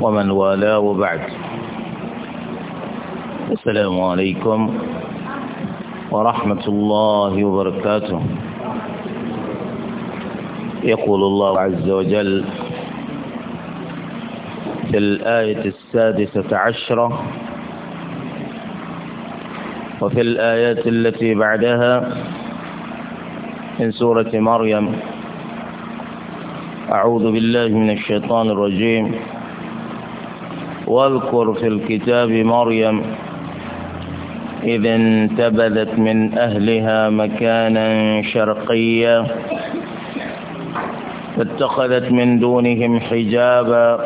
ومن والاه بعد السلام عليكم ورحمة الله وبركاته يقول الله عز وجل في الآية السادسة عشرة وفي الآيات التي بعدها من سورة مريم أعوذ بالله من الشيطان الرجيم واذكر في الكتاب مريم إذ انتبذت من أهلها مكانا شرقيا فاتخذت من دونهم حجابا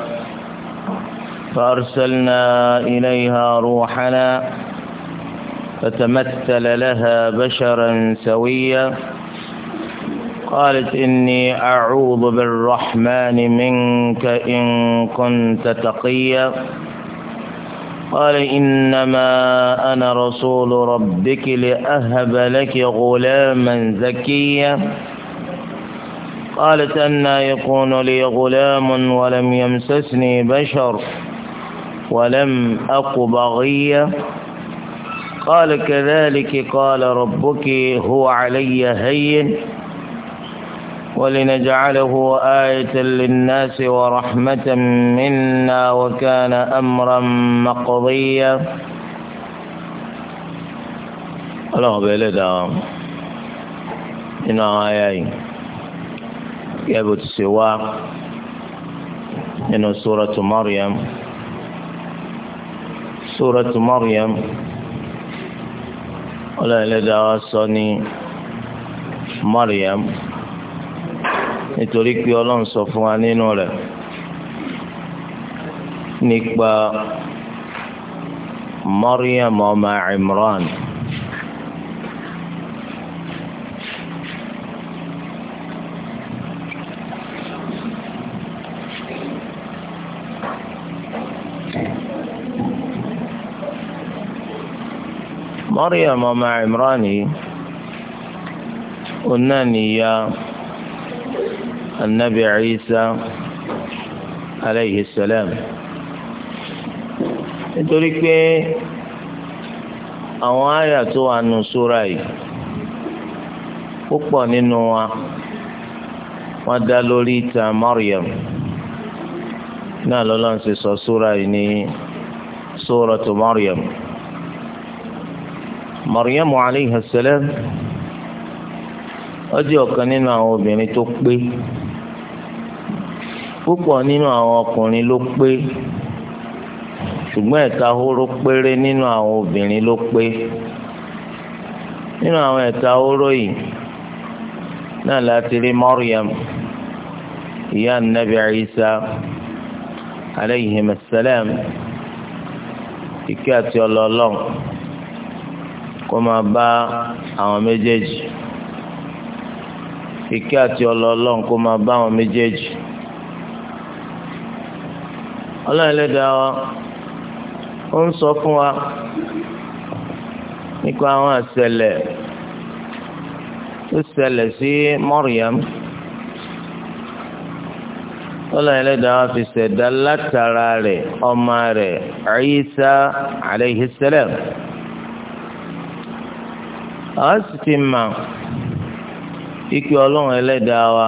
فأرسلنا إليها روحنا فتمثل لها بشرا سويا قالت إني أعوذ بالرحمن منك إن كنت تقيا قال إنما أنا رسول ربك لأهب لك غلاما زكيا قالت أنا يكون لي غلام ولم يمسسني بشر ولم أق بغيا قال كذلك قال ربك هو علي هين ولنجعله آية للناس ورحمة منا وكان أمرا مقضيا الله بلدا إن آيين يبت سوا إن سورة مريم سورة مريم ولا لدى صني مريم nítorí pé ọlọ́run sọ fún wa nínú rẹ̀ nípa Maryam ọmọ Imran. Maryam ọmọ Imran yìí ó náà nìyá. النبي عيسى عليه السلام. nítorí pé àwọn àyà tó wà nù sóra yìí púpọ̀ nínú wa wọ́n dá lórí ìtàn Maryam náà lọ́lọ́ ń sọ sóra yìí ní suratu Maryam Maryam aleyhi salam ó jẹ́ ọ̀kan nínú àwọn obìnrin tó pé púpọ̀ nínú àwọn ọkùnrin ló pé ṣùgbọ́n ẹ̀ta horo péré nínú àwọn obìnrin ló pé nínú àwọn ẹ̀ta horo yìí náà láti rí Maryam ìyá Nabi Isa aleyhi masalam ìkẹ́ àti ọlọ́ọ̀lọ́n kó máa bá àwọn méjèèjì ìkẹ́ àti ọlọ́ọ̀lọ́n kó máa bá àwọn méjèèjì ọlọ́run ẹlẹ́dàá wa ó ń sọ fún wa nípa àwọn àṣẹlẹ̀ tó ṣẹlẹ̀ sí Mọ́ríyàm ọlọ́run ẹlẹ́dàá wa fi ṣẹ̀dá látara rẹ̀ ọmọ rẹ̀ Ìsá alayhi àwọn sì ti mà ike ọlọ́run ẹlẹ́dàá wa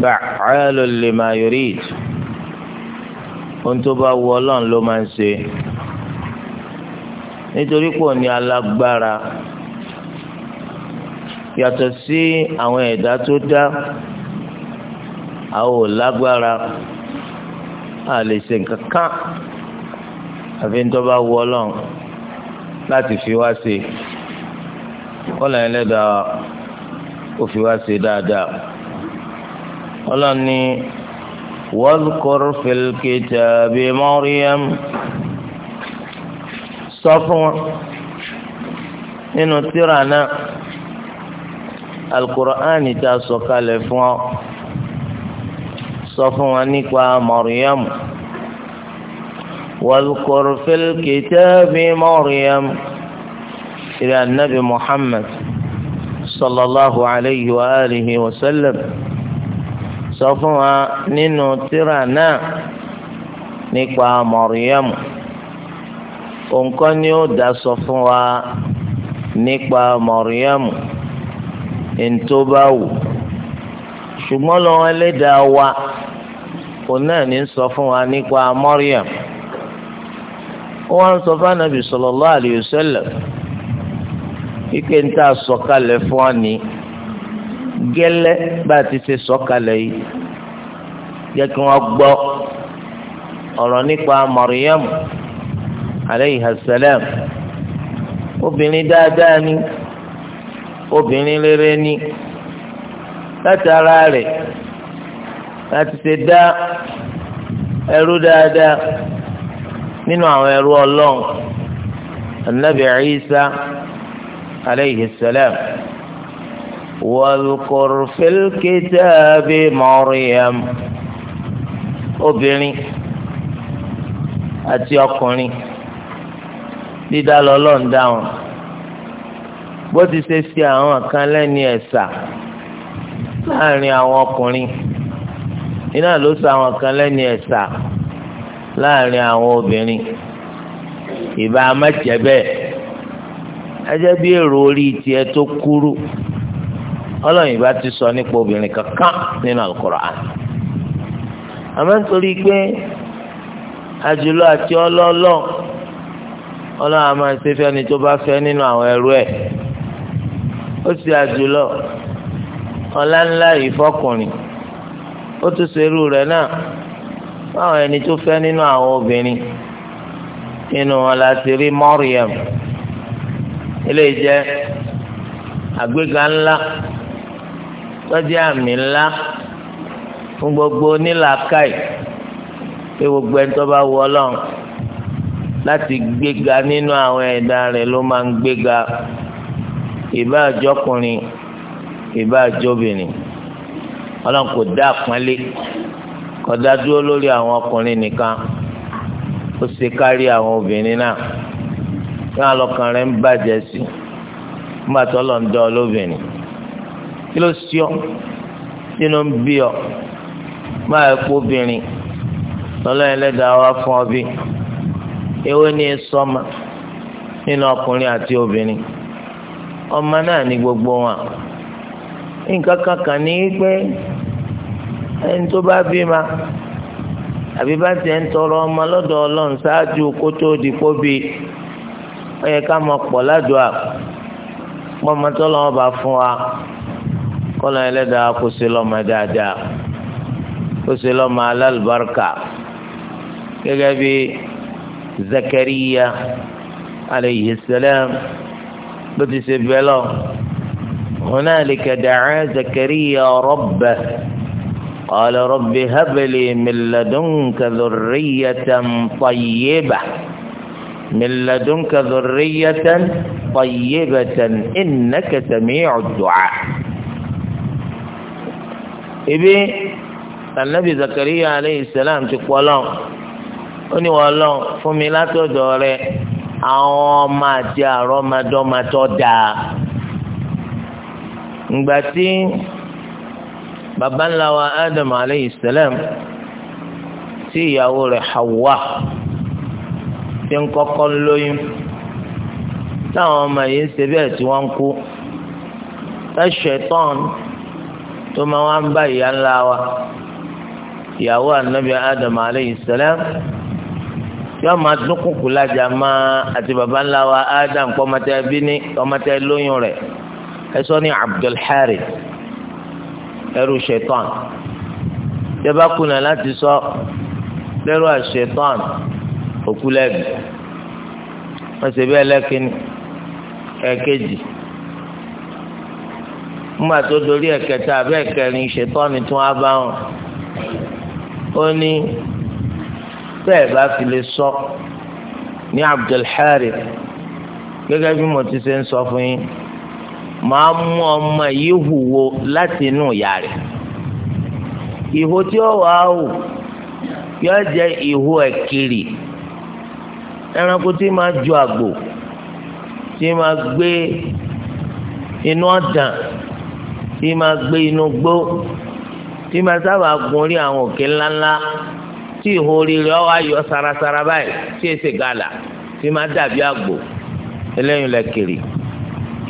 fa'alun lima yurid ohun tó bá wù ọlọ́run ló máa ń ṣe nítorí pò ní alágbára yàtọ̀ sí àwọn ẹ̀dá tó dá àwọn ò lágbára a lè ṣe nǹkan kan àfi ń tó bá ọlọ́run láti fi wá ṣe kọ́lá yẹn lẹ́dàá ó fi wá ṣe dáadáa ọlọ́run ní. واذكر في الكتاب مريم صفوة إنو ترانا القرآن alukur'ani tá a نكوى مريم واذكر في الكتاب مريم إلى النبي محمد صلى الله عليه وآله وسلم. sọ fún wa nínú tírà náà nípa mọ̀ríyàmù nǹkan ni ó dá sọ fún wa nípa mọ̀ríyàmù ntòbáwò ṣùgbọ́n lọ́wọ́ ẹlẹ́dàá wa òun náà ní sọ fún wa nípa mọ́ríyàmù wọ́n sọ fánàbì sallallahu alayhi wa sallam ike ń tà sọ̀kalẹ̀ fún wa ní gẹ́lẹ́ bá a ti ṣe sọ̀kalẹ̀ yìí jẹ́ kí wọ́n gbọ́ ọ̀rọ̀ nípa Maryam aleyhi salam obìnrin dáadáa ni obìnrin rere ni láti ara rẹ̀ láti ṣe dá ẹrú dáadáa nínú àwọn ẹrú Ọlọ́run anabi Isa aleyhi salam. واذكر في الكتاب مريم obìnrin àti ọkùnrin dídá lọ́lọ́run dá wọn bó ti ṣe ṣe àwọn kan lẹ́ni ẹ̀sà láàrin àwọn ọkùnrin iná ló ṣe àwọn kan lẹ́ni ẹ̀sà láàrin àwọn obìnrin ìbá amájẹ bẹ́ẹ̀ ẹ jẹ́ bí èrò orí tiẹ̀ tó kúrú. ọlọ́run ti sọ nípa obìnrin kankan nínú Al-Qur'an àmọ́ nítorí pé àjùlọ àti ọlọ́run a máa ṣe fẹ́ni tó bá fẹ́ nínú àwọn ẹrú ẹ̀ ó sì àjùlọ ọlá yìí fọkùnrin ó tún ṣerú rẹ̀ náà fáwọn ẹni tó fẹ́ nínú àwọn obìnrin nínú wọn la ti rí tọ́jú àmì ńlá fún gbogbo onílàákàyè pé gbogbo ẹni tó bá wọ ọlọ́run láti gbéga nínú àwọn ẹ̀dá rẹ̀ ló máa ń gbéga ìbá àjọkùnrin ìbá àjọbìnrin ọlọ́run kò dá àpọ́nlé kò dá dúró lórí àwọn ọkùnrin nìkan ó ṣe kárí àwọn obìnrin náà ní àlọ́kàn rẹ̀ ń bàjẹ́ sí i nígbà tó lọ́n dán ọ lóbìnrin kí ló sí ọ sínú ń bí ọ báyìí kó obìnrin lọ́lọ́run ẹlẹ́dàá wá fún ọ bí ewé ní sọ́mà nínú ọkùnrin àti obìnrin ọmọ náà ní gbogbo wọn nǹkan kankan ní pé ẹni tó bá bí ma àbí bá tiẹ̀ ń tọrọ ọmọ lọ́dọ̀ ọlọ́run ṣáájú kó tó di kó bí ó yẹ ká mọ̀ pọ̀ ládùúgbò pọ́nmọ́tọ́ lọ́wọ́ bá fún wa. kọ́lá ẹlẹ́dàá kó ṣe lọ́mọ dáadáa kó ṣe lọ́mọ alálùbáríkà gẹ́gẹ́ bí Zakariya alayhi salam bó ti ṣe bẹ́ẹ̀ lọ هنالك دعا زكريا ربه قال رب هب لي من لدنك ذرية طيبة من لدنك ذرية طيبة إنك سميع الدعاء ebi anabi zakariya aleyhi salam ti kú ọlọ́run ó ní wọ́n lọ fún mi látọ̀dọ̀ rẹ àwọn ọmọ àti àrọ́mọdọ́mọ tó dáa ǹgbà tí baba ńlá wa adam aleyhi salam tí ìyàwó rẹ̀ hawa ti ń kọ́kọ́ lóyún táwọn ọmọ yìí ń ṣe bẹ́ẹ̀ tí kú ẹ̀ ṣẹ̀tọ́n tó máa wá ń bá ìyá ńlá wa ìyàwó ànábì ádámù aleyhi sẹlẹm yóò máa dún kùkù lájà máa àti baba ńlá wa ádámù kọ́ ọmọ tẹ bí lóyún rẹ̀ ẹ ní abdulhari ẹrú ṣetán tẹ kùnà láti sọ lẹ́rú àṣetán òkú lẹ́bi wọ́n ṣe bẹ́ẹ̀ lẹ́kìnní ẹ̀ẹ́kejì. E ńgbà tó dorí ẹ̀kẹta abẹ́ ẹ̀kẹrin ṣètọ́ni tún á bá wọn ó ní bẹ́ẹ̀ bá fi lè sọ ní Abdulharith gẹ́gẹ́ bí mo ti ṣe ń sọ fún yín màá mú ọmọ yìí hùwò láti inú ìyá rẹ̀ ìhò tí ó wàá hù yóò jẹ́ ìhò ẹ̀kiri ẹranko tí máa ju àgbò tí máa gbé inú ọ̀dàn tí máa gbé inú gbó tí máa sábà gun orí àwọn òkè ńláńlá tí ìhó rírẹ ọ ayọ sarasara báyìí tí èsè gàlà tí máa dàbí àgbò eléyìí lẹ kiri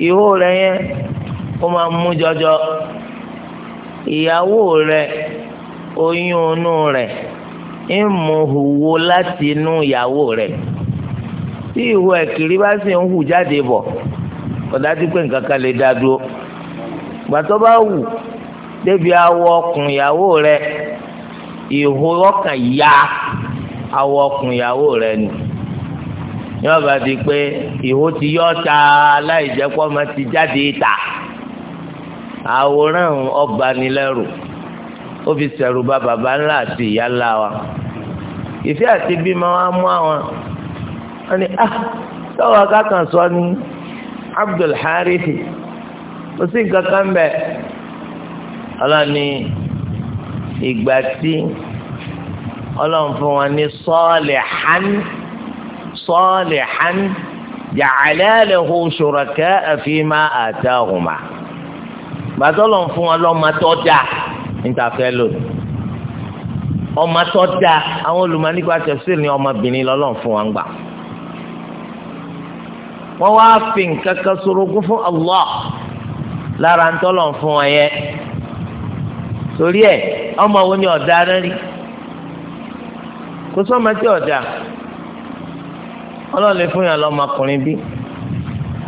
ìhó rẹ yẹn ó máa mú jọjọ ìyàwó rẹ oyún inú rẹ ń mú huwo láti inú ìyàwó rẹ tí ìhó ẹ̀kiri bá sì ń hù jáde bọ̀ ọ̀dájú pé nǹkan kan lè dá dúró gbàtọ́ bá wù débi awọ ọkùn ìyàwó rẹ ìhó ọkàn ya awọ ọkùn ìyàwó rẹ nù yóò bá di pé ìhó ti yọ ta láì jẹ́ pọ́ ọmọ ti jáde ta àwòrán ọbanilẹ́rù ó fi sẹ̀rù bà bàbá ńlá àti ìyá ńlá wa ìfẹ́ àti bímọ wa mú àwọn wọn ni ah tọ́wọ́ akákan sọ ni Abdul Harithi kò sí nǹkan kan bẹ ọlọ́ni ìgbà tí ọlọ́run fún wọn ní salihan salihan ja'ala lahu shuraka'a fima atahuma gbàtọ́ ọlọ́run fún wọn lọ́mọ tó dáa ọmọ tó àwọn olùmọ̀ nípa tẹ̀síìlì ọmọbìnrin lọ́lọ́run fún wọn gbà wọ́n wá fi nǹkan kan sorogún fún Allah. lára ntọlọm fún wọn torí ẹ ọmọ wo ni ọ̀dà rẹ kò sọ́mọ tí ọ̀dà lọ lè fún yàn lọ́mọkùnrin bí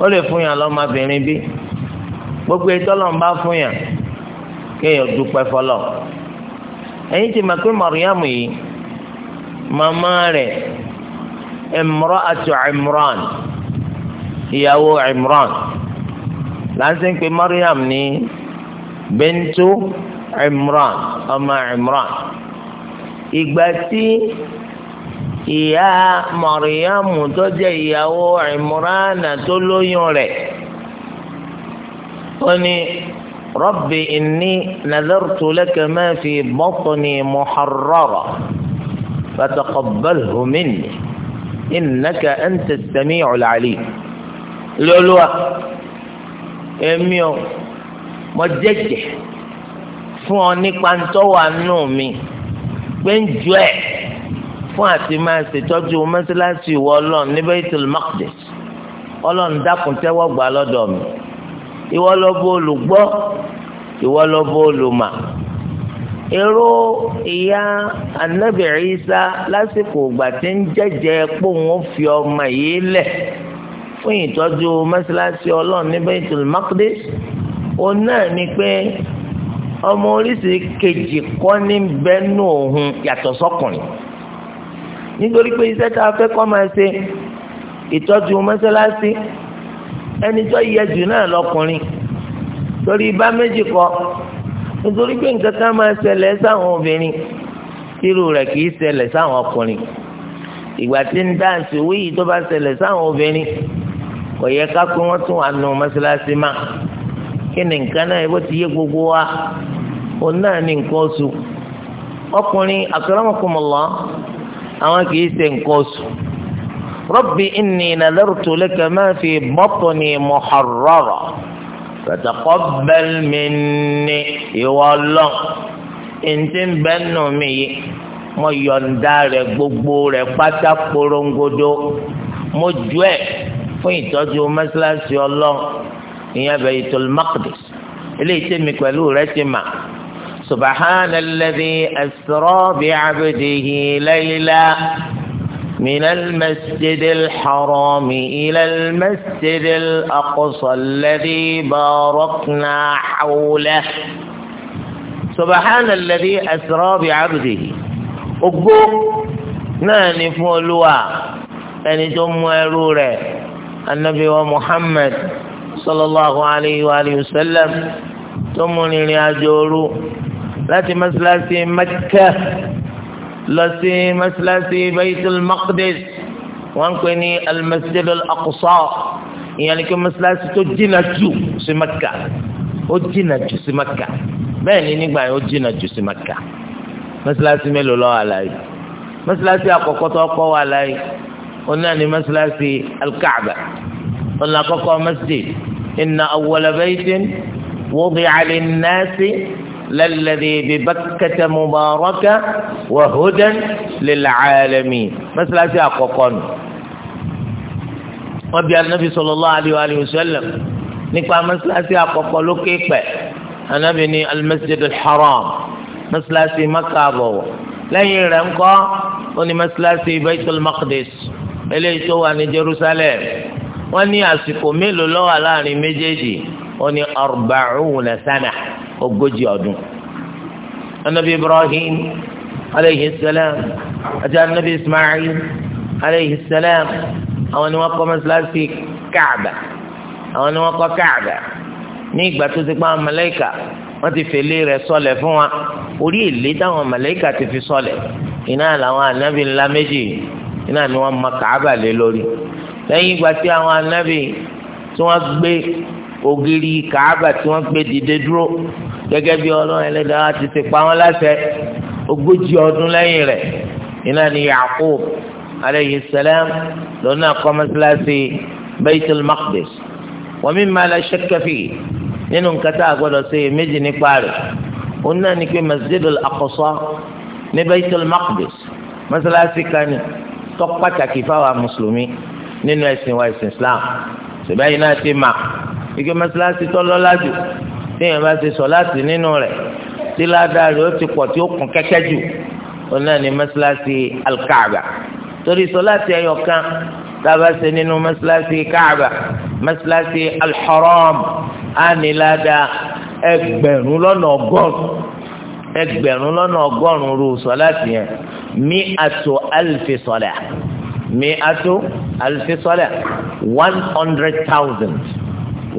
ó lè fún yàn lọ́mọbìnrin bí gbogbo ìtọ́lọ̀ ń bá fún yàn kéèyàn dúpẹ́ fọlọ́ ẹ̀yin ti mọ̀ pé mọ̀ríyàmù yìí màmá rẹ̀ Imran ìyàwó Imran. láti ń pe Maryam ní bintu Imran ọmọ Imran ìgbà tí ìyá Maryam tó jẹ́ ìyàwó Imran tó lóyún rẹ̀ ó ní. رب إني نذرت لك ما في بطني محررا فتقبله مني إنك أنت السميع العليم لولوة èmi ò mọ jẹ́jẹ́ fún ọ nípa ntọ́wà nù mí pé ń ju ẹ̀ fún àti máa ṣètọ́jú mọ́ṣáláṣí ìwọ ọlọ́run ní Baitul Maqdis ọlọ́run dákun tẹ́wọ́ gbà lọ́dọ̀ mi ìwọ ló bó olùgbọ́ ìwọ ló bó olùmọ̀ èrò ìyá Ànábì Ìsá lásìkò ìgbà tí ń jẹ́jẹ́ pòun ó fi ọmọ yìí lẹ̀ fún ìtọ́jú mọ́ṣáláṣí ọlọ́run ní Baitul Maqdis òun náà ni pé ọmọ oríṣi kejì kọ́ ní bẹ́ẹ̀nù òun yàtọ̀ sọ́kùnrin nítorí pé iṣẹ́ tá a fẹ́ kọ́ máa ṣe ìtọ́jú mọ́ṣáláṣí ẹni tó yẹ jù náà lọkùnrin torí bá méjì kọ́ nítorí pé nǹkan kan máa ṣẹlẹ̀ sáwọn obìnrin tírú rẹ̀ kì ṣẹlẹ̀ sáwọn ọkùnrin ìgbà tí ń dáǹsì wíyì tó bá ṣẹlẹ̀ sáwọn obìnrin kò yẹ ká pé wọ́n tún wà nù mọ́ṣáláṣí mà kí ni nǹkan náà yẹ bó ti yé gbogbo wa òun náà ní nǹkan oṣù ọkùnrin akramakumullah àwọn kì í ṣe nǹkan oṣù rabbi inni nadartu laka ma fi batni muharrara fataqabbal minni ìwọ ọlọ́n ntí ń bẹ́ nù mí yìí mo yọ̀ǹda rẹ̀ gbogbo rẹ̀ pátá porongodo mo ju ẹ̀. fún ìtọ́jú mọ́ṣáláṣí ọlọ́ ìyẹn bẹ Baitul Maqdis eléyìí tèmi pẹ̀lú rẹ ti mà ẹ̀sọ́rọ́ subhanalladhi asra bi abdihi layla من المسجد الحرام إلى المسجد الأقصى الذي باركنا حوله سبحان الذي أسرى بعبده أقول ناني mu أني تموالوا anabi wa muhammed sallallahu alayhi wa alihi wa sallam tó mú rìnrìn àjò òru láti mọ́sálásí mẹ́kà lọ sí mọ́sálásí baitul maqdis wọ́n ń pè ní almasjid al-aqsa ìyẹn ni kí mọ́sálásí tó jìnnà jù sí mẹ́kà ó jìnnà jù sí mẹ́kà bẹ́ẹ̀ ni nígbà yẹn ó jìnnà jù sí mẹ́kà mọ́sálásí mélòó lọ́wọ́ àlàyé mọ́sálásí àkọ́kọ́ tó kọ́ wà láyé. قلنا ان مسلسي الكعبة قلنا قوقع مسجد إن أول بيت وضع للناس للذي ببكة مباركة وهدى للعالمين مسلسي أقوقون وبيا النبي صلى الله عليه وآله وسلم نقع مسلسي أقوقون كيكبه أنا بني المسجد الحرام مسلسي مكة أبوه لا rẹ̀ وني ó بيت المقدس eléyìí tó wà ní Jerusalem wọ́n ní àsìkò mélòó ló wà láàrin méjèèjì wọ́n ní arba'una sana ogójì ọdún anabi Ibrahim aleyhi salam àti anabi Ismail aleyhi salam àwọn ni wọ́n kọ́ mọ́sálásí káàbà àwọn ni wọ́n kọ́ káàbà ní ìgbà tó ti pa àwọn màláíkà wọ́n ti fèlè rẹ̀ sọlẹ̀ fún wa orí èlé táwọn màláíkà ti fi sọlẹ̀ iná làwọn anabi ńlá méjì iná ni wọ́n ma kàába lé lórí lẹ́yìn ìgbà tí àwọn anábì tí wọ́n gbé ògiri kàába tí wọ́n gbé dìde dúró gẹ́gẹ́ bí ọlọ́run ẹlẹ́dàá ti ti pa wọ́n láṣẹ ogójì ọdún lẹ́yìn rẹ̀ iná ni Yaqub aleyhi salam lọ́nà kọ́mọ́síláṣí Baitul Maqdis wa mimma la shakka fi nínú nǹkan tá a méjì nípa rẹ̀ òun náà ni pé Masjidul Aqsa ní Baitul Maqdis mọ́sálásí kan ni tó pàtàkì fáwọn mùsùlùmí nínú ẹ̀sìn wa ẹ̀sìn islam ṣùgbọ́n yìí náà ti mà ike mọ́sálásí tó lọ́lá jù téèyàn bá ti sọ láti nínú rẹ̀ tí ládàá rẹ̀ ó ti pọ̀ tí ó kún kẹ́kẹ́ jù òun náà ni mọ́sálásí alkaaba torí sọ láti ẹyọ kan tábà ṣe nínú mọ́sálásí kaaba mọ́sálásí alḥaram á ní ládàá ẹgbẹ̀rún lọ́nà ọgọ́rùn-ún ẹgbẹ̀rún lọ́nà ọgọ́rùn-ún ru sọ́láàtì yẹn mi ato alifi sọ́lá mi ato alifi sọ́lá one hundred thousand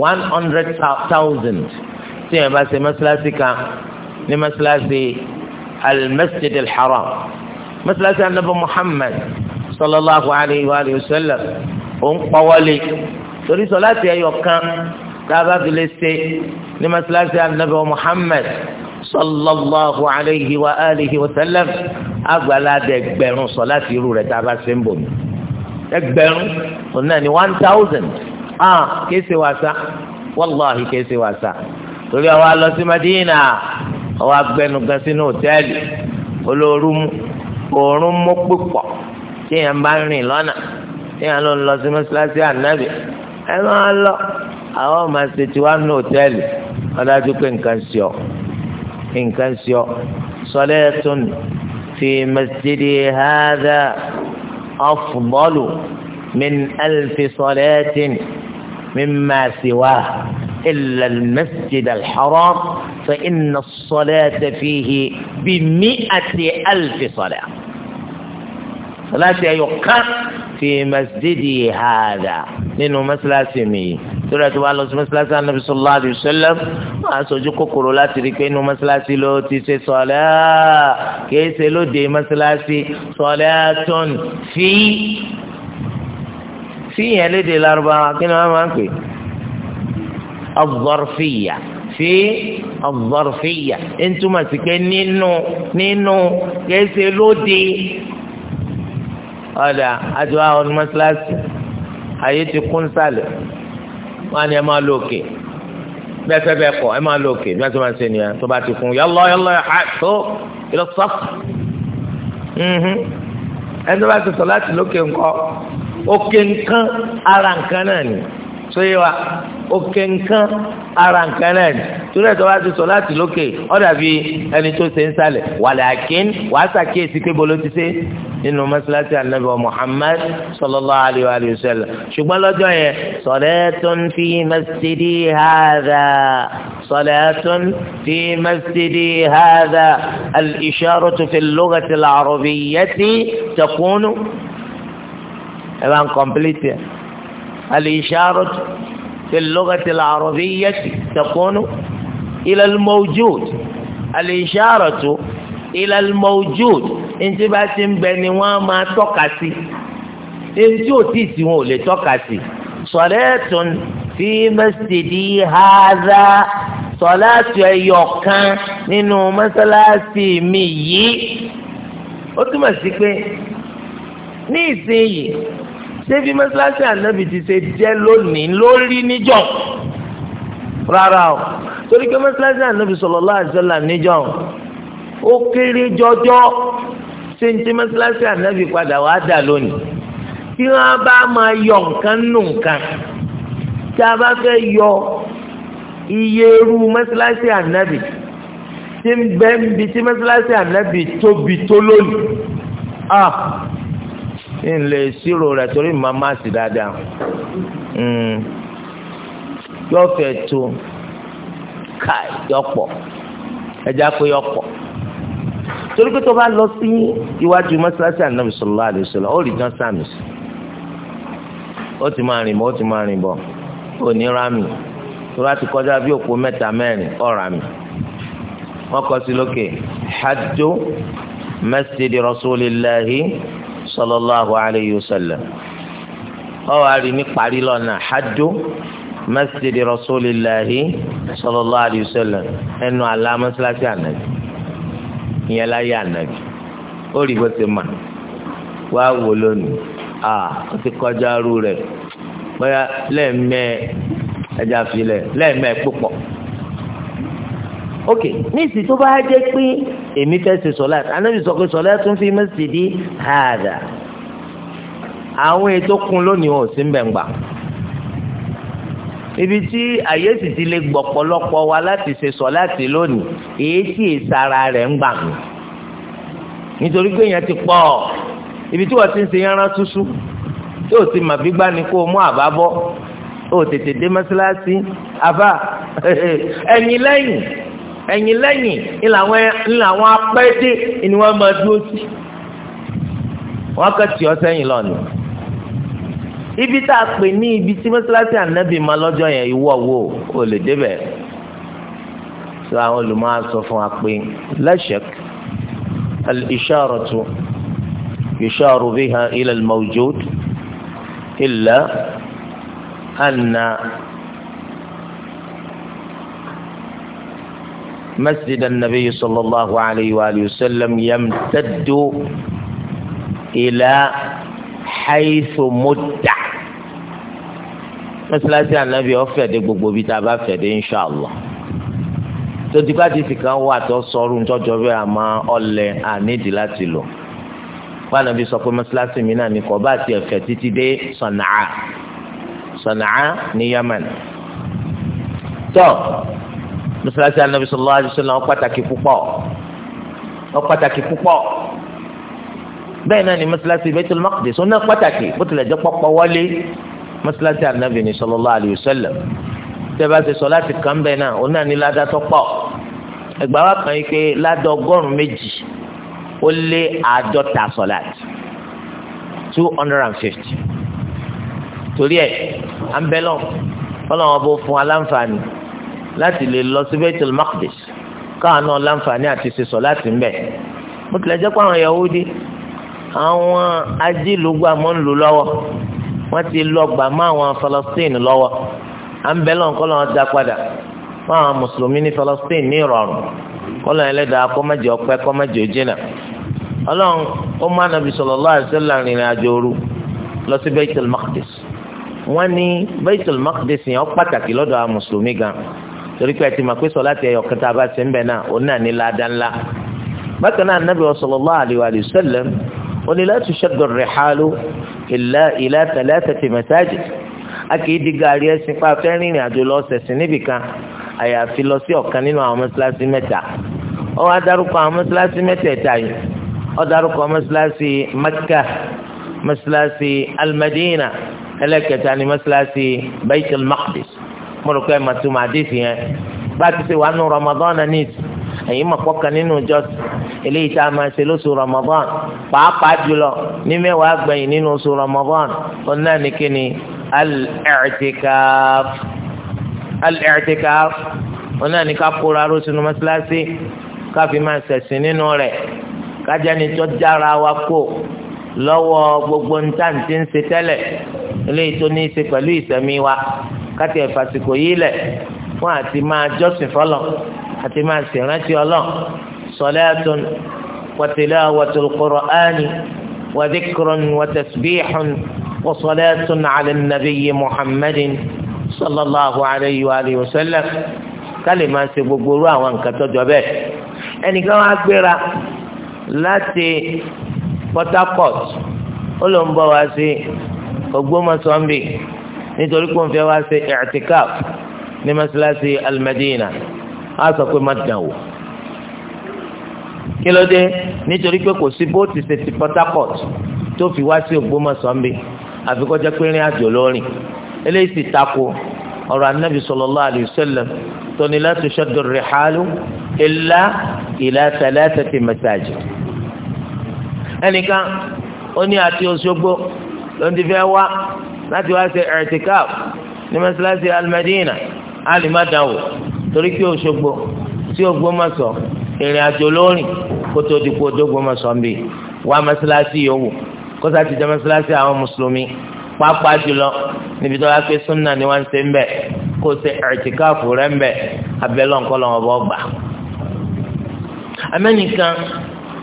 one hundred thousand tí yẹn bá ṣe mọ́ṣáláṣí kan ní mọ́ṣáláṣí al-masjid al-haram mọ́ṣáláṣí anabi muhammad sallallahu alayhi wa sallam ó ń pawọ́lé torí sọ́láàtì ẹ̀yọ̀ kan tá a bá fi lè ṣe ní mọ́ṣáláṣí anabi muhammad sallallahu alayhi wa alihi wa sallam agbalada ẹgbẹ̀rún sọláàtì irú rẹ̀ tá a bá ṣe ń bò ní. ẹgbẹ̀rún náà ni one thousand ah kéésì wàsá wàláhi kéésì wàsá torí àwa lọ sí Madina àwa gbẹnugan sínú hòtẹ́ẹ̀lì olóoru mu òórùn mú púpọ̀ tí yẹn bá ń rìn lọ́nà tí yẹn ló ń lọ sí mọ́ṣáláṣí ànábì ẹ máa lọ àwọn ọmọ àṣetì wa nù hòtẹ́ẹ̀lì ọ̀dájú pé nǹkan ṣe إن كان سيو صلاة في مسجدي هذا أفضل من ألف صلاة مما سواه إلا المسجد الحرام فإن الصلاة فيه بمئة ألف صلاة صلاة يقام fi masjidi hàdà nínú mọ́sálásí mi yìí torí ẹ̀ tó bá lọ sí mọ́sálásí anabi sallallahu alayhi wa sallam wọ́n á sojú kòkòrò láti rí i pé inú mọ́sálásí ló ti ṣe sọ̀lẹ́ kìí ṣe lóde mọ́sálásí sọ̀lẹ́ tó ń fi fi yẹn léde lárúbáwá kí ni wọ́n máa ń pè fi ọ̀gbọ̀rọ̀fìyà ń túmọ̀ sí pé nínú nínú kìí ṣe ọ̀dà àti wá ọdún mọ́sálásì ayé ti kún sálẹ̀ wọ́n á ní ẹ máa lọ òkè bẹ́ẹ̀ bẹ́ẹ̀ kọ́ ẹ máa lọ òkè bí wọ́n ti máa ń ṣe nìyẹn tó bá ti kún yọlọ yọlọ ha tó yọlọ sọ́f mhm. ẹni tó bá ti sọ láti lókè ńkọ́ òkè nǹkan ara nǹkan náà nìyẹn sóyè wa òkè nǹkan ara nǹkan náà ni torí ẹ̀ tó bá ti sọ láti lókè ó dàbí ẹni tó ṣe ń sálẹ̀ wàlàkín wàá ṣàkíyèsí pé bolo ti ṣe nínú mọ́ṣáláṣí ànábì Muhammad sallallahu alayhi wa sallam ṣùgbọ́n lọ́jọ́ yẹn salatun fi masjidi hadha salatun fi masjidi hadha al-isharatu fi al-lughati al-arabiyyati ẹ̀ bá ń kọ́mpilítì ẹ̀. الإشارة في اللغة العربية تكون إلى الموجود الإشارة إلى الموجود ntí bá ti ń bẹ ni wọ́n máa tọ́ka sí ntí ò tí sí wọn ò lè tọ́ka sí sọ̀lẹ́tùn fi mẹ́sìdì háàdá sọ̀lẹ́tù ẹyọ kan nínú mọ́sálásí mi yìí ó túmọ̀ sí pé ní ìsinyìí ṣé bí mọ́ṣáláṣí ànábì ti ṣe jẹ́ lónìí lórí níjọ́ rárá o torí pé mọ́ṣáláṣí ànábì sallallahu alaihi wasallam níjọ́ ó kéré jọjọ́ ṣé ní tí mọ́ṣáláṣí ànábì padà wá dà lónìí tí wọ́n bá máa yọ nǹkan nù nǹkan tí a bá fẹ́ yọ iye irú mọ́ṣáláṣí ànábì tí ń bẹ́ẹ̀ ń bi tí mọ́ṣáláṣí ànábì tóbi tó lónìí ah! ń lè ṣírò rẹ̀ torí màá má sí dáadáa hmm. yóò fẹ́ tó káì yọpọ̀ ẹja pé yọpọ̀ torí pé tó bá lọ sí iwájú mọ́ṣáláṣí ànábì sallallahu alaihi ó rí john sams ó ti máa rìn bọ̀ ó ti máa rìn bọ̀ ó ní rami tó bá ti kọjá bí òpó mẹ́ta mẹ́rin wọ́n sí lókè hajj sallallahu alayhi wa sallam ọwọ àrí ní parí lọ́nà hajj masjidi rasulillahi sallallahu alayhi wa sallam ẹnu àlá mọ́sálásí ànábì ìyẹn láyé ànábì ó rí bó ti mà wá wò lónìí à ó ti kọjá rú rẹ̀ bóyá lẹ́ẹ̀mẹ́ ẹja lẹ́ẹ̀mẹ́ púpọ̀ ok níìsì tó bá jẹ́ pé èmi fẹ́ ṣe sọ̀lá anábì sọ pé sọ̀lá tún fi mẹ́sìdì hàdà àwọn ètò kun lónìí wọn ò sí mbẹ̀ ngbà ibi tí àyè sì ti lè gbọ̀pọ̀lọpọ̀ wa láti ṣe sọ̀lá ti lónìí èyí tí ìsara rẹ̀ ń gbà mí nítorí pé èèyàn ti pọ̀ ibi tí wọ́n ti ń ṣe yánra túṣú tí ò ti mà bí gbá ni kó o mú àbá bọ́ o tètè dé mọ́sálásí àbá ẹ̀yìn lẹ́yìn ẹ̀yìn lẹ́yìn ńláwọn apẹ́dé ni wọ́n máa dúró sí wọ́n kàn tì ọ́ sẹ́yìn lọ́nà ibi tá a pè ní ibi tí mọ́sálásí ànábì máa lọ́jọ́ yẹn ìwọ wo ò lè débẹ̀ sọ àwọn olùmọ̀ sọ fún wa pé lẹ́sẹ̀k al-isharatu yusharu biha ila al-mawjud illa anna. مسجد النبي صلى الله عليه وآله وسلم يمتد إلى حيث مد mọ́sálásí ànábì ọ̀fẹ́ dé gbogbo bíi tá a bá fẹ́ dé inṣàlá tó ti pàtí sì kan wà tó sọrú ntọ́jọ́ bẹ́ẹ̀ àmọ́ ọlẹ̀ ànídìí láti lò pàànàbí sọ pé mọ́sálásí mi náà ní kọ́ bá tiẹ̀ fẹ́ títí dé Sànàá Sànàá ní Yemen tó. So, mọ́sálásí anabi sallallahu alaihi wasallam ó pàtàkì púpọ̀ ó pàtàkì púpọ̀ bẹ́ẹ̀ náà ni mọ́sálásí Baitul Maqdis ó náà pàtàkì bó tilẹ̀ jẹ́ pọ́pọ́ wọlé mọ́sálásí anabi ni sallallahu alaihi wasallam tẹ́bá ti sọ láti kàn bẹ́ẹ̀ náà ó náà ní ládàá tó pọ̀ ẹgbàá wa kàn yí pé ládàá ọgọ́rùn-ún méjì ó lé àádọ́ta sọ̀láàtì two hundred and fifty torí ẹ̀ à ń bẹ́ lọ́n ọlọ́run ọba fún aláǹfààní láti lè lọ sí Baitul Maqdis káwọn náà láǹfààní àti ṣe sọ̀láàtì ńbẹ̀ bó tilẹ̀ jẹ́ pé àwọn Yahudi àwọn ajílùgbà mọ́ ń lò lọ́wọ́ wọ́n ti lọ gbà mọ́ àwọn Falastin lọ́wọ́ à ń bẹ́ lọ́n kọ́ lọ́n da padà fún àwọn mùsùlùmí ní Falastin ní ìrọ̀rùn kọ́ lọ́n ẹlẹ́dàá kọ́mọ́jọ pẹ́ kọ́mọ́jọ jìnnà ọlọ́run ó má nàbì sallallahu alaihi wasallam rìnrìn àjò òru lọ sí Baitul Maqdis wọ́n ní Baitul Maqdis yẹn ó pàtàkì lọ́dọ̀ àwọn mùsùlùmí gan-an torí pé ẹtì màkpé sọ láti ẹyọ kẹta bá ti ń bẹ náà òun náà ní ládàá ńlá bákan náà nàbí sallallahu alaihi wa sallam ó ní la tushaddu rihalu illa ila thalathati masajid a kì í di gaari ẹsìn pa fẹ́ rìnrìn àjò lọ sẹ̀sìn níbì kan àyàfi lọ sí ọ̀kan nínú àwọn mọ́sálásí mẹ́ta ó wá dárúkọ àwọn mọ́sálásí mẹ́tẹ̀ẹ̀ta yìí ó dárúkọ mọ́sálásí Makkah mọ́sálásí Al-Madina ni mọ́sálásí Baitul Maqdis mo rò pé ẹ màtún màá dé sí yẹn bá a ti ṣe wàá nu Ramadan náà ní ìtù ẹ̀yin mọ̀ pọ́kàn nínú ìjọsìn eléyìí tá a máa ṣe lóṣù Ramadan pàápàá jùlọ ní mẹ́wàá gbẹ̀yìn nínú oṣù Ramadan òun náà ní kíni al-i'tikaf al-i'tikaf òun náà ní ká kóra ró sínú mọ́ṣáláṣí máa ṣẹ̀sìn nínú rẹ̀ kájá ni tó jára wa kó lọ́wọ́ gbogbo ntàntí ń ṣe tẹ́lẹ̀ eléyìí tó ní í ṣe pẹ̀lú ìṣẹ̀mí wa káti ẹ̀fàsìkò yìí lẹ̀ wọ́n àti máa jọ́sìn fọlọ́ àti máa ṣèrántí ọlọ́ salatun wa tilawatul qur'ani wa dhikrun wa tasbihun wa salatun ala nabiyyi muhammadin sallallahu alayhi wa alihi wa sallam kálí máa ṣe gbogbo irú àwọn nǹkan tọ́jọ́ bẹ́ẹ̀ ẹnìkan wá gbéra láti Port Harcourt ó ló ń bọ̀ wá sí Ògbómọ̀ṣọ́ nítorí pé òun fẹ́ wá ṣe i'tikaf ní mọ́ṣáláṣí al-Madina á sọ pé má dàn wò kí ló dé nítorí pé kò sí bóòtù ṣe ti Port Harcourt tó fi wá sí Ògbómọ̀ṣọ́ mbí àfikọ́ jẹ́ pé rìn àjò lórin eléyìí sì takò ọ̀rọ̀ anábì sallallahu alayhi wa sallam tó ní la tushaddu rihalu illa ila thalathati masajid ẹnìkan ó ní àti Òṣogbo ló ń ti fẹ́ wá láti wá ṣe ẹ̀ẹ́tìkáf ní mọ́sálásí alimadina alimadawo torí pé Òṣogbo tí Ògbómọ̀ṣọ́ ìrìn àjò lórí kó tó di kó dógbómọ̀ṣọ́ ń bì wá mọ́sálásí yòówù kó sá ti jẹ́ mọ́sálásí àwọn mùsùlùmí pàápàá jùlọ níbi tó wá pé súnà ni wọ́n ń ṣe ń bẹ̀ kó ṣe ẹ̀ẹ́tìkáf rẹ̀ ń bẹ̀ abẹ́lọ́ nǹkan lọ́wọ́ bọ́ gbà. amẹ́nìkan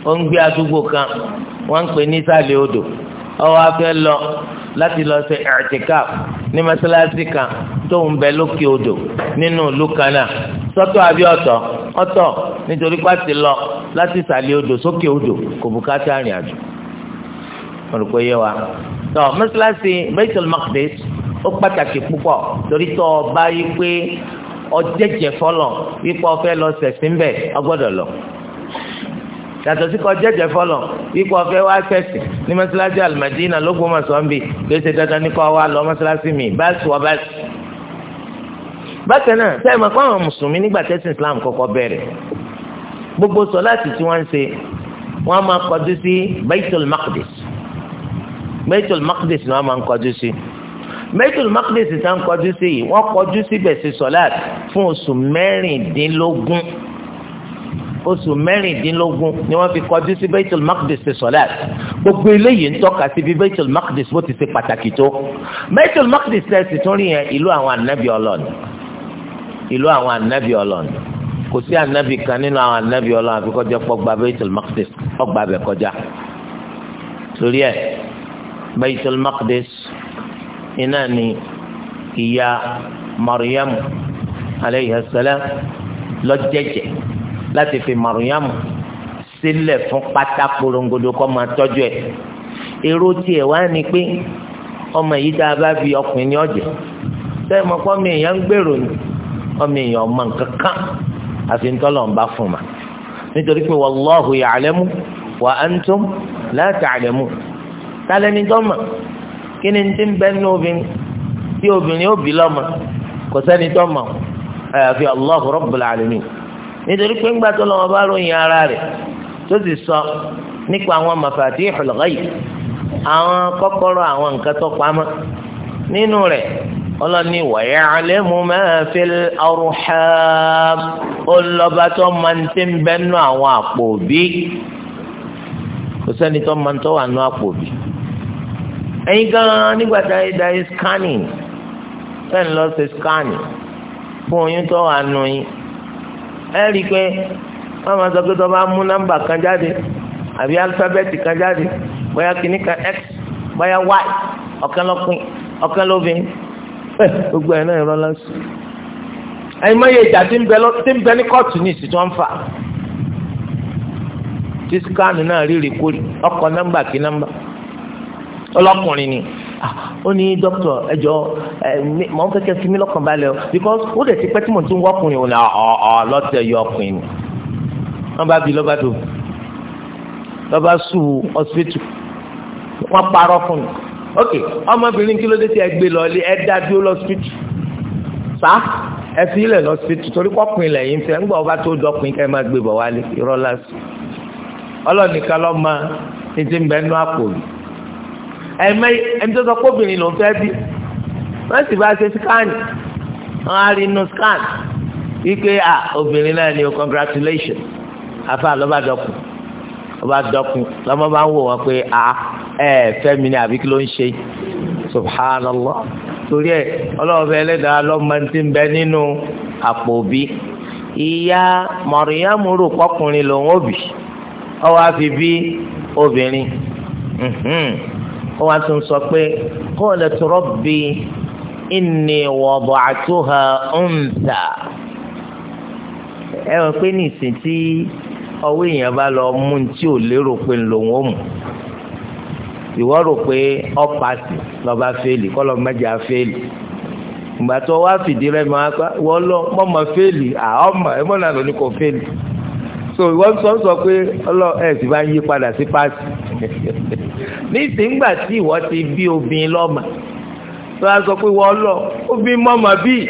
ó ń gbé àdúgbò kan wọ́n ń pè ọwọ́ afẹ́ lọ láti lọ ṣe ẹ̀ẹ́tìkáf ní mọ́sálásí kan tó ń bẹ lókè odò nínú ìlú kan náà sọ́tọ̀ àbí ọ̀tọ̀ ọ̀tọ̀ nítorí pàtì lọ láti sàlẹ̀ odò sókè odò kò bùkátà rìn àjò olùkọ́ yé wa tọ́ mọ́sálásí Baitul Maqdis ó pàtàkì púpọ̀ torí tọ́ ọ bá yí pé ọjẹ́jẹ́ fọlọ̀ wípé ọ fẹ́ lọ ṣẹ̀sìn bẹ́ẹ̀ ọgbọ́dọ̀ lọ yàtọ̀ sí kọ jẹ́jẹ́ fọlọ̀ ikú ọ̀fẹ́ wá fẹ̀sì ní mọ́sálásí Al-Madina lógún mọ̀sánbì gbèsè dandan ní kọ́ wa lọ mọ́sálásí mi báàsì wọ báàsì. bákan náà sẹ́yìn mọ̀ fáwọn mùsùlùmí nígbà tẹ́sí Islam kọ́kọ́ bẹ̀rẹ̀ gbogbo sọláàtì tí wọ́n ń ṣe wọ́n máa kọjú sí Baitul Maqdis Baitul Maqdis ni wọ́n máa ń kọjú sí Baitul Maqdis tá ń kọjú sí yìí wọ́n kọjú síbẹ̀ sí sọláàtì oṣù mẹ́rìndínlógún ni wọ́n fi kọjú sí Baitul Maqdis ṣe sọ́láàt gbogbo eléyìí ń tọ́ka sí bí Baitul Maqdis bó ti ṣe pàtàkì tó Baitul Maqdis ṣe sì tún rí yẹn ìlú àwọn ànábì ọlọ́ọ̀ni ìlú àwọn ànábì ọlọ́ọ̀ni kò sí ànábì kan nínú àwọn ànábì ọlọ́ọ̀ni àfi kọjá pọ̀ gba Baitul Maqdis ọgbà bẹ̀ kọjá torí ẹ̀ Baitul Maqdis iná ni ìyá Maryam aleyhi salam lọ́jẹ̀jẹ̀ láti fi màrúnyàmù sílẹ̀ fún pátá porongodo kọ́ máa tọ́jú ẹ̀ èrò tiẹ̀ wá ni pé ọmọ yìí tá a bá fi ọkùnrin ní ọ̀jẹ̀ sẹ́yìn mọ́ pọ́ mi èèyàn ń gbèrò ni ọmọ èèyàn ọmọ nǹkan kan àfi ń tọ́lọ̀ ń bá fún ma nítorí pé wallahu ya'lamu wa antum la ta'lamun tálẹ́ni dọ́mà kí ni ti ń bẹ́ ní obìnrin tí obìnrin ó bí lọ́mọ kò sẹ́ni dọ́mà àyàfi Allahu rabbul alamin nítorí pé ńgbà tó lọ́wọ́ bá ròyìn ara rẹ̀ tó sì sọ nípa àwọn mafatihul ghaib àwọn kọ́kọ́rọ́ àwọn nǹkan tó pamọ́ nínú rẹ̀ ọlọ́ni wa ya'lamu ma fil arham ọlọ́ba tó máa ń tẹ́ ń bẹ́ nú àwọn àpò bí kò sẹ́ni tó máa ń tọ́ wà nú àpò bí. ẹ̀yin gan-an nígbà tá a da scanning ẹ̀ ń lọ scanning fún oyún tó wà nú yín ẹ rí i pé wọ́n máa sọ pé tó bá mú nọ́mbà kan jáde àbí alifábẹ́ẹ̀tì kan jáde bóyá kìíní kan x bóyá y ọ̀kan lọ́kùnrin ọ̀kan lóbìn gbogbo ẹ̀ náà ìrọ́lá sí i ẹ̀yin mọ̀ iye ìjà tí ń bẹ ní kóòtù ní ìsìn tí wọ́n ń fà tí náà rí rèkórì ọkọ̀ nọ́mbà kí nọ́mbà ọlọ́kùnrin ni. Ah, ó ní dókítà ẹjọ mọ n kẹkẹ sí mi lọ́kàn balẹ̀ o because ó dẹ̀ ti pẹ́ tí mo ti ń wọ́kùnrin òun ọ̀ ah, ọ̀ ah, lọ́tẹ̀ yọ ọkùnrin ni wọ́n bá bi lọ́ba tó lọ́ba sù hospital wọ́n parọ́ fún mi ok ọmọbìnrin kí ló dé tí ẹ gbé lọlé ẹ dá dúró lọ́sípítù sá ẹ fi ilẹ̀ lọ́sípítù torí kọ́kùnrin lẹ́yìn fẹ́ ńgbà ọba tó dọ́kùnrin kẹ́ ẹ máa gbé bọ̀ wálé irọ́ lásì ọlọ́nìkan lọ́ọ́ máa ti ń bẹ́ẹ̀ nú àpò yìí ẹ̀mẹ́ ẹni tó sọ pé obìnrin ló ń fẹ́ bí wọ́n sì bá ṣe scan wọ́n á rí inú scan wípé à obìnrin náà ni o congratulation afa lọ́ba dọ́kun lọ́ba dọ́kun lọ́mọ bá ń wò wọ́n pé à ẹ fẹ́mi ni àbí kí ló ń ṣe subhanallah torí ẹ ọlọ́ọ̀bẹ ẹlẹ́dàá lọ́mọdé ń bẹ nínú àpò òbí ìyá mọ̀rìyàmù rò pọ́kùnrin lòun òbí ọwọ́ àfi bí obìnrin. wọ́n á tún sọ pé qalat rabbi inni wada'tuha untha ẹ wọ́n pé ní tí ọwọ́ èèyàn bá lọ mú tí ò lérò pé lòun ó mú ìwọ rò pé ọpaasi kọlọ mẹjà fẹẹlì ìgbà tó wá fìdí máa lóní kò so ìwọ sọ sọ pé ọlọ ẹ sì bá ń yí padà sí páàsì nísìngbà tí ìwọ ti bí obìnrin lọ́mà tó a sọ pé wọ́n lọ obìnrin mọ́mà bíi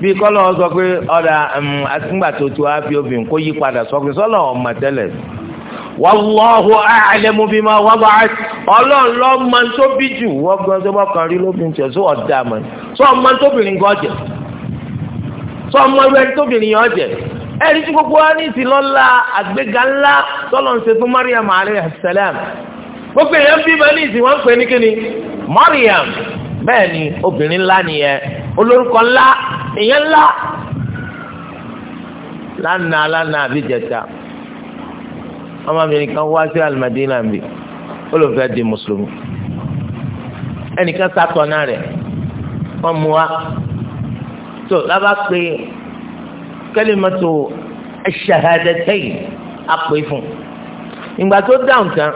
bíi kọ́lọ́ sọ pé ọ̀dà um, àtìgbà tó tu á bí obìnrin kó yí padà sọ pé sọ́lọ́ ọmọ tẹ́lẹ̀ wallahu a'lamu bima wada'at ọlọ́run ló mọ tó bí jù wọ́n gan tó bá kan rí lóbìnrin tẹ̀ sọ ọ̀dà mọ́ sọ ọmọ tóbìnrin gan jẹ sọ ọmọ ẹgbẹ́ tóbìnrin yẹn jẹ ẹ̀rí tí gbogbo wa ní ìsìnlọ́la àgbéga ńlá tọ́lọ̀ ń ṣe fún Mariam alayhi salam gbogbo èèyàn bí ma ní ìsìn wọn pè ní kíni Mariam bẹ́ẹ̀ ni obìnrin ńlá nìyẹn olórúkọ ńlá èèyàn ńlá lánàá lánàá àbí jẹta ọmọbìnrin kan wá sí alimadina bi ó ló fẹ́ di mùsùlùmí ẹnìkan sátọ̀ náà rẹ̀ wọ́n mú wa tó lábàá pé kẹlímọtò ẹṣahadẹtẹyìn apè fún ìgbà tó dáhùn tán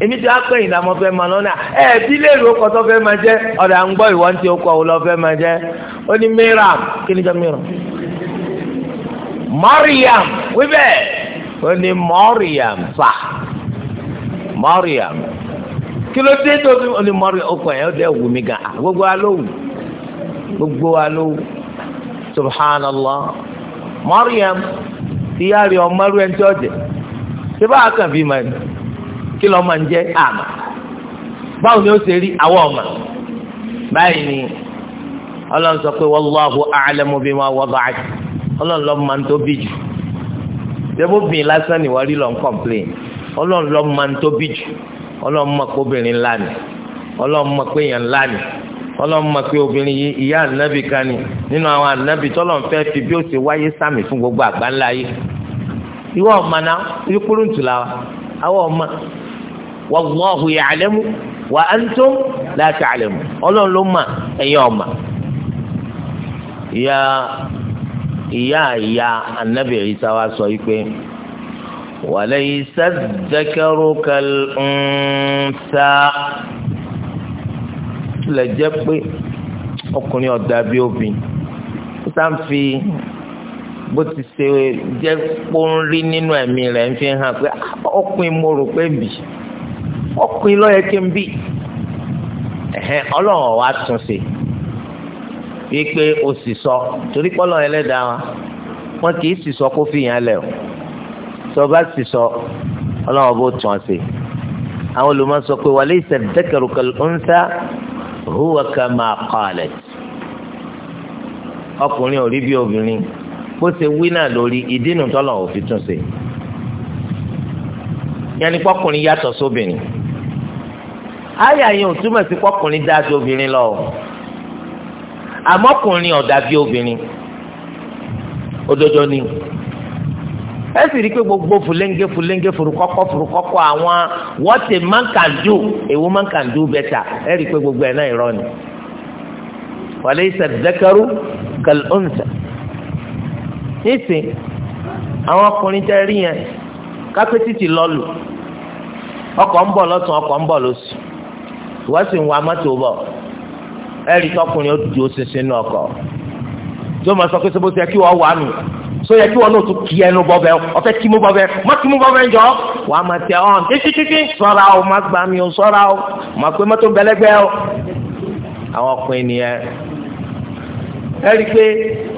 èmi ti akẹ́yìn làmọ fẹ́ máa lọ́nà ẹ̀ẹ́dí lè ro kọ́tọ́ fẹ́ máa jẹ́ ọ̀dà ń gbọ́ ìwọ́n tí ó kọ́ ọ lọ fẹ́ máa jẹ́ ó ní mìíràn kí ni jẹ́ mìíràn mọ́ríyàm wíbẹ̀ ó ní mọ́ríyàm fà mọ́ríyàm kí ló dé tó fi ó ní mọ́ríyàm ó kọ̀ ẹ̀ ó dẹ̀ wù mí gan gbogbo wa gbogbo wa subhanallah Maryam ìyá rẹ̀ ọmọ rẹ̀ ń tọ́jẹ̀ ṣé báwa kàn fi mà ní kí lọ́ọ́ máa ń jẹ́ àmà báwo ni ó ṣe rí àwọn ọmọ báyìí ni ọlọ́run sọ pé wallahu a'lamu bima wada'at ọlọ́run lọ́ọ́ máa ń tó jù ṣébó bìn lásán ni wọ́n rí lọ́ọ́ ń ọlọ́run lọ́ọ́ máa ń ọlọ́run mọ̀ pé obìnrin yìí ìyá ànábì kan ni nínú àwọn ànábì tọ́lọ́run fẹ́ fi bí ó ti wáyé sàmì fún gbogbo àgbáńlá yìí ìwọ ọmọ náà ibi kúrúǹtù la wa àwọn ọmọ wallahu ya'lamu wa antum la ta'lamu ọlọ́run ló mọ̀ ẹ̀yin ọmọ ìyá ìyá ìyá ànábì Ìsá wa sọ yìí pé walaysa dhakaru kal-untha tilẹ̀ jẹ́ pé ọkùnrin ọ̀dà bíi obìnrin ó sá ń fi bó ti ṣe jẹ́ pọ́nrí nínú ẹ̀mí rẹ̀ ń fi hàn pé ah, ọkùnrin mo rò pé bì ọkùnrin ló yẹ kí n bì ẹ̀hẹ́n ọlọ́run wa tún ṣe wípé o sì sọ torí pọ́lọ́ ẹlẹ́dàá wa wọn kì í sì sọ kó fi yàn lẹ̀ o tó o bá sì sọ ọlọ́run bó tún ọ ṣe àwọn olùmọ̀ sọ pé wàlẹ́ ìṣẹ̀dẹ́kẹ̀rù kẹlẹ́ ń sá. huwa kama qalat ọkùnrin ò rí bí obìnrin bó ṣe wí náà lórí ìdínú tọ́lọ̀ ò fi tún ṣe yẹnni pọkùnrin yàtọ̀ sóbìnrin àyà yẹn ò túmọ̀ sí pọkùnrin dájú obìnrin lọ àmọ́kùnrin ọ̀dà bí obìnrin òdodo ni. ẹ sì rí i pé gbogbo fúlẹ́ńgé fúlẹ́ńgé furukọ́kọ́ furukọ́kọ́ àwọn what a man can do a woman can do better ẹ rí i pé gbogbo ẹ̀ náà irọ́ ni walaysa dhakaru kal unsa nísìn àwọn ọkùnrin tẹ́ rí yẹn kápẹ́tìtì lọ́lù ọkọ̀ ń bọ̀ lọ́tún ọkọ̀ ń bọ̀ lọ́sù wọ́n sì ń wa mọ́tò bọ̀ ẹ̀rí tọkùnrin ó dùn ó sinsin ní ọkọ̀ so yẹ kí wọn náà tún kí ẹnu bọbẹ ọfẹ kí mú bọbẹ má kí mú bọbẹ jọ wàá máa tẹ ọ títítítí ṣọ́ra o má gbà mí o ṣọ́ra o má pé mọ́tò bẹlẹgbẹ o àwọn ọkùnrin nìyẹn ẹ̀rí pé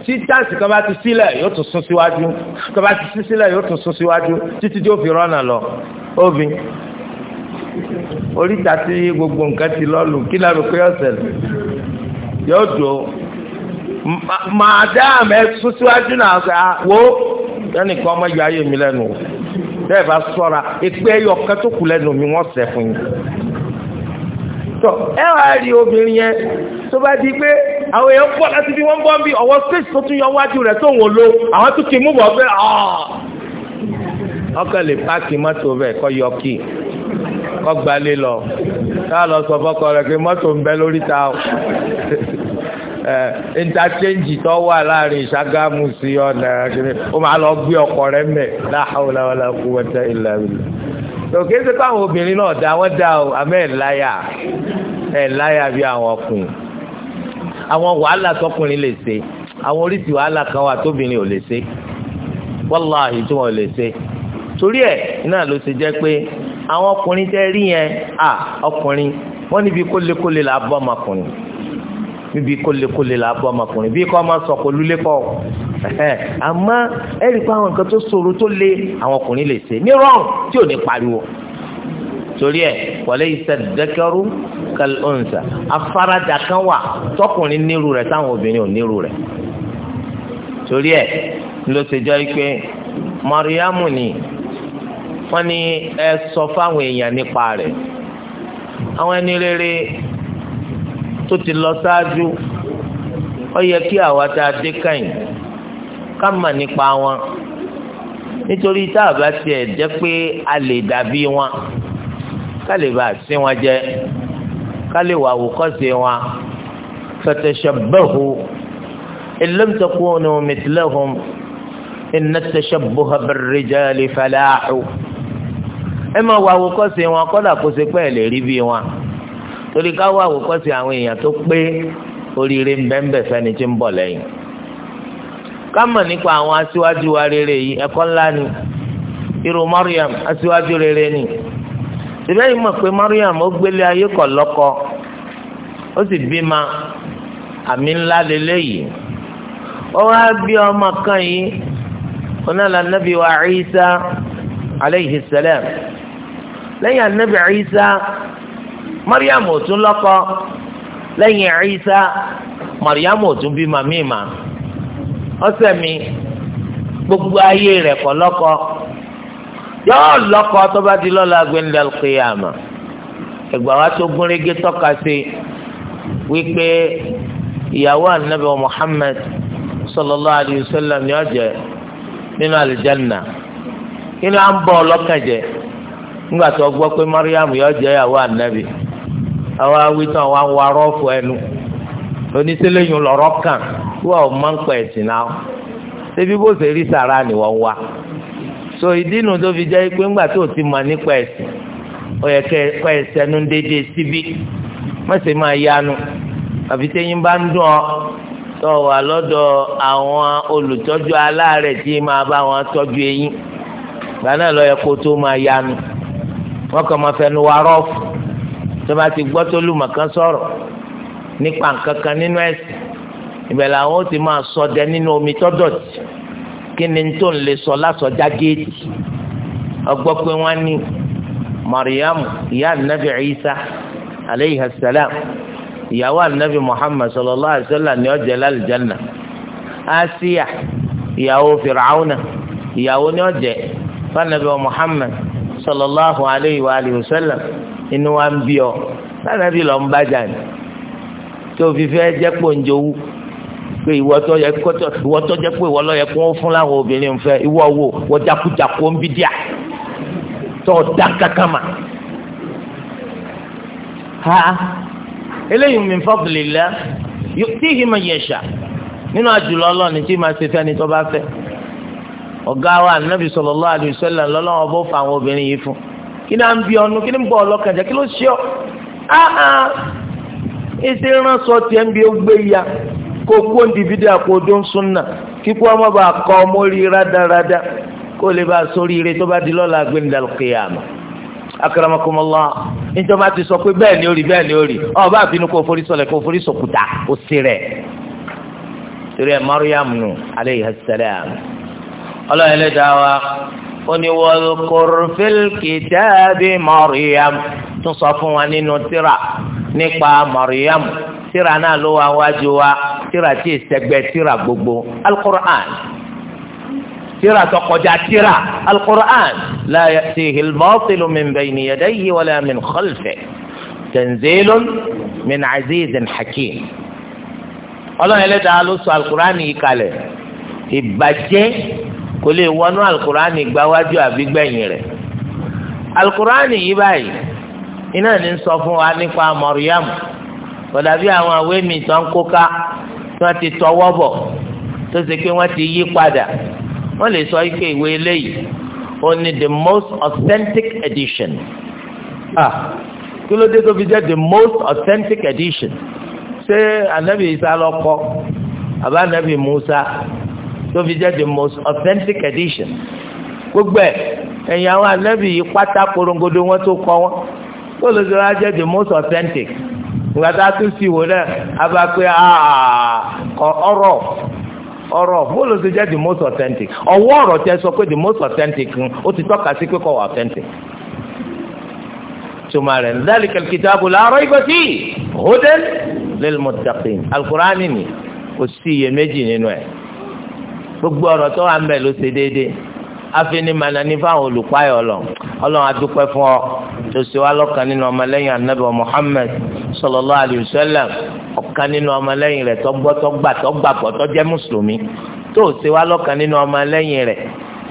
tí táǹsì kan bá ti sílẹ̀ yóò tún sún síwájú kan bá ti sí sílẹ̀ yóò tún sún síwájú títí tí ó fi rọ́nà lọ óbin oríta tí gbogbo nǹkan ti lọ́lù kí lóò rò pé ọ̀sẹ̀ yóò dùn madam ẹ sún síwájú náà ah, wo ẹnìkan ọmọ yọ ayé mi lẹ́nu bẹ́ẹ̀ bá sọ́ra ìpè ẹyọ kan tó kù lẹ́nu mi wọ́n sẹ̀ fún yín tọ ẹ wá rí obìnrin yẹn tó bá di pé àwọn èèyàn pọ̀ láti bí wọ́n bọ́ bí ọwọ́ stage tó tún yọ wájú rẹ̀ tó ń wò lo àwọn tó ti mú bọ̀ pé ah! ọkọ̀ lè páàkì mọ́tò bẹ́ẹ̀ kọ́ yọ kí kọ́ gbalé lọ ká lọ sọ fọ́kọ rẹ̀ pé mọ́tò ń bẹ lórí ta o. Eh, interchange tó wà láàrin ìṣàgámù sí ọ̀nà kìíní ó máa lọ gbé ọkọ̀ rẹ̀ mẹ́ láhàúlà wàlà kú wọ́tẹ́ ìlà ìlú. òkè ṣe káwọn obìnrin náà dá wọ́n dá o àmọ́ ẹ̀ láyà ẹ̀ láyà bí àwọn ọkùnrin àwọn wàhálà tọkùnrin lè ṣe àwọn oríṣi wàhálà kan wà tóbìnrin ò lè ṣe wàláhì tí wọn ò lè ṣe torí ẹ̀ náà ló ṣe jẹ́ pé àwọn ọkùnrin tẹ́ rí yẹn à ọkùnrin wọ́n níbi kólékólé là á bọ́ ọmọkùnrin níbi kólekóle là á bọ́ ọmọkùnrin bí kò máa sọ̀kò lulẹ̀ kọ́ àmọ́ ẹ̀rí pé àwọn nǹkan tó ṣòro tó le àwọn ọkùnrin lè ṣe ní rọrùn tí ò ní pariwo torí ẹ walaysa dhakaru kal unsa afárádà kan wà tọkùnrin nírú rẹ̀ táwọn obìnrin ò nírú rẹ̀ torí ẹ ló ṣe jẹ́ pé Mariamu ni wọ́n ní ẹ sọ fáwọn èèyàn nípa rẹ̀ àwọn ẹni rere tó ti lọ ṣáájú ó yẹ kí àwa tá a dé kẹ́yìn ká mà nípa wọn nítorí tá a bá tiẹ̀ jẹ́ pé a lè dàbí wọn ká lè bá a sí wọn jẹ ká lè wà àwòkọ́ṣe wọn fatashabbahu in lam takunu mithlahum inna tashabbuha birrijali falahu ẹ máa wà àwòkọ́ṣe wọn kọ́dà kó ṣe pẹ́ẹ́ lè rí bí wọn. torí ká wá si àwọn èèyàn tó pé oríire ń bẹ ń bẹ fẹ́ni tí ń bọ̀ lẹ́yìn ká mọ̀ nípa àwọn aṣíwájú wa rere yìí ẹ̀kọ́ ńlá ni irú Mariam aṣíwájú rere ni ìbẹ́yìí mọ̀ pé Mariam ó gbélé ayé kọ̀ lọ́kọ ó sì bímọ àmì ńlá lélẹ́yìí ó wá bí ọmọ kan yìí onála nàbí wa aleyhi anabi Isa. mariam ò tún lọ́kọ lẹ́yìn Ìsá mariam bi ma bímọ mímà ọ̀sẹ̀ mi gbogbo ayé rẹ̀ kọ́ lọ́kọ yóò lọ́kọ tó di lọ́la gbẹ̀ndẹ̀l kìyàmà ẹgbà wa tó gúnrégé tọ́ka sí wípé ìyàwó anabi Muhammad sallallahu alayhi wa sallam ni ọjẹ nínú alìjánná kí ni à ń bọ̀ ọlọ́kàn jẹ nígbà tó gbọ́ pé mariam yóò jẹ́ ìyàwó anabi. àwọn awitọ àwọn awọ arọfọ ẹnu onísẹlẹyìn lọrọ kàn wọn ò máa ń pẹ ẹsìn náà ṣebí bó ṣe rí sàrà ni wọn wá so ìdí inú tó fi jẹ́ pé ńgbà tó ti mọ̀ nípa ẹ̀sìn ó yẹ kẹ́ ẹ̀kọ́ ẹ̀sẹ̀nu déédéé síbí mọ̀sẹ̀ máa yanu àfi tẹ́yìn bá ń dùn ọ́ tó wà lọ́dọ̀ àwọn olùtọ́jú aláàárẹ̀ tí máa bá wọn tọ́jú eyín gbà náà kó tó máa yanu wọ́n kàn máa fẹnu wa rọ́ọ̀fù tó bá ti gbọ́ tó lùmọ̀ kan sọ̀rọ̀ nípa nǹkan kan nínú ẹ̀sìn ìbẹ̀ làwọn ó ti máa sọdẹ nínú omi tọ́dọ̀tì kí ni tó ń lè sọ lásọjá géètì ọgbọ́ pé wọ́n ní mariam ìyá anabi isa aleyhi salam ìyàwó anabi muhammad sallallahu alayhi wa sallam ni ó jẹ́ lálùjáná ìyàwó fìràwùnà ìyàwó ni ó fanabi muhammad sallallahu alayhi wa sallam inú wa ń bí ọ sáà bí lọ ń bájà ni tó fi fẹ́ jẹ́ pòǹjowú pé ìwọ tó yẹ kó tó ìwọ tó jẹ́ pé ìwọ lọ yẹ kó ń fún láwọn obìnrin ń fẹ́ ìwọ wo wọ́n jákujàku ń bí díà tó dá kankan mà ha eléyìí min fadlillah yu'tihi man yasha nínú àjùlọ ọlọ́ọ̀ni tí màá ṣe fẹ́ni tó bá fẹ́ ọ̀gá wa ànábì sallallahu alaihi wasallam lọ́lọ́wọ́ bó fa àwọn obìnrin yìí fún kí ni à ń bi ọnu kí ni ń bọ̀ ọlọ́kàn jẹ́ kí ló ṣe ọ́ áhàn ah, ẹsẹ̀ ah. ránṣọ tiẹ̀ ń bi ó gbé ya kó kó ndìbídé àkóódó ń súnà kíkó ọmọ bá kọ ọmọ rí rádaràda kó lè bá sórí ire tó bá di lọ́la gbẹ̀ndàlùkìyàmù akaramakomola ìjọba ti sọ pé bẹ́ẹ̀ ni ó rí bẹ́ẹ̀ ni ó rí ọba àbínú kò forí sọlẹ̀ kò forí sọkùtà ó sì rẹ̀ torí mariam nù aleyhi salam ọlọ́yẹ̀lẹ́dàá wa oni wọlùkọrọfẹl kìtàbí mọríyàm tún sọ fún wa nínú tírà nípa mọríyàm tírà náà ló wà wájú wa tírà tí ìsẹgbẹ tírà gbogbo alukur'an tírà tó kọjá tírà alukur'an láyé tihil mọ́tìlú min bẹ́yìn yẹ́dẹ́yìí wọlé min kọlfẹ́ tẹ̀nzélón min azizin hakim ọlọ́run ẹlẹ́dàá ló sọ alukur'an yìí kalẹ̀ ìbàjẹ́ kò lè wọnú alukurani gbáwájú àbí gbẹ̀yìn rẹ̀ alukurani yìí báyìí iná ní sọ fún wa nípa mọ̀ríyàmù kódà bí àwọn àwé mi tó ń kóká tí wọ́n ti tọwọ́ bọ̀ tó ṣe pé wọ́n ti yí padà wọ́n lè sọ ike ìwé eléyìí ó the most authentic edition ah kí ló dé tó fi jẹ́ the most authentic edition ṣé anabi isa lọ kọ àbá anabi musa tó fi jẹ́ the most authentic edition gbogbo ẹ̀ ẹ̀yìn àwọn ànábì yìí pátá korongodo wọn tó kọ wọn tó ló sọ wá jẹ́ the most authentic ìgbà tá a tún sì wò náà a bá pé ọ̀rọ̀ ọ̀rọ̀ bó ló ṣe jẹ́ the most authentic ọwọ́ ọ̀rọ̀ tẹ sọ pé the most authentic ń ó ti tọ́ka sí pé kò wà authentic tuma rẹ̀ dhalika alkitabu la rayba fihi hudan lil muttaqin alukuraani ni kò sí iyèméjì nínú ẹ̀ gbogbo ọ̀rọ̀ tó wà ń bẹ ló ṣe déédéé afinimana ní fáwọn olùpáyọ̀ lọ ọlọ́run adúpẹ́ fún ọ tó ṣe wá lọ́kàn nínú ọmọlẹ́yìn anabi Muhammad sallallahu alayhi wa sallam ọ̀kan nínú ọmọlẹ́yìn rẹ̀ tọ́gbọ́ tọ́gbà tọ́gbàgbọ́ tó jẹ́ mùsùlùmí tó ṣe wá lọ́kàn nínú ọmọlẹ́yìn rẹ̀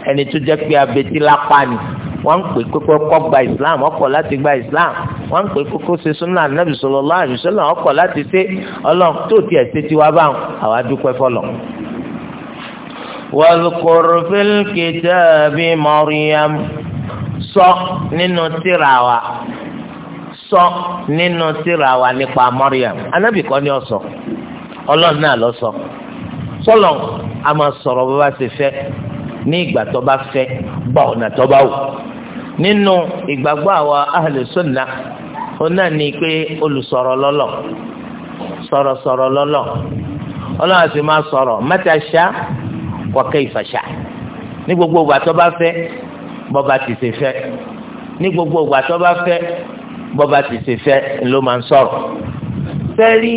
ẹni tó jẹ́ pé abetí lápá ni wọ́n ń pè kókó kọ́ gba islam ọkọ̀ láti gba islam wọ́n ń pè kókó ṣe súnà anabi sallallahu alayhi wa sallam ọkọ̀ láti ṣe ọlọ́run tó tiẹ̀ ṣe wàlùkùrù fílkìtà bíi mọ́ríyàm sọ nínú tírà wa sọ nínú tírà wa nípa mọ́ríyàm anábì kọ́ ni ó sọ ọlọ́run náà ló sọ sọlọ a máa sọ̀rọ̀ bó bá ṣe fẹ́ ní ìgbà tó bá fẹ́ bá ọ̀nà tó bá wù nínú ìgbàgbọ́ àwa ahlu wọ́kẹ́ ìfàṣà ní gbogbo ìgbà tó bá fẹ́ bọ́ba ti ṣe fẹ́ ní gbogbo ìgbà tó bá fẹ́ bọ́ba ti ṣe fẹ́ ló máa ń sọ̀rọ̀ sẹ́rí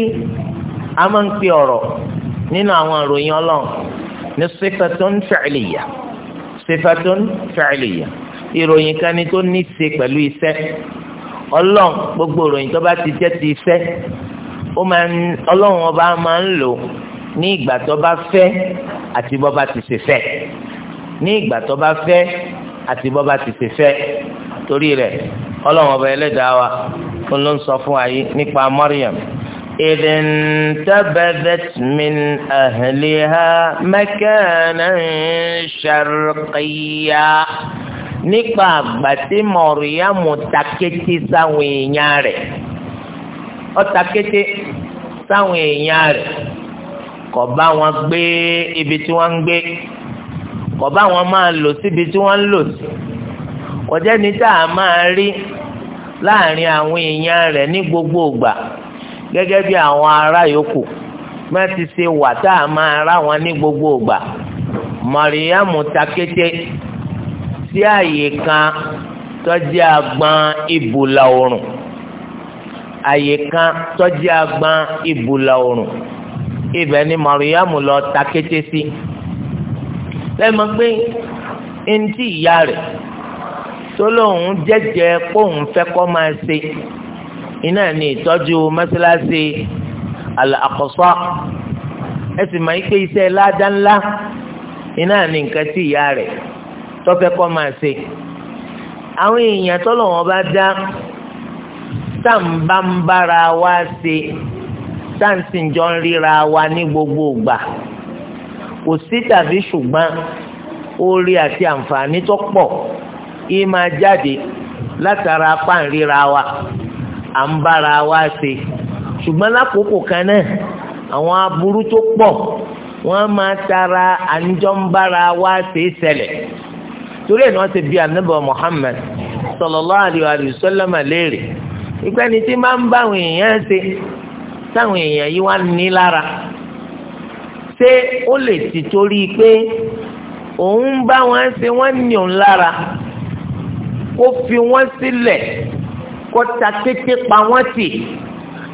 a máa ń pe ọ̀rọ̀ nínú àwọn ìròyìn ọlọ́run ní sifatun fi'liya sifatun fi'liya ìròyìn kan ni tó ní í ṣe pẹ̀lú iṣẹ́ ọlọ́run gbogbo ìròyìn tó bá ti jẹ́ ti iṣẹ́ ó máa ń ọlọ́run ọba máa ń lò ó ní ìgbà tó bá fẹ́ àti bó bá ti ṣe fẹ́ ní ìgbà tó bá fẹ́ àti bó bá ti ṣe fẹ́ torí rẹ̀ ọlọ́run ọba ẹlẹ́dàá wa fún ló ń sọ fún wa nípa Maryam idhin tabadat min ahliha makanan sharqiyya nípa àgbà tí Maryam takété sáwọn èèyàn rẹ̀ ó takété sáwọn kò bá wọn gbé ibi tí wọn ń gbé kò bá wọn máa lò síbi tí wọn ń lò sí kò jẹ́ni tá a máa rí láàrin àwọn èèyàn rẹ ní gbogbo ìgbà gẹ́gẹ́ bí àwọn ará yòókù má ti ṣe wà tá a máa wọn ní gbogbo ìgbà mọ̀ríyàmù takété sí àyè kan tọ́jú ibẹ̀ ni Màríyámù lọ ta kété sí lẹ́mọ̀ pé eŋti ìyá rẹ̀ tó lóun jẹ́jẹ́ kóun fẹ́ kọ́ máa ṣe iná ní ìtọ́jú mọ́ṣáláṣí àkọ́sọ́ ẹ sì máa ń pé iṣẹ́ ládá ńlá iná ní nǹkan tí ìyá rẹ̀ tó fẹ́ kọ́ máa ṣe àwọn èèyàn tó lọ́wọ́ bá dá tá wá ṣe. táǹsì jọ ń ríra wa ní gbogbo ìgbà kò sí tàbí ṣùgbọ́n oore àti àǹfààní tó pọ̀ yìí máa jáde látara apá ń ríra wa à ń bára wa ṣe ṣùgbọ́n lákòókò kan náà àwọn aburú tó pọ̀ wọ́n máa tara àníjọ́ ń bára wa ṣe é ṣẹlẹ̀ torí ẹ̀ ni wọ́n ti Muhammad sallallahu alaihi wa leere léèrè ìgbẹ́ni tí máa ń bá àwọn èèyàn táwọn èèyàn yìí wá ní lára ṣé ó lè ti torí pé òun bá wọn ṣe wọn ní òun lára kó fi wọn sílẹ̀ kó ta kété pa wọn tì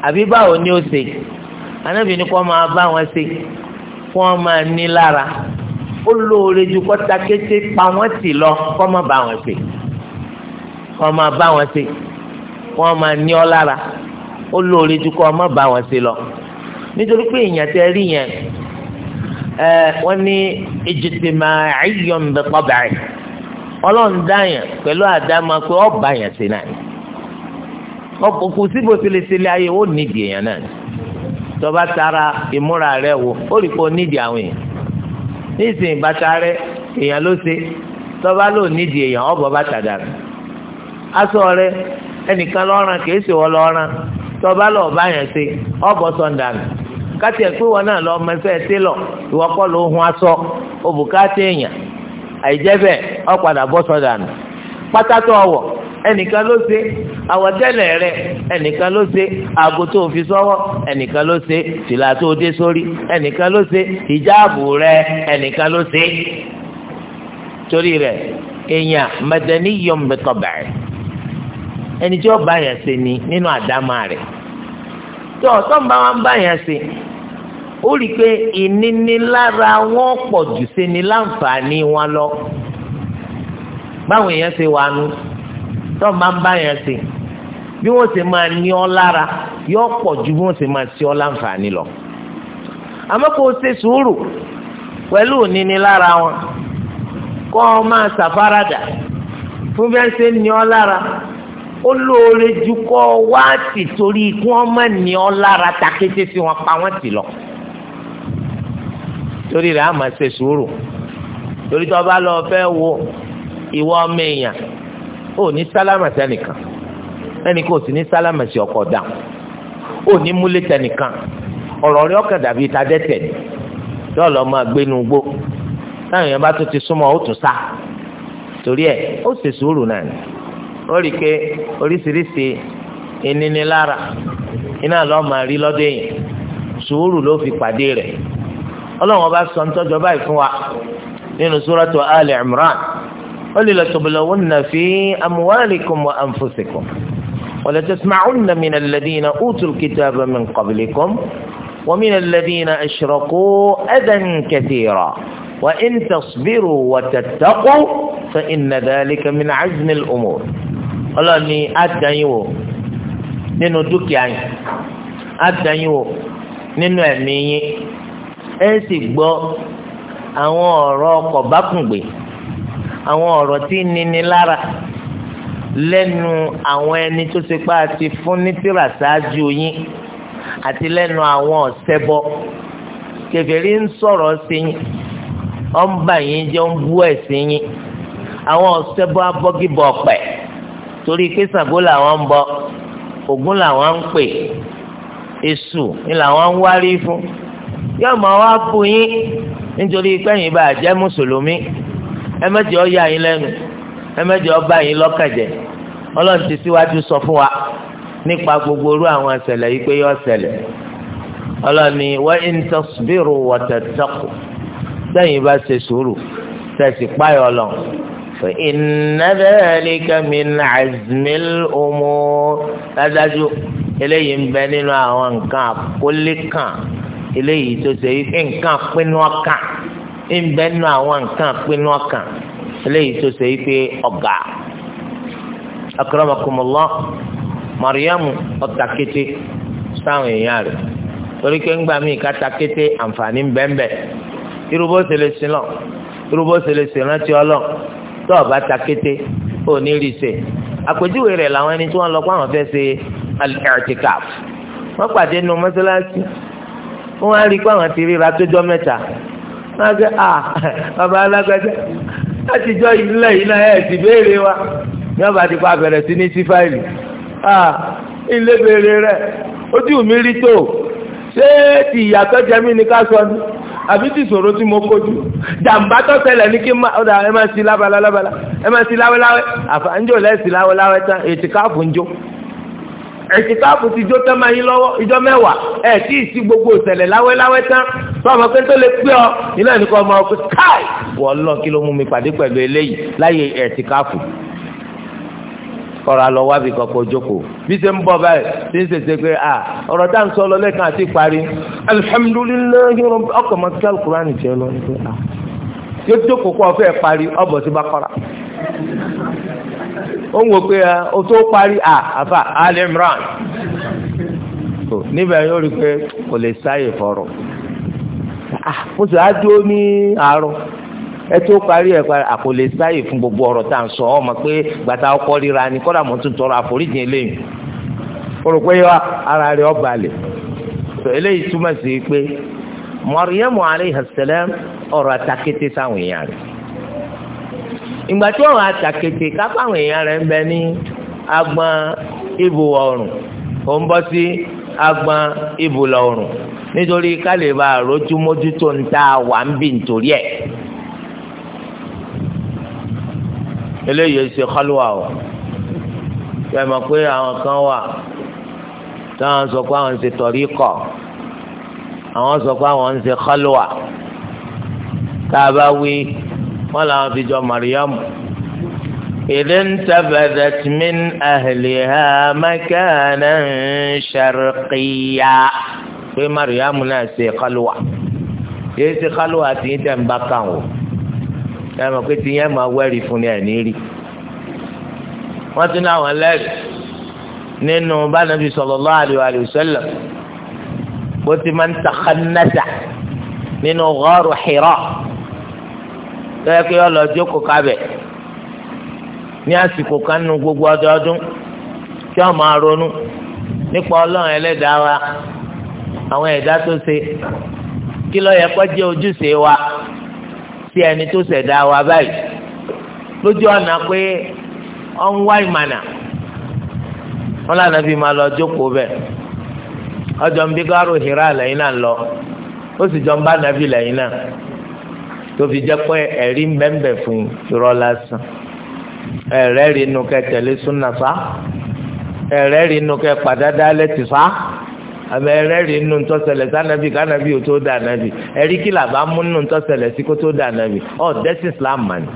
àbí báwo ni ó ṣe anábì ni kó máa bá wọn ṣe kó wọn máa ní lára ó lóore ju kó ta kété pa wọn tì lọ kó má bá wọn ṣe kó má bá wọn ṣe kó má ní ọ lára. ó lóore ju ọmọ bá wọn lọ nítorí pé èèyàn ti rí yẹn ẹ wọ́n ní ìjìtìmọ̀ àìyọ̀ bẹ dá yẹn pẹ̀lú àdámọ́ pé ọba yẹn ṣe náà kò síbò sílẹ̀sílẹ̀ ayé ó nídìí èèyàn náà tọba tara ìmúra rẹ ó rí nídìí àwọn èèyàn nísìnyí bàtà rẹ èèyàn ló ṣe tọba ló nídìí èèyàn bàtà dàrú aṣọ rẹ ẹnìkan lọ́ràn kìí ṣe wọ́n tọba lọ bá yẹn ṣe ọbọ sọndà nù káti ẹ wọn náà lọ ọmọ ẹsẹ télọ ìwọ kọ́ ló hun aṣọ òbúkátà èèyàn àìjẹbẹ ọpadà bọ sọndà ọwọ ẹnìkan ló ṣe àwọ̀tẹ́lẹ̀ rẹ ẹnìkan ló ṣe aago tó fi ẹnìkan ló ṣe tó rẹ ẹnìkan ló ṣe torí rẹ èèyàn mẹtẹ ẹni tí ó bá yẹn ṣe ni nínú àdámà rẹ̀ tó ọ̀tọ́ ń bá wọn bá yẹn ṣe ó rí i pé ìnínilára wọn pọ̀ jù ṣe ni láǹfààní wọn lọ báwọn èèyàn ṣe wà nù tó ń bá ń bá yẹn ṣe bí wọ́n ṣe máa ní ọ lára yóò pọ̀ ju bí wọ́n ṣe máa ṣe ọ láǹfààní lọ àmọ́ kò ṣe sùúrù pẹ̀lú ìnínilára wọn kọ́ ọ máa ṣàfaradà fún bí wọ́n ṣe ní ọ lára. ó lóore ju kọ́ wá tì torí kí wọ́n má ní ọ lára ta kété sí wọn pa wọ́n tì lọ. torí rẹ̀ á máa ṣe sùúrù torí tó bá lọ fẹ́ wo ìwọ ọmọ èèyàn ò ní sálámà sẹ́nìkan ẹnìkan ò sì ní sálámà sí ọkọ̀ dà ò ní múlé tẹnìkan ọ̀rọ̀ rẹ̀ ọ̀kadà bíi ta dẹ́tẹ̀ yóò lọ máa gbénu gbó táwọn èèyàn bá tún ti súnmọ́ ó tún sá torí ẹ̀ ó ṣe sùúrù náà ó rí i pé oríṣiríṣi ìnínilára iná lọ́ọ́ máa rí lọ́dọ̀ yìí sùúrù ló fi pàdé rẹ̀ ọlọ́run ọba sọ nítọ́jọ́ báyìí fún wa nínú suratu Ali Imran ó lè lọ tubulawunna fi amwalikum wa anfusikum wa la tasma'unna min alladhina utul kitaba min qablikum wa min alladhina ashraku adan kathira. وإن تصبروا وتتقوا فإن ذلك من عزم الأمور Ọlọ́run ni àdán-yín wò nínú dúkìá yín àdán-yín wò nínú ẹ̀mí yín ẹ sì gbọ́ àwọn ọ̀rọ̀ kọ̀bákùngbé àwọn ọ̀rọ̀ tí níni lára lẹ́nu àwọn ẹni tó ṣe pa àti fún ní tírà ṣáájú yín àti lẹ́nu àwọn ọ̀sẹ́bọ kèfèrí ń sọ̀rọ̀ sí yín ọ̀ ń bà yín jẹ́ ń bú ẹ̀sìn yín àwọn ọ̀sẹ̀ bọ́ abọ́gibọ̀ ọ̀pẹ̀ torí pé Ṣàngó làwọn ń bọ Ògún làwọn ń pè Èṣù ni làwọn ń wárí fún yóò mọ wá bú yín nítorí pẹ́yìn bá jẹ́ mùsùlùmí ẹ mẹ́jọ yà yín lẹ́nu ẹ mẹ́jọ bá yín lọ́kàn jẹ́ ti síwájú sọ fún wa nípa gbogbo orú àwọn ẹ̀ṣẹ̀lẹ̀ yìí pé yọ ẹ̀ṣẹ̀lẹ̀ Ọlọ́run ni wa in tasbiru wa sẹ́yìn bá ṣe sùúrù tẹ̀sí páyọ̀ lọ. inna dhalika min azmil umur dájú eléyìí ń bẹ nínú àwọn nǹkan àkólé kan eléyìí tó ṣe nǹkan pinnu ọkàn ń bẹ nínú àwọn nǹkan pinnu ọkàn eléyìí tó ṣe pé ọ̀gá akramakumullah mariamu ọ̀tàkété sáwọn èèyàn rẹ̀ torí pé ńgbà míì kátakété àǹfààní ń bẹ́ẹ̀ bẹ́ẹ̀ irúbó ṣe lè sin lọ irúbó ṣe lè ṣèrántí ọlọ tó ọba ta kété ò ní rí ṣe àpèjúwe rẹ̀ làwọn ẹni tí wọ́n lọ pé àwọn fẹ́ ṣe al-i'tikaf wọ́n pàdé nu mọ́sálásí wọ́n á rí i pé àwọn ti ríra tó jọ mẹ́ta wọ́n á gbé à bàbá alágbájá láti jọ ilé yìí náà ẹ̀ sì béèrè wa ní ọba ti pa bẹ̀rẹ̀ sí ní sí fáìlì à ilé béèrè rẹ̀ ojú mi rí tó ṣé ti ìyàtọ̀ jẹ mí ni ká sọ ni àbí tí ìṣòro tí mo kojú jàǹbá tó ṣẹlẹ̀ ní kí n máa ọ̀dà ẹ máa sí lábala lábala ẹ máa sí láwẹ́láwẹ́ àfàǹjò lẹ́sìn láwẹ́láwẹ́ tán ètí káàfù ń jó ètí káàfù ti jó tán máa yín lọ́wọ́ ìjọ mẹ́wàá ẹ̀ tí ì sí gbogbo ìṣẹ̀lẹ̀ láwẹ́láwẹ́ tán tó ọmọ pé tó lè pé ọ nílẹ̀ nìkan ọmọ ọkùnrin káì wọ́n lọ kí ló mú mi pàdé pẹ̀lú eléyìí láyé ètí Kọrọ lọ wábì kọ́kọ́ jókòó bí se ń bọ̀ báyìí ṣe ń ṣèṣe pé à ọ̀rọ̀ tá à sọ lọ lẹ́ẹ̀kan àti parí alihamudulilayi ọkọ̀ mọ̀ kí alukurani jẹ́ lọ nípa à yóò jókòó kó ọfẹ́ parí ó ń wò pé tó parí àfà níbẹ̀ yóò rí pé kò lè ẹ tó parí ẹ parí sáyè fún gbogbo ọ̀rọ̀ tá à ń sọ ọmọ pé gbàtà ọkọ ríra ni kọ́dà mo tọrọ àforíjì eléyìí o rò ara rẹ ọba lè eléyìí túmọ̀ sí pé Maryamu alayhi ọ̀rọ̀ àtàkété sáwọn èèyàn rẹ̀ ìgbà tí ọ̀rọ̀ àtàkété èèyàn rẹ̀ ń bẹ ní agbọn ibò ọrùn ń bọ́ sí agbọn ibò eléyìí ṣe kálúwà o ṣe mọ̀ pé àwọn kan wà táwọn sọ pé àwọn ń ṣe tọ̀ríkọ̀ àwọn sọ pé àwọn ń ṣe kálúwà tá a bá wí wọn làwọn fi jọ màríyàmù. إذ انتبذت من أهلها مكانا شرقيا في مريم ناسي قلوة يسي قلوة تيتم بكاو ẹ mọ̀ pé tiyẹn máa wẹ́rì fún ni ẹ̀ ní rí wọ́n tún náà wọ́n lẹ́rìí nínú bánàbí sallallahu alaihi wa sallam bó ti máa ń takhannasa nínú ghaaru Hira lọ́yẹ́ pé ọlọ́jọ́ kò kábẹ̀ ní àsìkò kan nu gbogbo ọdọọdún tí wọ́n máa ronú nípa ọlọ́run ẹlẹ́dàá wa àwọn ẹ̀dá tó ṣe kí ló yẹ jẹ́ ojúṣe wa sí ẹni tó ṣẹ̀dá wa báyìí lójú ọ̀nà pé ọ ń wá ìmànà wọn lànà fi máa lọ jókòó bẹ́ẹ̀ ọjọ́ ń bí gáró hira lẹ́yìn náà lọ ó sì jọ ń bá nàbí lẹ́yìn náà tó fi jẹ́ pé ẹ̀rí ń bẹ́ẹ̀ fún irọ́ lásán ẹ̀rẹ́ rí kẹ tẹ̀lé súnà fa ẹ̀rẹ́ rí kẹ pàdádá lẹ́tì fa. àbẹ ẹrẹ́rìí nínú ntọ́sẹ̀lẹ̀ sànàbì kànàbì ò tó dà nàbì ẹ̀rí kí làbá mú nínú ntọ́sẹ̀lẹ̀ sí kó tó dà nàbì ọ̀ dẹ́sí islam mani.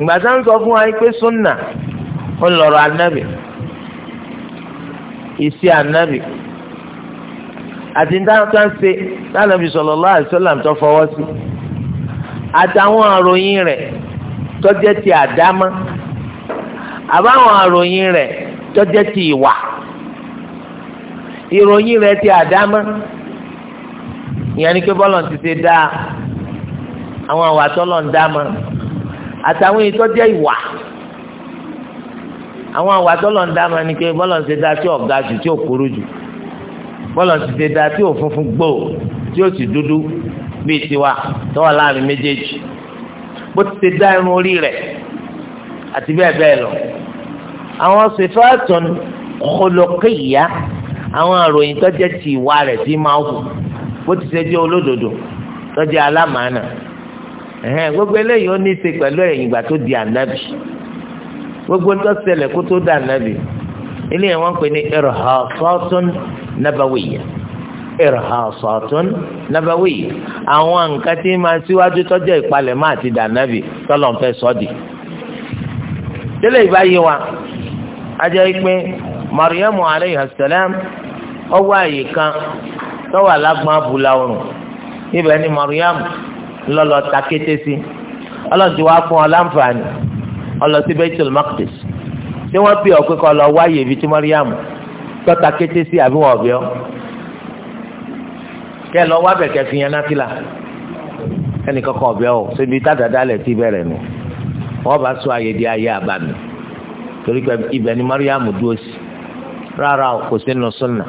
ìgbà tá ń sọ fún wa pé sunna ó lọ́rọ̀ ànábì ìsí ànábì àti dáńtá ṣe sànàbì sallallahu alaihi tó fọwọ́ ìròyìn rẹ̀ ti àdámọ́ ìyẹn ni pé bọ́lọ̀ ti ṣe dáa àwọn àwà tọ́lọ̀ ń dámọ́ àtàwọn èyí tó jẹ́ ìwà àwọn àwà tọ́lọ̀ ń dámọ́ ni pé bọ́lọ̀ ti ṣe dáa tí ò ga jù tí ò kúrú jù bọ́lọ̀ ti ṣe dáa tí ò funfun gbò tí ò sì dúdú bíi tiwa tó wà láàrin méjèèjì bó ti ṣe dá irun orí rẹ̀ àti bẹ́ẹ̀ bẹ́ẹ̀ lọ àwọn sèfáàtọ̀ kọlọ́kẹ́yà. àwọn àròyìn tó ti ìwà rẹ̀ ti máa wù bó ti ṣe jẹ́ olódodo tó jẹ́ alámàánà gbogbo eléyìí ó ní í ṣe pẹ̀lú ẹ̀yìn ìgbà tó di ànábì gbogbo tó ṣẹlẹ̀ kó tó di ànábì ilé yẹn wọ́n pè ní irhasatun nabawiyya irhasatun nabawiyya àwọn nǹkan tí máa síwájú tó jẹ́ ìpalẹ̀mọ́ sọ́ọ̀dì tẹ́lẹ̀ ìbáyé wa a jẹ́ mariamu aleyhi salam ọwọ́ àyè kan tọ́wọ́ alágbọ́n abúlá ọrùn ibẹ̀ ni mariamu lọ́lọ́ ta kété sí ọlọ́dún wa fún ọ láǹfààní ọlọ́sí bẹ́tùl maqdis tí wọ́n bí ọ pé kọ́ lọ wáyé ibi tí mariamu tọ́ta kété sí àbí wọ́n ọ̀bẹ́ ọ kẹ́ lọ wá bẹ̀kẹ́ fi yẹn náfìlà ẹnì kankan ọ̀bẹ́ ọ síbi tádàdá lẹ̀ ti bẹ̀rẹ̀ nù wọ́n bá sọ àyè di ayé àbàmì torí pé ibẹ̀ ni mariamu dúró sí rárá o kò sínú súnà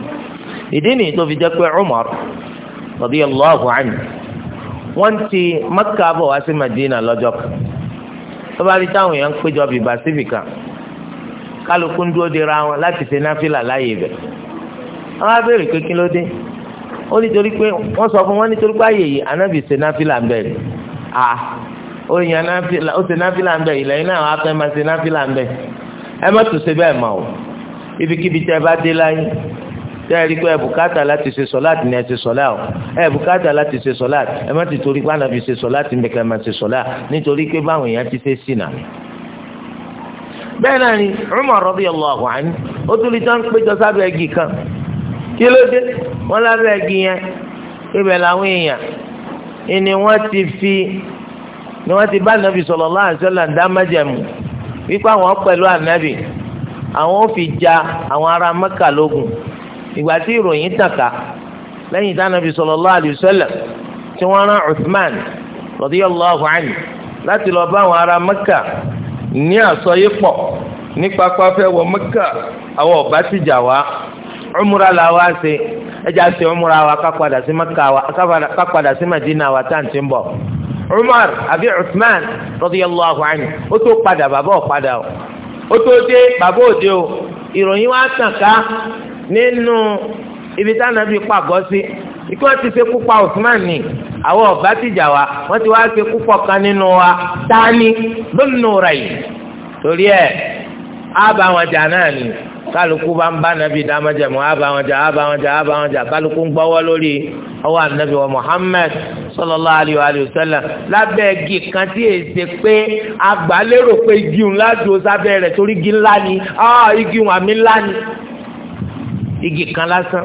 ìdí nìyí tó fi jẹ́ pé Umar radiyallahu anhu wọ́n ti Mẹ́kà bọ̀ wá sí Madina lọ́jọ́ kan tó bá rí táwọn èèyàn ń péjọ bìbà síbì kan kálukú ń dúró de ra wọn láti ṣe náfìlà láàyè bẹ̀ àwọn abéèrè pé kí ló dé ó nítorí pé wọ́n sọ fún wọn nítorí pé àyè yìí anábì ṣe náfìlà ń bẹ̀rẹ̀ à ó yàn náfìlà ó ṣe náfìlà ń bẹ̀ ìlẹ́yìn náà wọ́n á fẹ́ máa ṣe náfìlà ń bẹ̀ ẹ má tún ṣe bẹ́ẹ̀ mọ́ o ibikíbi tẹ́ bá dé láyé tẹ́ ẹ rí pé ẹ̀bùkátà láti ṣe sọ́láàtì ni ẹ ti sọ́lá o ẹ̀bùkátà láti ṣe sọ́láàtì ẹ má ti torí pé ànàbì ṣe sọ́láàtì mẹ́kà má ṣe sọ́lá nítorí pé báwọn èèyàn ti ṣe sí náà. bẹ́ẹ̀ náà ni Umar radiyallahu anhu ó tún lè tán péjọ sábẹ́ igi kan kí ló dé wọ́n lábẹ́ igi yẹn ibẹ̀ làwọn èèyàn ni wọ́n ti fi ni wọ́n ti bá ànàbì sallallahu alaihi wasallam májẹ̀mú wípé àwọn pẹ̀lú ànàbì àwọn ò fi ja àwọn ará Mẹ́kà lógun ìgbà tí ìròyìn tàkà lẹ́yìn tí Ànábì sallallahu alayhi wa sallam tí wọ́n rán Uthman radiyallahu anhu láti lọ bá àwọn ará Mẹ́kà ní àsọyépọ̀ ní pápá fẹ́ wọ Mẹ́kà àwọn ọ̀bá ti jà wá umra la wá ṣe ẹja ṣe umra wa ká padà sí Mẹ́kà wa ká padà sí Madina wa tá à ń ti ń bọ̀ Umar àbí Uthman radiyallahu anhu ó tó padà bàbá ọ̀ padà ó tó dé bàbá òde o ìròyìn wa tàn ká nínú ibi táwọn ẹbí pàgọ́ sí ikú wọn ti ṣe kú pa Usman ni àwọn ọba ti jà wọn ti wá ṣe kú kan nínú wa tání lónìí rẹ̀ yìí torí ẹ̀ á bá wọn jà náà nìyí kálukú bá ń bá nàbì dámẹ́jẹ̀mú àbáwọ̀njà àbáwọ̀njà àbáwọ̀njà kálukú ń gbọ́wọ́ lórí ọwọ́ ànábì wa Muhammad sallallahu alayhi wa alayhi wa sallam lábẹ́ igi kan tí èyí ṣe pé agbálérò pé igi ńlá dùn sábẹ́ rẹ̀ torí igi ńlá ni igi wàmí ńlá ni igi kan lásán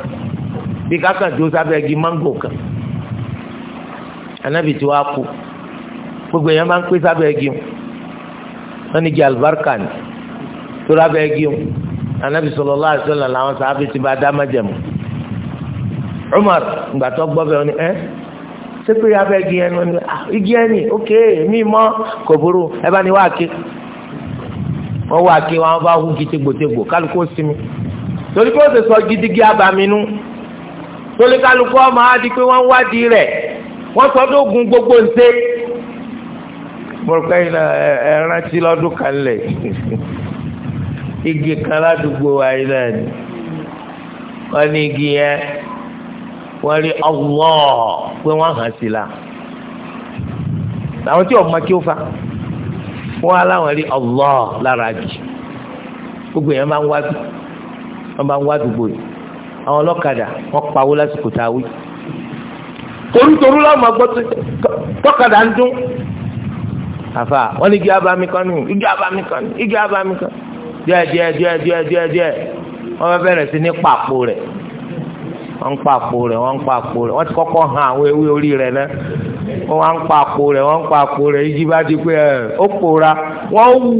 bí kákan dùn sábẹ́ igi mángò kan ànábì tí wàá kú gbogbo èèyàn máa ń pè sábẹ́ igi wọn ní igi alibarika ni tó rábẹ́ igi wọn anabi sallallahu alaihi wasallam làwọn sàábì ti bá dá májẹ̀mú Umar gbàtọ gbọ́ bẹ ọni ẹ sẹpẹ abẹ igi ẹni ọni ah igi ẹni ok mi mọ kò burú ẹ bá ní wá ké wọn wá ké wọn bá hu gidigbotegbo kálukú sinmi torí pé ó ti sọ gidigi abaminú torí kálukú ọmọ adi pé wọn wá di rẹ wọn sọ dógun gbogbo nse mo rò pé ẹ rántí lọ́dún kan lẹ̀ igi kan ládùúgbò wa yìí náà ni wọ́n ní igi yẹn wọ́n rí ọwọ́ pé wọ́n hàn sí la àwọn tí ọmọ kí ó fa wọ́n aláwọ̀ rí ọwọ́ lára jù gbogbo yẹn máa ń wá wọ́n máa ń wá àdúgbò yìí àwọn ọlọ́kadà wọ́n pawó lásìkò tá a wí torútorú láwọn máa gbọ́ tọ́kadà ń dún àfà wọ́n ní igi abami kan nù igi abami kan igi abami díẹ̀ díẹ̀ díẹ̀ díẹ̀ díẹ̀ díẹ̀ wọ́n fẹ́ bẹ̀rẹ̀ sí ní pàpò rẹ̀ wọ́n ń pàpò rẹ̀ wọ́n ń pàpò rẹ̀ wọ́n ti kọ́kọ́ hàn àwọn ewé orí rẹ̀ náà wọ́n ń pàpò rẹ̀ wọ́n ń pàpò rẹ̀ ìjì bá ti pé ẹ̀ ó pòórá wọ́n wù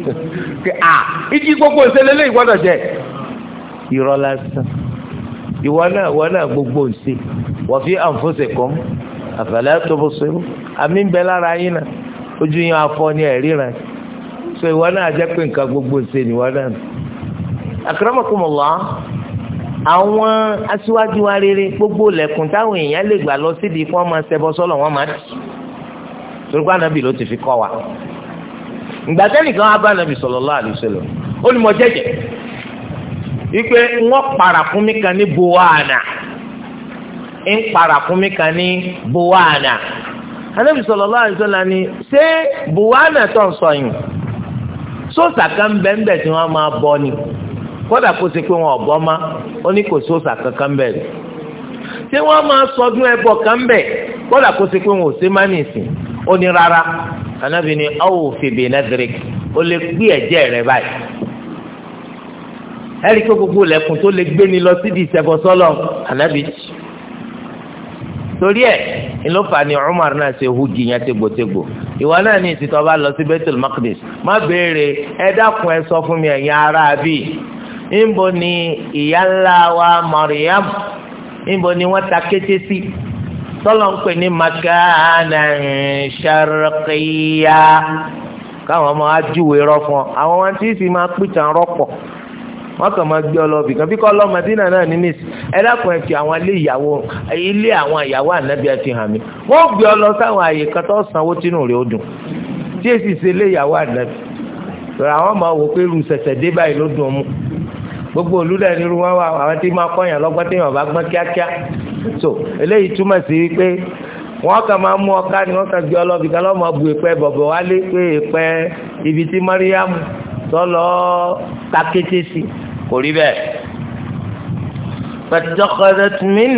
pé à ìjì gbogbo ìṣẹ̀lẹ̀ ìgbọ́dọ̀ jẹ́ irọ́ lásán ìwọ náà ìwọ náà gbogbo ìṣe wọ́n fi àǹfọ̀ṣe kọ́m àfẹ́lẹ́ tó bó ṣe àmì ń bẹ lára yín náà ojú yín afọ ni ẹ̀ríran so ìwọ náà jẹ́ pé nǹkan gbogbo ṣe nìwọ náà akramakumullah àwọn aṣíwájú wa rere gbogbo lẹ̀kùn táwọn èèyàn lè gbà lọ síbi kí wọ́n máa ṣẹbọ sọ́lọ̀ wọ́n máa tì torí pé ànábì ló ti fi kọ́ wa ìgbà tẹ́nìkan wá bá ànábì sallallahu alaihi wasallam ó ní mo jẹ́jẹ́ wípé wọ́n para fún mi kan ní buwana ń para fún mi kan ní buwana ànábì sallallahu alaihi wasallam ni ṣé buwana tó ń sọ yìí. sosa kan bẹ́ẹ̀ tí wọ́n máa ni kódà kó ṣe pé wọn ò ma ó ní kò sóòsà kankan bẹ́ẹ̀ tí wọ́n máa sọdún ẹbọ kan bẹ́ẹ̀ kódà kó ṣe pé wọn ò má ó ní rárá ni lè gbé gbogbo lè gbé ni torí ẹ̀ ńlọ́fà ni Umar náà ṣe hugi yẹn tégbòtégbò ìwọ náà ní ìsìtọ́ bá lọ sí Baitul Maqdis má béèrè ẹ dákun ẹ sọ fún mi ẹ̀yin ará bí ńbo ni ìyá ńlá wa Maryam ńbo ni wọ́n ta kété sí tọ́lọ̀ ń pè ní makana sharqiyya káwọn ọmọ ajúwe rọ fún ọ àwọn wọn tí ì sì máa pìtàn rọpọ̀ wọ́n kàn máa gbé ọ lọ bìkan bí kò lọ Madina náà ní nìsí ẹ dákun ẹ fi àwọn ilé ìyàwó ilé àwọn ìyàwó ànábì ẹ fi hàn mí wọ́n gbé ọ lọ sáwọn àyè kan tó sanwó tínú rẹ̀ ó dùn tí èsì ṣe ilé ìyàwó ànábì rẹ̀ àwọn máa wò pé irú sẹ̀sẹ̀ dé báyìí ló dùn mú gbogbo olúdà nírú wọn wà àwọn tí máa kọyàn lọ́gbọ́n tí yàn bá gbọ́n kíákíá so eléyìí túmọ̀ sí wípé wọ́n kàn máa mú ọká ni wọ́n kàn gbé ọlọ́bì kan lọ́mọ Mariam tọ́lọ́ takété sí kò rí bẹ́ẹ̀. فاتخذت من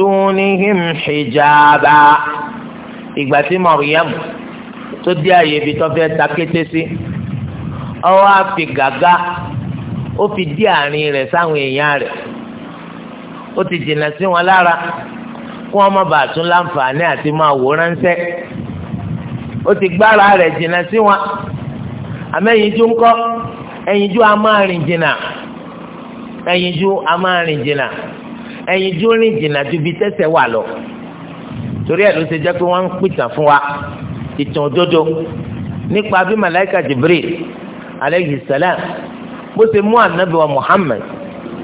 دونهم حجابا ìgbà tí Maryam tó dé àyè ibi tó fẹ́ takété sí ó wá fi gàgá ó fi dí àárín rẹ̀ sáwọn èèyàn rẹ̀ ó ti jìnnà sí wọn lára kó wọn má bàa tún láǹfààní àti máa wò ránṣẹ́ ó ti gbára rẹ̀ jìnnà sí wọn àmẹ́yinjú ńkọ́ ẹ̀yinjú a máa rìn jìnnà ẹ̀yinjú a máa rìn jìnnà ẹ̀yinjú rìn jìnnà ju bí tẹ́sẹ̀ wà lọ torí ẹ̀ ló ṣe jẹ́ pé wọ́n ń pìtàn fún wa ìtàn òdodo nípa bí malaika jibril aleyhi salam bó ṣe mú anabi wa muhammad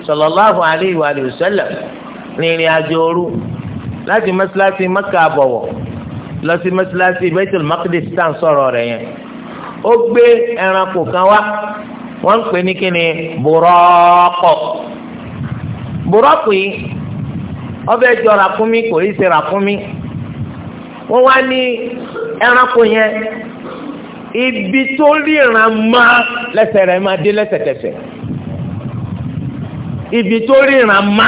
sallallahu alayhi wa sallam rìnrìn àjò òru láti mọ́ṣáláṣí mẹ́kà àbọ̀wọ̀ lọ sí mọ́ṣáláṣí baitul maqdis tá sọ̀rọ̀ rẹ̀ yẹn ó gbé ẹranko kan wá wọ́n ń pè ní kíni bùrọ́kọ̀ bùrọ́kọ̀ yìí ọbẹ̀ jọ ràkúnmí kò rí ṣe ràkúnmí wọ́n wá ní ẹranko yẹn ibi tó ríran máa lẹ́sẹ̀ rẹ̀ máa dé lẹ́sẹ̀kẹsẹ̀ ibi tó ríran má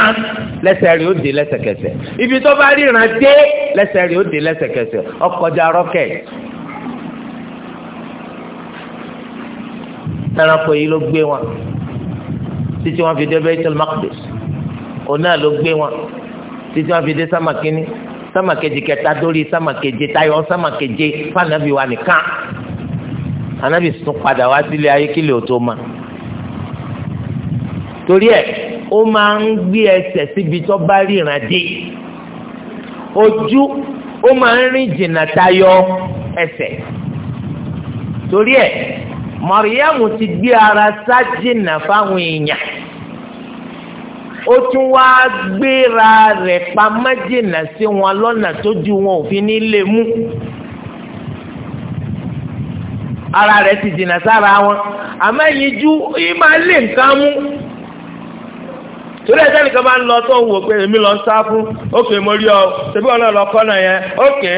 lẹ́sẹ̀ rẹ̀ ó dé lẹ́sẹ̀kẹsẹ̀ ibi tó bá ríran dé lẹ́sẹ̀ rẹ̀ ó dé lẹ́sẹ̀kẹsẹ̀ ọkọjà rọkẹt ẹranko yìí ló gbé wọn títí wọn fi dé Baitul Maqdis òun náà ló gbé wọn títí wọn fi dé sámàkínní sámàkejì kẹta dórí sámàkeje tayọ sámàkeje fànàbí wa nìkan ànábì tún padà wá sílé ayé kílè ó tó ma torí ẹ ó máa ń gbé ẹsẹ̀ síbi tó bá ríran dé ojú ó máa ń rìn jìnnà tayọ ẹsẹ̀ torí ẹ mọ̀ríyàmù ti gbé ara sájìnà fáwọn èèyàn ó tún wá gbéra rẹ̀ pamọ́ jìnà sí wọn lọ́nà tójú wọn ò fi ní lè mú ara rẹ̀ ti jìnà sára wọn àmọ́ ìyíjú yìí máa lè nǹkan mú torí ẹ̀sẹ̀ nìkan máa ń lọ tó ń wò pé èmi lọ ń sá fún ókè mo ọ ṣebí wọn náà lọ kọ́ náà yẹn ókè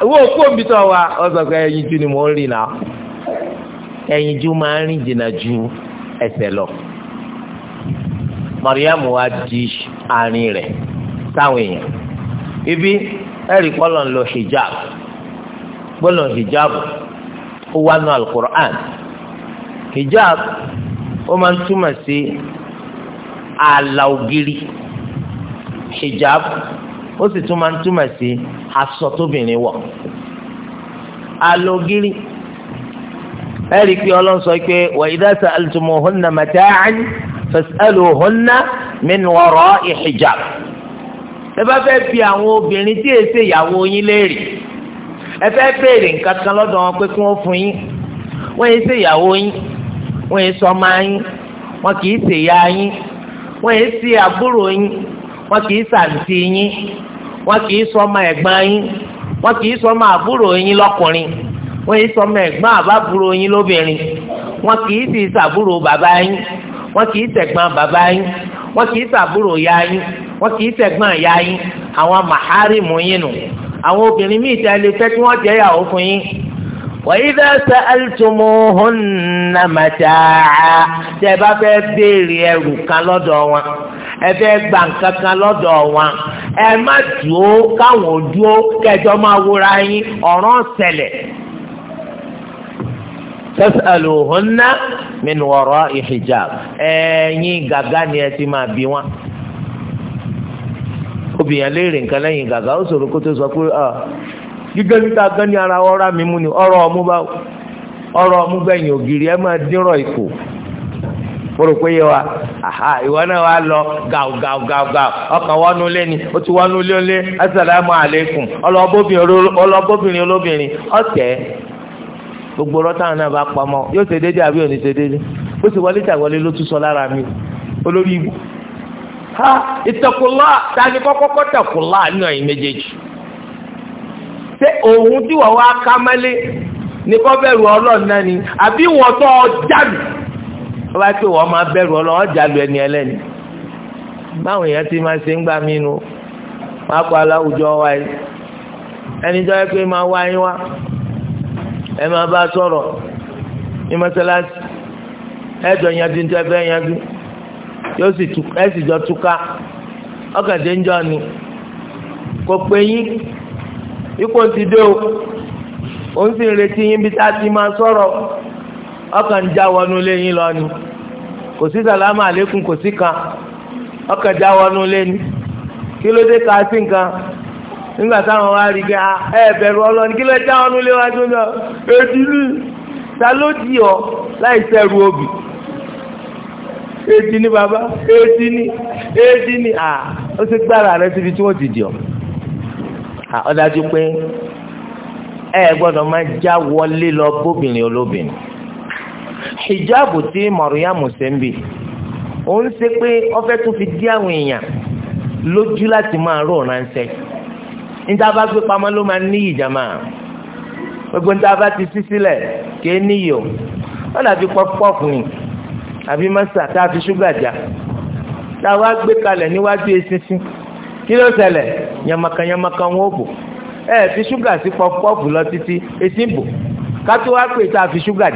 owó òkú òbí tó wa ọ sọ pé ẹyin jú ni mò ń rìn náà ẹyin jú máa ń rìn jìnnà ju ẹsẹ̀ lọ Mariam wa di àárín rẹ̀ sáwọn èèyàn ibi ẹ̀rí kọ́lọ̀ ń lo hijab gbọ́dọ̀ hijab ó wà nù alukur'an hijab ó máa ń túmọ̀ sí ààlà hijab. ó sì tún máa ń túmọ̀ sí aṣọ tóbìnrin wọ̀ alogiri ẹ̀rí pé ọlọ́run sọ pé wa idha sa'altumuhunna mata'an fas'aluhunna min wara'i hijab ẹ bá fẹ́ bi àwọn obìnrin tí èsè ìyàwó yín léèrè ẹ fẹ́ béèrè nǹkan kan lọ́dọ̀ wọn pé kí wọ́n fún yín wọ́n yìí ṣe ìyàwó yín wọ́n yìí sọ́mọ yín wọ́n kì í ṣe ìyá yín wọ́n ṣe àbúrò yín wọ́n kì í ṣàǹtí yín wọn kì í sọ ọmọ ẹ̀gbọ́n yín wọn kì í sọ ọmọ àbúrò yín lọ́kùnrin wọn kì í sọ ọmọ ẹ̀gbọ́n àbábúrò yín lóbìnrin wọn kì í sì sàbúrò bàbá yín wọn kì í ṣẹ̀gbọ́n bàbá yín wọn kì í sàbúrò ya yín wọn kì í ya yín àwọn màhárìmù yín nù àwọn obìnrin míì tẹ lè kí wọ́n fún yín. Ebe gba nǹkan kan lọ́dọ̀ wọn ẹ má dúró káwọn ò kẹjọ máa wúra yín ọ̀ràn ṣẹlẹ̀ tẹsàlùhùnà min wara'i hijab ẹ̀yin gàgá ni ẹ ti máa bí wọn. obìnrin léèrè nǹkan lẹ́yìn gàgá ó sọ̀rọ̀ kó tó sọ pé ah, gígé níta gan ni ara ọ̀rá mi mú ni ọ̀rọ̀ bá ọ̀rọ̀ gbẹ̀yìn ògiri ẹ máa dínrọ̀ mọ̀rọ̀ pé yẹ wa aha ìwọ náà wà lọ gàù gàù gàù gàù ọkàn wọnú lé ni ó ti wọnú lé lé asàlámù àlékún ọlọ́bóbìnrin olóbìnrin ọ̀tẹ̀ gbogbo rọ́tà náà bá pamọ́ yóò ṣe àbí sọ lára mi olórí ibù ha ìtọ̀kùlá tani kọ́kọ́kọ́ tọ̀kùlá nínú imejeji. méjèèjì ṣé òun tí wá ní náà wọ́n bá pè wọ́n máa bẹ̀rù ọ lọ́wọ́ lu ẹni ẹlẹ́ni báwọn èèyàn ti máa ṣe ń gbà mí nu máa kọ́ aláwùjọ wa yìí ẹni jọ́ pé máa wá yín wá ẹ máa bá sọ̀rọ̀ ní mọ́sálásí ẹ yanjú ní tẹ́fẹ́ yanjú yóò sì sì jọ túká ọkàdé ń jọ ni kò pé o òun sì ń retí yín bí tá a ọkàn já wọnú ilé lọ ni kò sí sàlámà àlékún kò sí kan ọkàn já wọnú ilé kí ló dé ka sí nǹkan nígbà táwọn wá rí i ah, ẹ kí ló já wọnú ilé náà ta ló di ọ láì obì ni bàbá ni ni à ah, ó gbára rẹ síbi tí ti ọ ah, pé ẹ máa já wọlé lọ bóbìnrin hijabu ti Maryamu sẹ́ńbì òun ṣe pé ọfẹ́ tó fi dí àwọn èèyàn lójú láti máa rò ránṣẹ́ níta bá gbé pamọ́ ló máa ní ìjàmà gbogbo níta bá ti sí sílẹ̀ kéé níyì o ó dàbí pọ́pọ́ọ̀fù ni àbí mọ́sà tá a fi ṣúgà jà tá a wá gbé kalẹ̀ níwájú eṣinṣin kí ló ṣẹlẹ̀ yàmàkànyàmàkà wọn ò bò ẹ fi ṣúgà sí pọ́pọ́ọ̀fù lọ títí eṣin bò ká tó wá pè tá a fi ṣúgà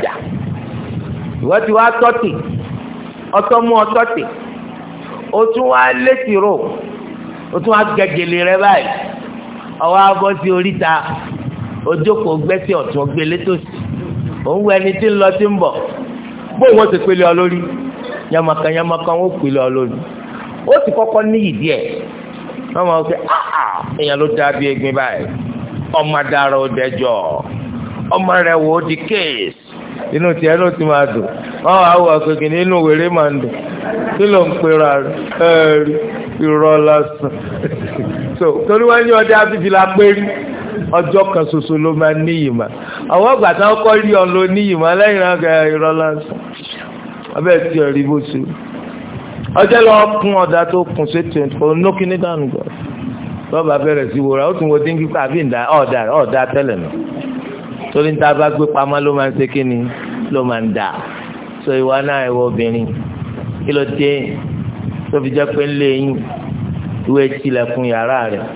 ìwọ ti wá tọ́tì ọtọ́ mú o tún wá létí rò o tún wá gẹ̀gẹ̀lì rẹ báyìí ọwọ́ abọ́ sí oríta ojókòó gbẹ́sẹ̀ ọ̀tún gbélé o òun wọ ẹni tí ń lọ tí ń bọ̀ bó wọ́n ti pélé ọ lórí yamaka yamaka wọ́n pélé ọ lórí ó ti kọ́kọ́ níyì díẹ̀ wọ́n máa wọ́n ah, ah èèyàn ló dàbí egbin báyìí ọmọ dára ó ọmọ wò ó di kéèsì. inú tiẹ̀ náà ti máa dùn wọ́n wá wọ akéèké ní inú wèrè máa ń dùn kí ló ń pera ẹ̀rí irọ́ lásán so torí wọ́n ní ọdẹ àfífi la pé rí ọjọ́ kan ṣoṣo ló máa ní ìmọ̀ àwọn ọgbà tí wọ́n kọ́ rí ọ ló ní ìmọ̀ lẹ́yìn náà gẹ̀ irọ́ lásán ọbẹ̀ tí ò rí bó ṣe ọjọ́ lọ kún ọ̀dà tó kún sétí onókíní dànù gbọ́ lọ́ba bẹ̀rẹ̀ sí wòrà ó tún wo dínkì pàbí ọ̀dà ọ̀dà tẹ́lẹ̀ náà torí níta bá gbé pamọ́ ló máa ń ṣe kíni ló máa ń dà so ìwà náà ìwọ obìnrin kí ló dé tó fi jẹ́ pé ńlẹ̀ yín ìwé tilẹ̀kùn yàrá rẹ̀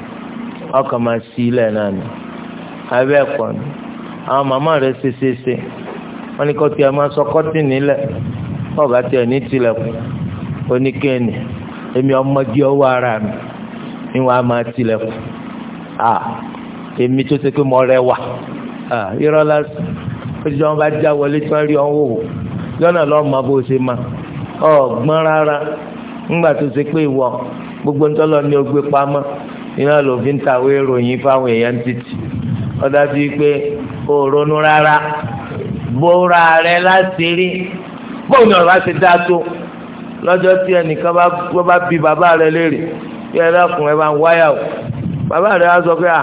ọkàn máa ṣí ilẹ̀ náà ni abẹ́ ẹ̀kọ́ ni àwọn màmá rẹ̀ ṣe ṣe ṣe wọ́n ní kó tiẹ̀ máa sọ kọ́tì nílẹ̀ ọ̀gá tiẹ̀ ní tilẹ̀kùn oníkẹ́ni èmi ọmọdé ọwọ́ ara mi ni wọ́n máa tilẹ̀kùn à èmi tó ṣe pé mo rẹwà irọ́ lásán ojú wọn bá já wọlé tí wọ́n rí ọ́n wò ó lọ́nà lọ́ọ́ mọ bó ṣe ma ọ gbọ́n rárá ńgbà tó ṣe pé ìwọ gbogbo ńtọ́lọ ni ó gbé pamọ́ iná ló fi ń tàwé ìròyìn fáwọn èèyàn títì ó dájú pé ó ronú rárá bóra rẹ láti rí bóun ni ọ̀rọ̀ bá ṣe dá tó lọ́jọ́ tí ẹnìkan bá bí bàbá rẹ léèrè bí ẹ lọ́kùnrin bá ń wáyà o bàbá rẹ á sọ pé à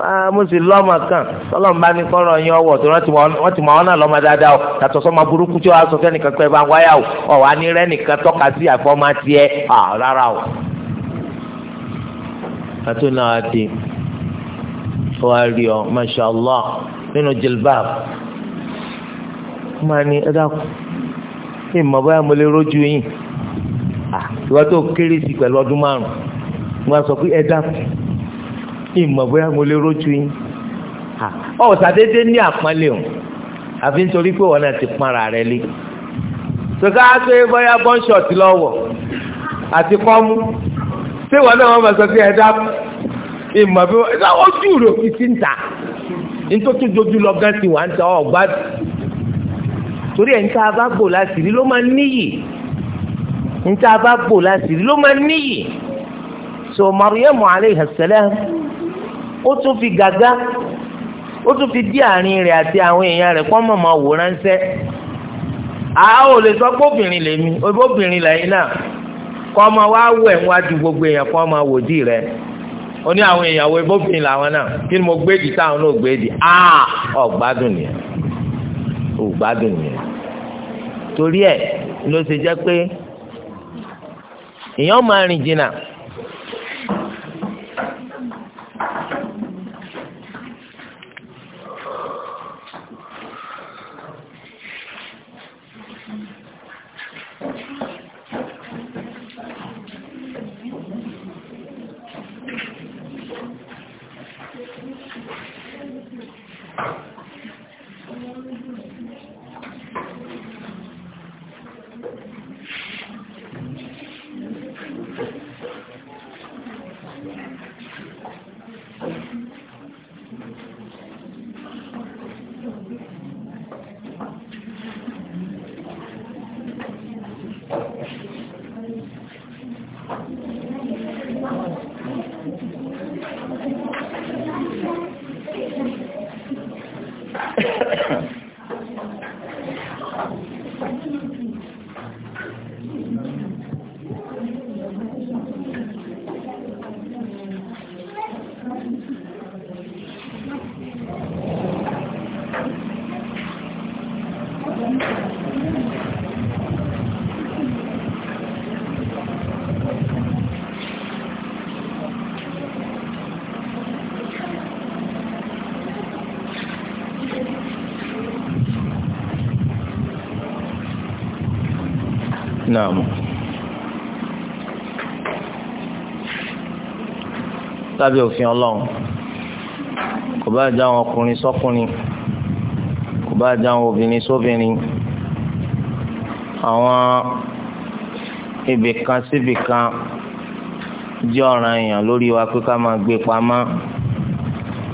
Ah, mo sì lọ́mọ kan ọlọ́run bá ní kọ́rọ̀ yín ọwọ́ tó wọ́n ti mọ àwọn náà lọ́mọ dáadáa o yàtọ̀ sọ́mọ burúkú tí wàá sọ fẹ́nìkan pé bá ń wáyà o ọ̀wá ní rẹ́nìkan tọ́ka sí àfọ́má tiẹ̀ rárá o. àti náà di wàá rí ọ masha allah nínú jilbab máa ní ẹ dákun ní ìmọ̀ báyà mo lè rójú yín ìwà tó kéré sí pẹ̀lú sọ pé ìmọ̀ bóyá mo lè rójú yín ọ̀ sàdédé ní àpọ́nlé o àfi nítorí pé wọn náà ti pọ́nra rẹ lé sọ́kà pé bóyá bọ́ńṣọ̀tì lọ́wọ́ àti kọ́mú ṣé wọn náà wọ́n máa sọ pé ẹ ìmọ̀ bí wọ́n ó jù rò fi sí ta nítorí dojú lọ gán ti wà ń ta ọ̀gbá torí ẹ̀ ń tá bá gbò láti rí ló máa níyì ń tá bá gbò láti rí ló máa níyì so Maryamu alayhi salam. ó tún fi gàgá ó tún fi dí àárín re àti àwọn èèyàn rẹ̀ kọ́ mọ̀ wò ránṣẹ́ a ò lè sọ pé obìnrin lèmi obìnrin lẹ́yìn náà kọ́ ọmọ wa wẹ̀ wájú gbogbo èèyàn kọ́ ọmọ wòdì rẹ̀ ó ní àwọn èèyàn wo ibóbìnrin làwọn náà kí ni mo gbé di táwọn náà gbé di a ò gbádùn nìyẹn ò torí ẹ̀ ló ṣe jẹ́ pé èèyàn máa rìn نعم lábẹ́ òfin ọlọ́run kò bá já àwọn ọkùnrin sọ́kùnrin kò bá já àwọn obìnrin sóbìnrin àwọn ibìkan síbìkan jẹ́ ọ̀ràn èèyàn lórí wa pé ká máa gbé pamọ́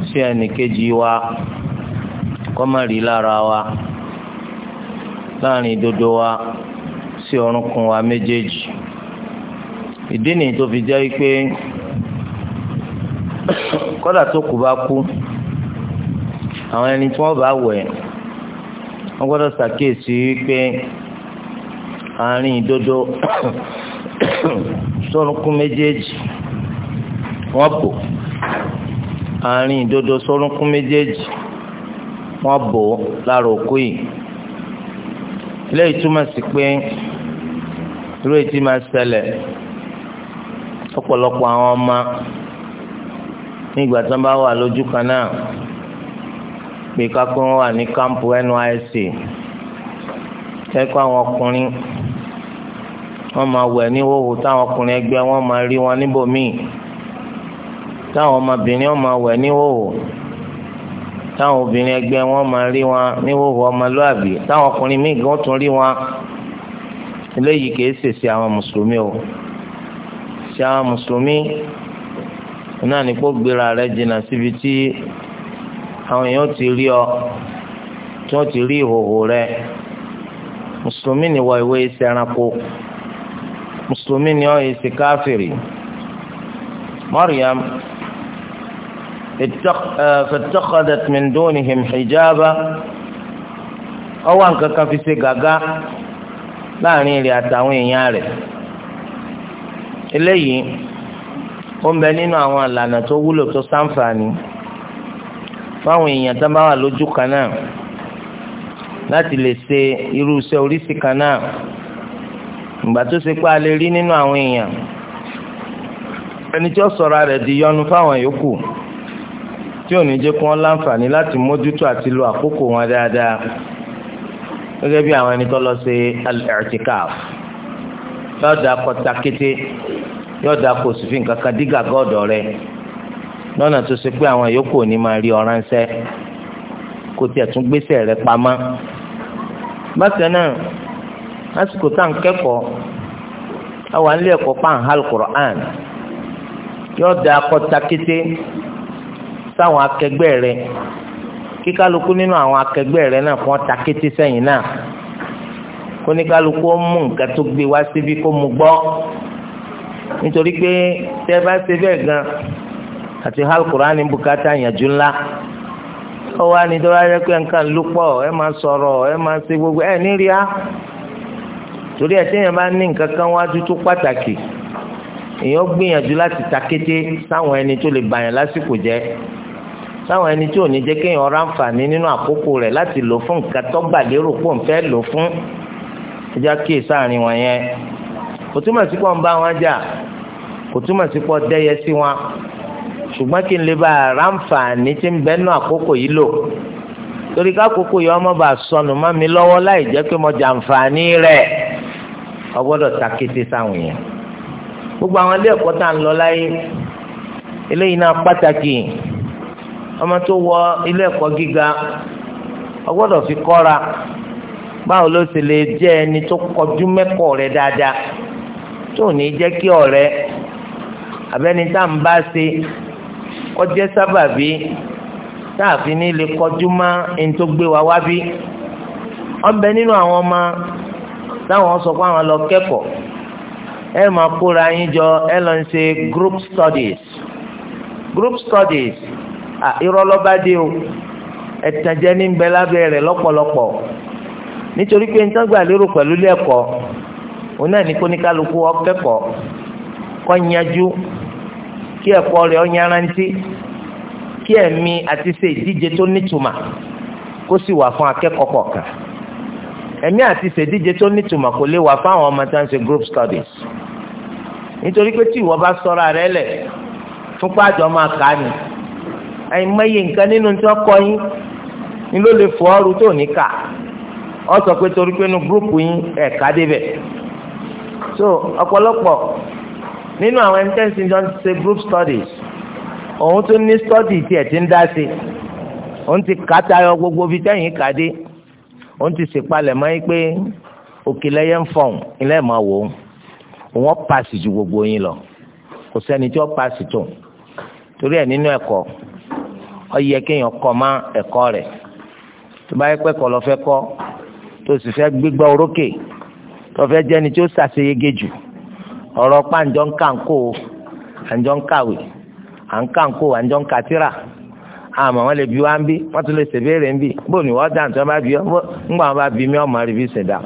sí ẹnìkejì wa kó má rí lára wa láàrin dodo wa sí orúnkún wa méjèèjì ìdí nìyí tó fi jẹ́ pé kọ́dà tó kù bá kú àwọn ẹni tí wọ́n bá wẹ̀ wọ́n gbọ́dọ̀ ṣàkíyèsí wípé àárín ìdodo sọ́rùnkún méjèèjì wọ́n bò àárín ìdodo sọ́rùnkún méjèèjì wọ́n bò lára òkú yìí eléyìí túmọ̀ sí pé irú ètí máa ṣẹlẹ̀ ọ̀pọ̀lọpọ̀ àwọn ọmọ ní ìgbà tí wọ́n bá wà lójú kan náà pé kápẹ́ wọn wà ní kámpù NYSC kẹ́kọ̀ọ́ àwọn ọkùnrin wọ́n máa wẹ̀ ní hóhó táwọn ọkùnrin ẹgbẹ́ wọn máa rí wọn níbòmíì táwọn ọmọbìnrin wọn máa wẹ̀ ní hóhó táwọn obìnrin ẹgbẹ́ wọn máa rí wọn ní ọmọlúàbí táwọn ọkùnrin míì gan tún rí wọn eléyìí kìí ṣèṣe àwọn mùsùlùmí o ṣe àwọn mùsùlùmí náà ní kó gbéra rẹ jìnnà síbi tí àwọn èèyàn ti rí ọ tí wọ́n ti rí ìhòòhò rẹ mùsùlùmí ni wọ ìwé ìṣe ẹranko mùsùlùmí ni ọ ìṣe káfìrì Maryam fatakhadat min ọwọ́ nǹkan kan fi ṣe gàgá. láàrin rẹ̀ àtàwọn èèyàn rẹ̀ eléyìí ó ń bẹ nínú àwọn alana tó wúlò tó ṣàǹfààní fáwọn èèyàn tó bá wà lójú kan náà láti lè ṣe irú iṣẹ́ oríṣi kan náà ìgbà tó ṣe pé a lè rí nínú àwọn èèyàn ẹni tí ó sọ̀rọ̀ rẹ̀ di yọnu fáwọn yòókù tí ò ní jẹ́ kí wọ́n láǹfààní láti mójútó àti lo àkókò wọn dáadáa. gẹ́gẹ́ bí àwọn ẹni tó lọ sí al yóò da kọ takété yóò da kọ sùfin kankan dígà gọ́ọ̀dọ̀ rẹ lọ́nà tó ṣe pé àwọn yòókù ò ní máa rí ọ̀ràn ṣẹ́ tiẹ̀ tún gbèsè rẹ pamọ́ bákan náà lásìkò tá à ń kẹ́kọ̀ọ́ àwọn kí kálukú nínú àwọn akẹgbẹ́ rẹ náà fún ọta kété sẹ́yìn náà kó ní kálukú ó mú nǹkan tó gbé wá síbi kó mu gbọ́ nítorí pé tẹ́ bá ṣe bẹ́ẹ̀ gan àti alukóra ní bùkátà yànjú ńlá ó wá ní dọ́wọ́ ayé pé nǹkan ló pọ̀ ẹ máa sọ̀rọ̀ ẹ máa ṣe gbogbo ẹ ní rí a torí ẹ téèyàn bá ní nǹkan kan wájú tó pàtàkì èèyàn gbìyànjú láti ta kété sáwọn ẹni tó lè bàyàn lásìkò jẹ́ sáwọn ẹni tí ò ní jẹ́ kéèyàn ra àǹfààní nínú àkókò rẹ̀ láti lò fún nǹkan tó gbà lérò pò ń fẹ́ lò fún ẹja kíyè sáàrin wọn yẹn kò túmọ̀ sí pọ̀ ń bá wọn jà kò túmọ̀ sí pọ̀ dẹ́yẹ sí wọn ṣùgbọ́n kí n lè bá ra àǹfààní tí ń bẹ nínú àkókò yìí lò torí kákòókò yìí ọmọ bá sọnù mọ́ mi lọ́wọ́ láì jẹ́ pé mo jà àǹfààní rẹ̀ ọgbọ́dọ̀ takété sáwọn yẹn gbogbo ọmọ tó wọ ilé ẹ̀kọ́ gíga ọgbọ́dọ̀ fi kọ́ra báwo ló sì lè jẹ́ ẹni tó kọjú mẹ́kọ̀ọ́ rẹ̀ dáadáa tó ní jẹ́ kí ọ̀rẹ́ abẹ́ni tá n bá ṣe kọjẹ́ sábàbí tá a fi ní lè kọjú mọ́ ẹni tó gbé wa wá bí ọbẹ nínú àwọn ọmọ táwọn sọ pé àwọn lọ kẹ́kọ̀ọ́ ẹ máa kóra yín jọ ẹ lọ ń ṣe group studies group studies irọ́ lọ́ba dé o ẹ̀tànjẹ́ ní bẹ lábẹ́ rẹ̀ lọ́pọ̀lọpọ̀ nítorí pé nítorí gbà lérò pẹ̀lú ilé ẹ̀kọ́ òun náà ní kóníkálukú ọ̀kẹ́kọ̀ọ́ kọ́ yanjú kí ẹ̀kọ́ rẹ̀ ọ̀yanrántí kí ẹ̀mí àti ṣe ìdíje tó nítumà kó sì wà fún akẹ́kọ̀ọ́ kọ̀ọ̀kan ẹ̀mí àti ṣèdíje tó nítumà kò lè wà fáwọn ọmọ tá à ṣe group studies nítorí pé tí ìwọ bá sọ́ra rẹ lẹ̀ fúnpá àjọ máa kà á ni àìmọye nǹkan nínú tí wọ́n kọ́ yín ni ló lè fọ́ ọ́rù tó ní kà ọ sọ pé torí pé inú gúrúùpù yín ẹ̀ka débẹ̀ so ọ̀pọ̀lọpọ̀ nínú àwọn ẹni tẹ́sí jọ ń ṣe group studies òun tún ní study tiẹ̀ ti ń dá sí òun ti kà tayọ gbogbo bíi tẹ́yìn kàdé òun ti ṣèpalẹ̀ mọ́ yín pé òkèlè yẹn ń fọ̀n ilé ẹ̀ máa wò ó òun paasi ju gbogbo yín lọ kò sẹ́ni tí wọ́n paasi tó torí ẹ̀ nínú ẹ̀kọ́ ó yẹ kéèyàn kọ́ má ẹ̀kọ́ rẹ̀ tó bá yẹ pé kọ́ lọ fẹ́ kọ́ tó sì fẹ́ gbégbá orókè tó fẹ́ jẹ́ni tó ṣàṣeyege jù ọ̀rọ̀ pàǹjọ́ ń kàǹkó àǹjọ́ ń kàwé à ń kàǹkó àǹjọ́ ń kàtírà àmọ́ wọ́n lè bí wá ń bí wọ́n tún lè ṣèbéèrè ń bí bó ni wọ́n dà tí wọ́n bá bí ọ́ ńgbà bá bí mi ọmọ rẹ̀ fi ṣẹ̀dá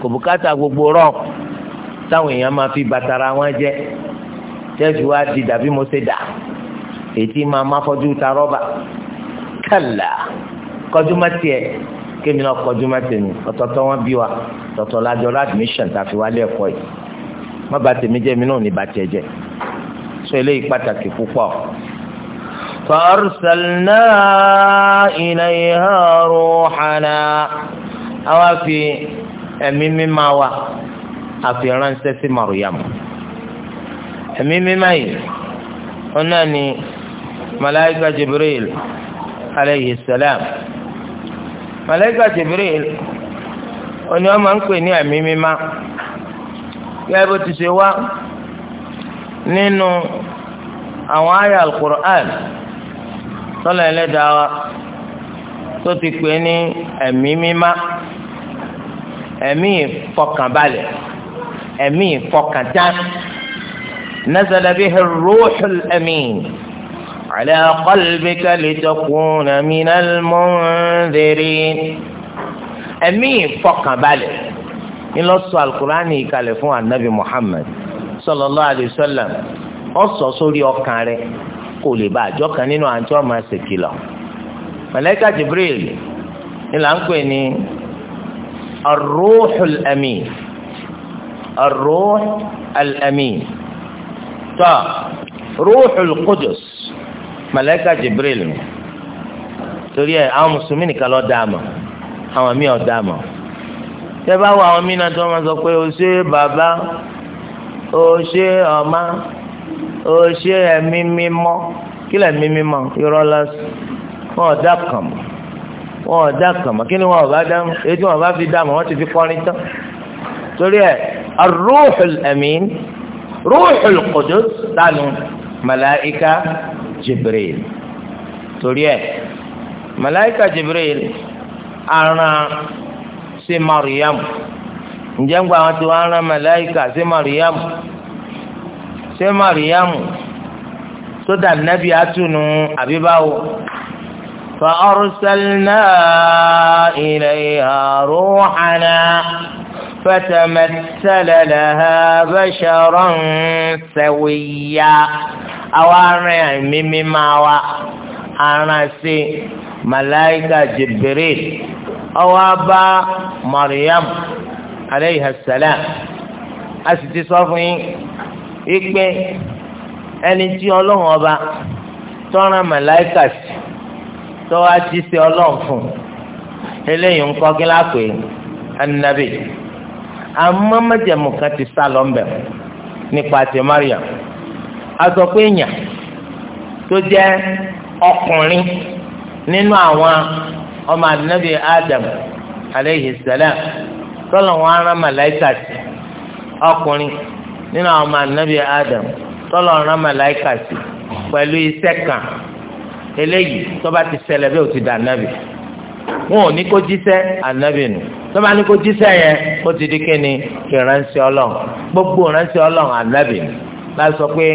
kò bùkátà gbogbo rọ̀ táwọn èèyàn máa fi bàtàrà wọn jẹ́ jẹ́sùwádìí dàbí mo ṣe dà ètí máa má fọjú ta rọ́bà kàlà kọjú má tiẹ̀ kémi náà kọjú má tiẹ̀ mi ọ̀tọ̀ọ̀tọ̀ wọn bí wa ọ̀tọ̀ọ̀tọ̀ lájọ ládùmíṣàn tàfi wálé ẹ̀kọ́ yìí má ba tèmi jẹ́ mi náà ní ba tiẹ̀ jẹ́ sọ eléyìí pàtàkì púpọ̀. fọ́ọ̀rùsẹ̀lná ilẹ̀ ìhà rúḥànà àwa fi ẹ̀mí mímá wa àfi ránṣẹ́ sí Maryam ẹ̀mí mímá malaika jibril aleyhi salam malaika jibril oní wọn máa ń pè ní ẹ̀mí mímá yẹ bó ti ṣe wá nínú àwọn àyà alukur'an tọ́lá ẹlẹ́dàá wa tó ti pè ní ẹ̀mí mímá ẹ̀mí ìfọkànbalẹ̀ ẹ̀mí ìfọkàntán nazala bihi ruuxul amiin. على قلبك لتكون من المنذرين ẹ̀mí ìfọkànbalẹ̀ ńlọ sọ alukurani ìkàlẹ̀ fún anabi muhammed sallallahu alayhi wa sallam ó sọ sórí ọkàn rẹ̀ kó lè bá àjọ kan nínú àǹtí ọmọ àṣekìlọ màláíkà jibril ni là ń pè ní arúhùl amin arúhùl amin tó rúhùl qudus màláíkà jibril ni torí ẹ àwọn mùsùlùmí nìkan lọ dáa mọ àwọn míì ọdá mọ tẹ bá wọ àwọn míì náà tó máa sọ pé o ṣe bàbá o ṣe ọmọ o ṣe ẹ̀mí mímọ́ kí lẹ ẹ̀mí mímọ́ irọ́ lásán wọn ọdá kàn mọ wọn ọdá kàn mọ kí ni wọn ọba dá mọ èyí wọn bá fi dá mọ wọn ti fi kọrin tán torí ẹ arúhùl ẹmí rúhùl kùdùs tánu màláíkà jibril torí ẹ màláìka jibril aran sí mariam ǹjẹ́ ń gba àwọn tí wọ́n aran màláìka sí mariam sí mariam sódà nàbí àtúnú àbíbáwò fa arsalna ilayha ruhana. فتمثل لها بشرا سويا àwọn ará ẹ̀mí mímá wa ará sí malaika jibril ọwọ́ bá mariam aleyhisselam a sì ti sọ fún yín wípé ẹni tí ọlọ́run ọba tọ́ran malaika sí tọ́wọ́ á ti ṣe ọlọ́run fún eléyìí ń kọ́ kí lápè ẹnabi àmọ́ májẹ̀mú kan ti sá lọ ńbẹ̀ nípa ti Mariam azọ pé èèyàn tó jẹ́ ọkùnrin nínú àwọn ọmọ anabi Adam aleyhi salam tọ́lọ̀ wọn aràn màláìkà sí ọkùnrin nínú àwọn ọmọ anabi Adam tọ́lọ̀ aràn màláìkà sí pẹ̀lú iṣẹ́ kan eléyìí tó bá ti ṣẹlẹ̀ bẹ́ẹ̀ ò ti dà nábì wọn ò ní kó jíṣẹ́ ànábì nù tó bá ní kó jíṣẹ́ yẹn ó ti di kíni ìránṣẹ́ ọlọ́run gbogbo ìránṣẹ́ ọlọ́run ànábì nù láti sọ pé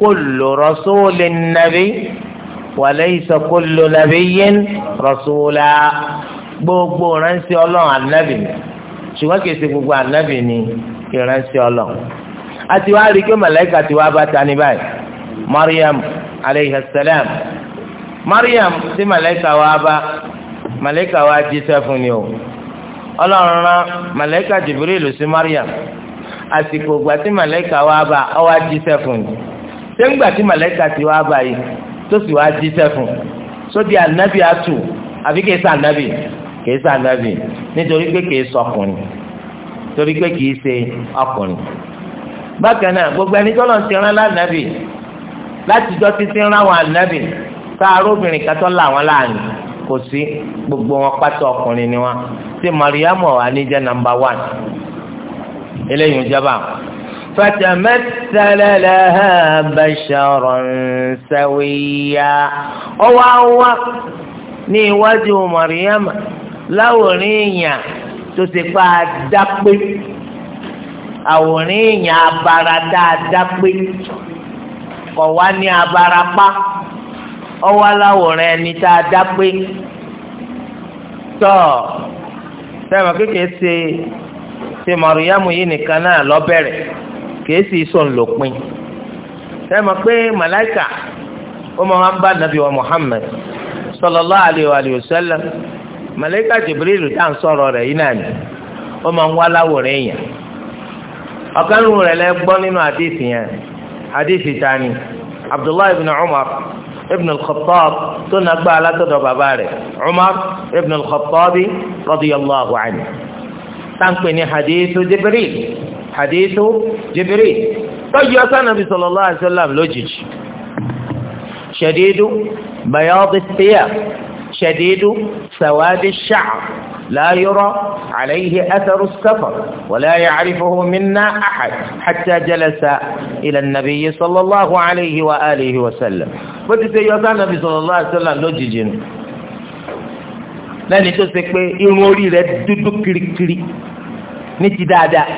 kullu rasulin nabi wa laysa kullu nabiyyin rasula gbogbo ìránṣẹ́ ọlọ́run ànábì nù ṣùgbọ́n kìí ṣe gbogbo ànábì ìránṣẹ́ ọlọ́run a ti rí i pé màláìka ti wá bá ta báyìí Maryam aleyhi salam Maryam tí màláìka wá bá màlẹ́kà wa jíṣẹ́ fún ni o ọlọ́run rán màlẹ́kà Jibril sí Mariam àsìkò ìgbà tí màlẹ́kà wa bá ọ wá jíṣẹ́ fún ni sẹ́ńgbà tí màlẹ́kà ti wá bá yìí tó sì wá jíṣẹ́ fún sódì ànábì àtù àbí kìí sá ànábì kìí sá ànábì nítorí pé kìí sọkùnrin torí pé kìí ṣe ọkùnrin bákan náà gbogbo ẹni tó lọ ti rán lánàbì látijọ́ títí rán àwọn ànábì sáà arúbìnrin kan tó láàrin kò sí gbogbo wọn pátá ọkùnrin ni wọn ṣé mariamu ọ̀hání jẹ́ nàmbà wán eléyìí jẹba. فتمثل لها بشرا سويا ọwọ́ awọ́ ní iwájú mariam láwòrán èèyàn tó ti pa dápé àwòrán èèyàn abara dáadáa kọ̀ wá ní abara ọwọ́ aláwòrán ẹni tá a dá pé tọ́ sẹ́wọ̀n kékeré ṣe ṣe màrúyàmù yìí nìkan náà lọ́bẹ̀rẹ̀ kèésì sọ̀n lópin sẹ́wọ̀n pé màláìkà ó máa ń bá nàbí wa Muhammad sallallahu alaihi wa sallam màláìkà Jibril tá à ń sọ̀rọ̀ rẹ̀ yìí náà ni ó máa ń wá aláwòrán èèyàn ọ̀kan rẹ̀ lẹ́ nínú àdìsí yẹn tani Abdullahi ibn Umar ibn al-khattab tó na gbá alátọ̀dọ̀ bàbá rẹ̀ umar ibn al-khattabi radiyallahu anhu táǹpé ní hadithu jibril hadithu jibril tọ́jú ọ̀sán nàbí sallallahu alayhi wa sallam lójijì shadidu bayadi thiyab shadidu sawadi sha'r. لا يرى عليه أثر السفر ولا يعرفه منا أحد حتى جلس إلى النبي صلى الله عليه وآله وسلم فتسيطان النبي صلى الله عليه وسلم لججن lẹ́ni tó ṣe pé irun orí rẹ̀ dúdú kirikiri ní ti dáadáa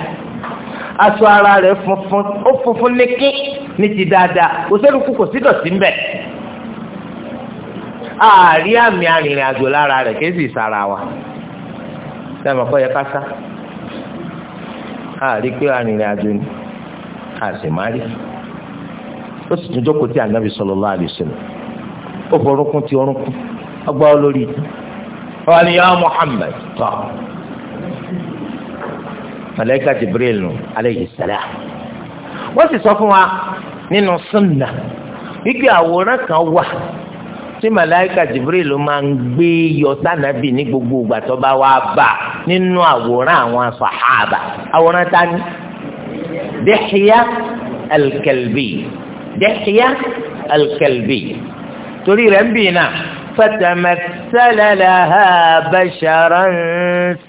aṣọ ara rẹ̀ funfun ó funfun lékè ní ti dáadáa kò sẹ́nu kú kò sí dọ̀tí ń bẹ̀. ààrí àmì arìnrìn àjò lára rẹ̀ kéésì sára wa sẹ́mi ọkọ yẹ kásá a rí pé arìnrìn àjò ni a sì má rí ó sì tún jókòó tí ànábì sallallahu alaihi wasallam ó forúnkún ti orúnkún ọgbà olórí ìtú wọn ni yá Muhammad tọ́ màláíkà Jibril nù alayhi salam wọ́n sì sọ fún wa nínú sunna wípé àwòrán kan wà tí màláìka jibril máa ń gbé yọ sànàbì ní gbogbo ìgbà tó bá wá bà nínú àwòrán àwọn sàhábà àwòrán tani Dihya al-Kalbi Dihya al torí rẹ̀ ń bì náà fatamassala laha basharan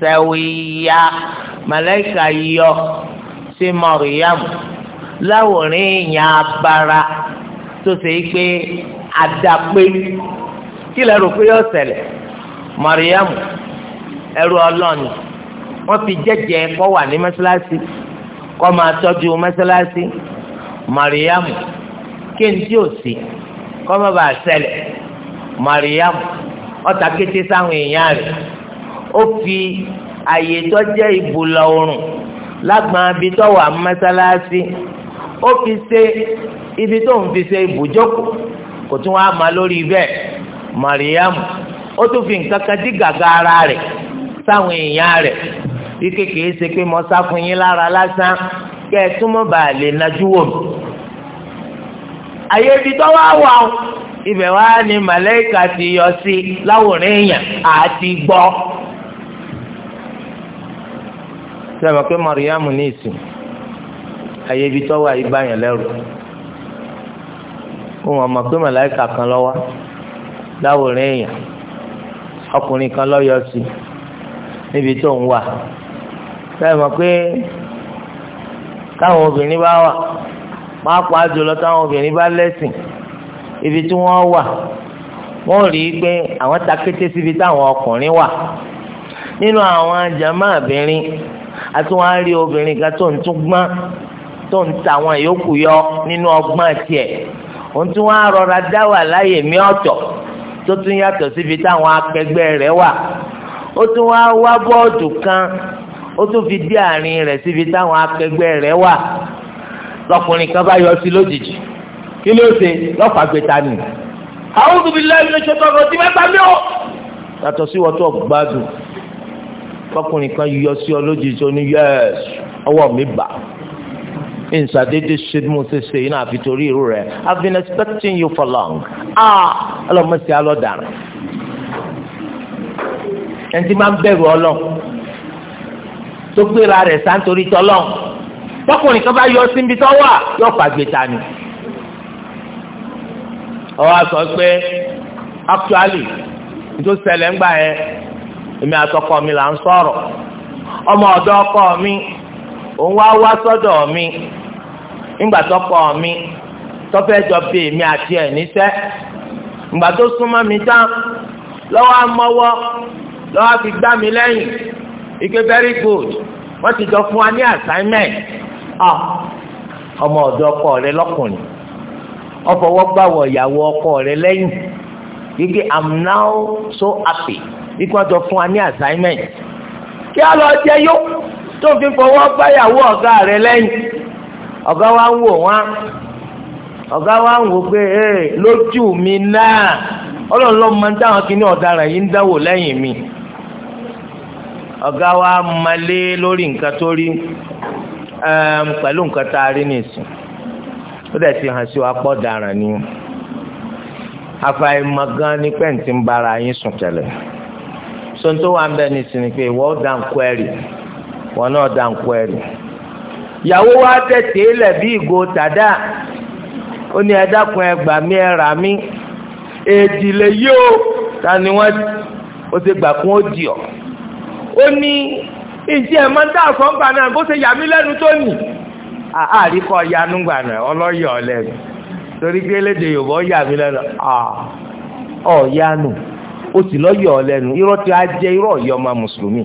sawiyya màláìka yọ sí Maryam láwòrán ìyàn abara tó ṣe é pé àdàpé kí lẹ rò pé yóò ṣẹlẹ̀ mariam ẹrú ọlọ́ọ̀ni wọ́n fi jẹ́jẹ́ kọ́ wà ní mẹ́sálásí kọ́ máa tọ́jú mẹ́sálásí mariam kéńtì òsì kọ́ má bàa ṣẹlẹ̀ mariam ọ̀tà kété sáwọn èèyàn rẹ̀ ó fi àyè tó jẹ́ ìbùlọ̀ oòrùn lágbọn abi wà mẹ́sálásí ó fi ṣe ibi tó ń fi ṣe ibùjókòó kò tún wàá ma lórí bẹ́ẹ̀ mariam ó tún fi nǹkan kan dí gàgà ara rẹ̀ sáwọn èèyàn rẹ̀ bí kékeré ṣe pé mo sá fún yín lára lásán kẹ́ ẹ túmọ̀ bá a lè najú wò mí. àyè ibi tó wá wà ó ibẹ̀ wá ní màlẹ́kà ti yọ sí láwòrán èèyàn àti gbọ́. sọ̀rọ̀ pé mariam ní ìsìn àyè ibi tó wà yìí bá lẹ́rù ó mọ̀ mọ̀ pé màláìka kan lọ́wọ́ láwòrán èèyàn ọkùnrin kan lọ́yọ̀ sí níbi tó ń wà bẹ́ẹ̀ mọ̀ pé káwọn obìnrin bá wà máa pa jùlọ táwọn obìnrin bá lẹ́sìn ibi tí wọ́n wà wọ́n rí i pé àwọn ta kété síbi táwọn ọkùnrin wà nínú àwọn jama obìnrin àti obìnrin kan tó ń tún gbọ́n tó ń ta àwọn yòókù yọ nínú ọgbọ́n tiẹ̀ òun tún wá rọra dá wà láyè mí ọ̀tọ̀ tó tún yàtọ̀ síbi táwọn akẹgbẹ́ rẹ̀ wà ó tún wá wá bọ́ọ̀dù kan ó tún fi dí àárín rẹ̀ síbi táwọn akẹgbẹ́ rẹ̀ wà lọkùnrin kan bá yọ sí lójijì kí ló ṣe lọ́pàá gbé nì. àwọn òbí lẹ́yìn ló ṣe tọrọ tí mẹ́ta ní o. yàtọ̀ sí wọ́n tó gbádùn lọkùnrin kan yọ sí ọ lójijì ó ní yẹ́ẹ̀sì ọwọ́ mi bà á nsadede ṣedmu ṣeṣe yìí náà fi torí irú rẹ I've been expecting you for long ah ọlọmọsí alọdàrà ẹni tí máa ń bẹ̀rù ọlọ tó gbéra rẹ̀ sáńtorí tọlọ tọkùnrin kan bá yọ síbi tó wà yóò fàgbéta ni ọwọ sọ pé actually nítorí ṣẹlẹ̀ ńgbà yẹn èmi àtọkọ mi là ń sọ̀rọ̀ ọmọ ọ̀dọ̀ ọkọ mi. òun wá wá sọ́dọ̀ mi ńgbà tó kọ́ mi tó fẹ́ jọ bí èmi àti ẹ̀ níṣẹ́ ńgbà tó súnmọ́ mi tán fi gbá mi lẹ́yìn ike very good wọ́n ti jọ fún wa ní assignment ọmọ ọdọ ọkọ rẹ lọ́kùnrin ọfọwọ́gbàwọ̀ ìyàwó ọkọ rẹ lẹ́yìn ike i'm now so happy ikú ọjọ́ fún wa ní assignment kí á lọ jẹ yó. tó fi fọwọ́ gbáyàwó ọ̀gá rẹ lẹ́yìn ọ̀gá wa ń wò wá wa ń pé ee lójú mi náà ọlọ́run ma máa ń dáhùn kí ní ọ̀daràn yìí ń dáwò lẹ́yìn mi ọ̀gá wa lé lórí nǹkan tó rí pẹ̀lú nǹkan tá a dẹ̀ ti hàn sí wa gan ni pẹ́ǹtì ń bára yín sùn tẹ̀lẹ̀ sọ́ńtò wa ń bẹ nìsín ni pé wọn náà dá nkú ẹrù ìyàwó wa tẹ̀tẹ̀ lẹ̀ bí ìgò tàdá ó ní ẹ dákun ẹ gbà mí ẹ rà mí èdì lè yí o ta ni wọ́n ó ti gbà kún ó di ọ̀ ó ní ìjì ẹ̀ máa ń dá àfọ́ngbà náà bó ṣe yà mí lẹ́nu tó nì àríkọ̀ yanúgbà náà ọlọ́yọ̀ lẹ́nu torí pé léde Yorùbá yà mí lẹ́nu ọ̀ yanu ó sì lọ́yọ̀ lẹ́nu irọ́ ti á jẹ́ irọ́ ọ̀yọ́ ọmọ mùsùlùmí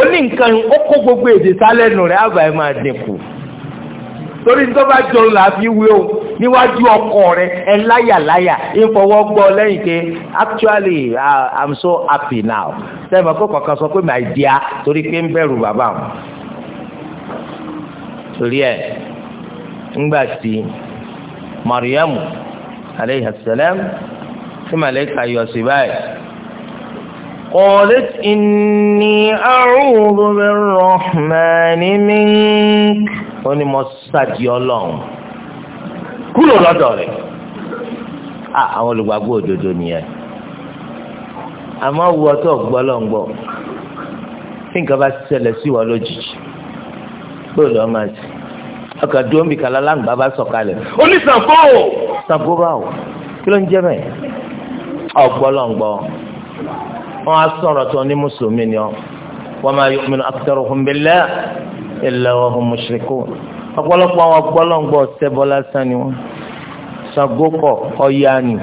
ó ní nǹkan ó kó gbogbo èdè sálẹ̀nù rẹ̀ àbá ẹ̀ máa dínkù torí tó bá jọrọ làbí wí o níwájú ọkọ rẹ ẹ láyàláyà ìfọwọ́ gbọ́ lẹ́yìn pé actually uh, i'm so happy now sẹ́yìn ọkọ kankan sọ pé my dear torí pé ń bẹ̀rù bàbá wọn torí ẹ̀ ńgbà tí mariamu aleyhi salam tí màlẹ́kà yọ sí báyìí. قالت إني أعوذ بالرحمن منك ó ní mo كل ọlọ́run kúrò آه rẹ̀ àwọn olùgbàgbọ́ òdodo nìyẹn àmọ́ wọ tó gbọ́ lọ́n gbọ́ tí nǹkan bá ṣẹlẹ̀ sí wa lójijì kúrò lọ́ọ́ máa ṣe ọkàn dúró ń bì kàlá láǹgbá bá sọ̀kalẹ̀ oníṣàǹkó wọn á sọ̀rọ̀ tó ní mùsùlùmí ni ọ wa ma yu'minu aktharuhum billahi illa wa hum mushrikun ọ̀pọ̀lọpọ̀ àwọn gbọ́lọ́ngbọ̀ ṣẹbọ lásán ni wọn Ṣàngó kọ Ọya ni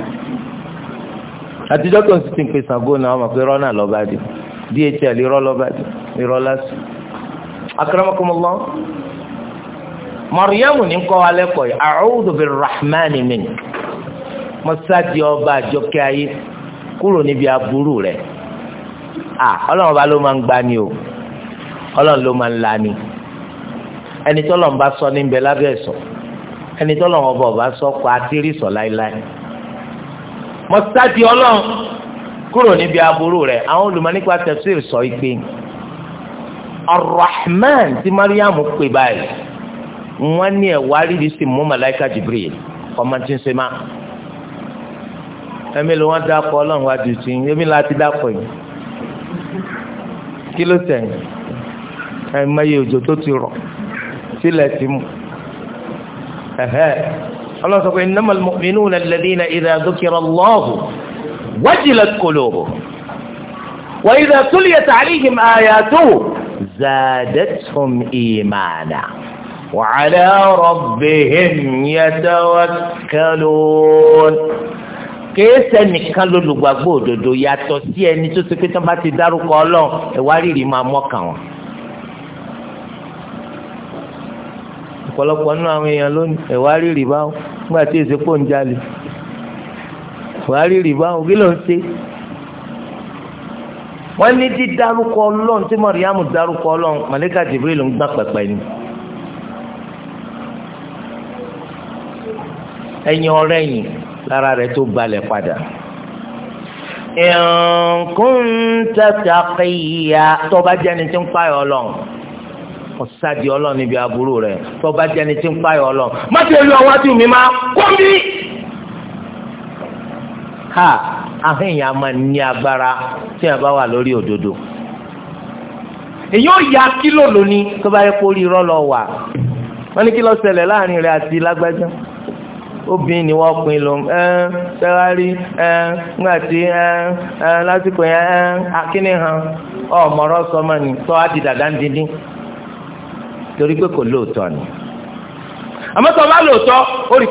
àtijọ́ tó ń sì ti ń pè Ṣàngó náà wọn pé rọ́nà lọ́ba dì dhl irọ́ lọ́ba dì irọ́ lásán. akramakumullah mọ̀ríyàmù ní kọ́ alẹ́ kọ́ yìí a'udhu birrahmani minka mọ́sáàdì ọba àjọkẹ́ ayé kúrò níbi aburú rẹ̀ à ọlọ́run bá ló máa ń gba ni o ọlọ́run ló máa ń la ni ẹni tọ́lọ́run bá sọ níbẹ̀ lábẹ́ ẹ̀sọ́ ẹni tọ́lọ́run ọba ọba sọ kọ àtìrí sọ láéláé mọ sáàtì ọlọ́run kúrò níbi aburú rẹ̀ àwọn olùmọ̀ nípa sọ ìpè Ar-Rahman tí Mariam pè báyìí wọ́n ní ẹ̀wá rírì sí mú Malaika Jibril ọmọ tí ń ṣe máa ẹ̀mí ló wọ́n dákọ̀ ọlọ́run wájú sí ẹ̀mí láti dákọ̀ yìí. kí ló tẹ̀yìn ẹ̀mẹ́yẹ òjò tó ti rọ̀ sílẹ̀ ti mú ọlọ́sọ pé innamal mu'minuna alladhina idha dhukira Allahu wajilat qulubuhum wa idha tuliyat alayhim ayatuhu zadatuhum imana wa ala rabbihim yatawakkalun. kèé sẹ́nìkan lólùgbàgbọ́ òdodo yàtọ̀ sí ẹni tó ti pé tí wọ́n bá ti dárúkọ ọlọ́run ẹ̀wá rírì máa mọ́kàn wọn. ọ̀pọ̀lọpọ̀ nínú àwọn èèyàn lónìí ẹ̀wá rírì báwo nígbà tí èsì pò ń jalè ẹ̀wá rírì báwo kí ló ń ṣe. wọ́n ní dídárúkọ ọlọ́run tí mọ̀ríyàmù dárúkọ ọlọ́run màlẹ́kà Jibril ló ń gbà pẹ̀pẹ̀ ni. ẹ̀yin ọ̀rẹ́ lára rẹ̀ tó balẹ̀ padà. nǹkan tẹ̀sà kéya tọ́ba jẹ́ni tí ń payọ̀ ọlọ́run ọ̀sádìí ọlọ́run níbi aburú rẹ̀ tọ́ba jẹ́ni tí ń payọ̀ ọlọ́run má ti lu ọwọ́ tí mi máa kọ́ mi. ha ahọ́n èèyàn máa ní agbára tí a bá wà lórí òdodo èyí ò yá kílò lónìí tó bá yẹ kó rí irọ́ lọ wà wọ́n ní kí ló ṣẹlẹ̀ láàrin rẹ̀ àti lágbájá. obìnrin ni wọ́n pin lò ẹ́ sẹ́wárí ẹ́ ńgbàtí ẹ́ ẹ́ lásìkò yẹn ẹ́ ọ̀mọ̀rọ̀ ni tọ́ á di dàda torí pé kò lóòótọ́ ni bá lóòótọ́ ó rí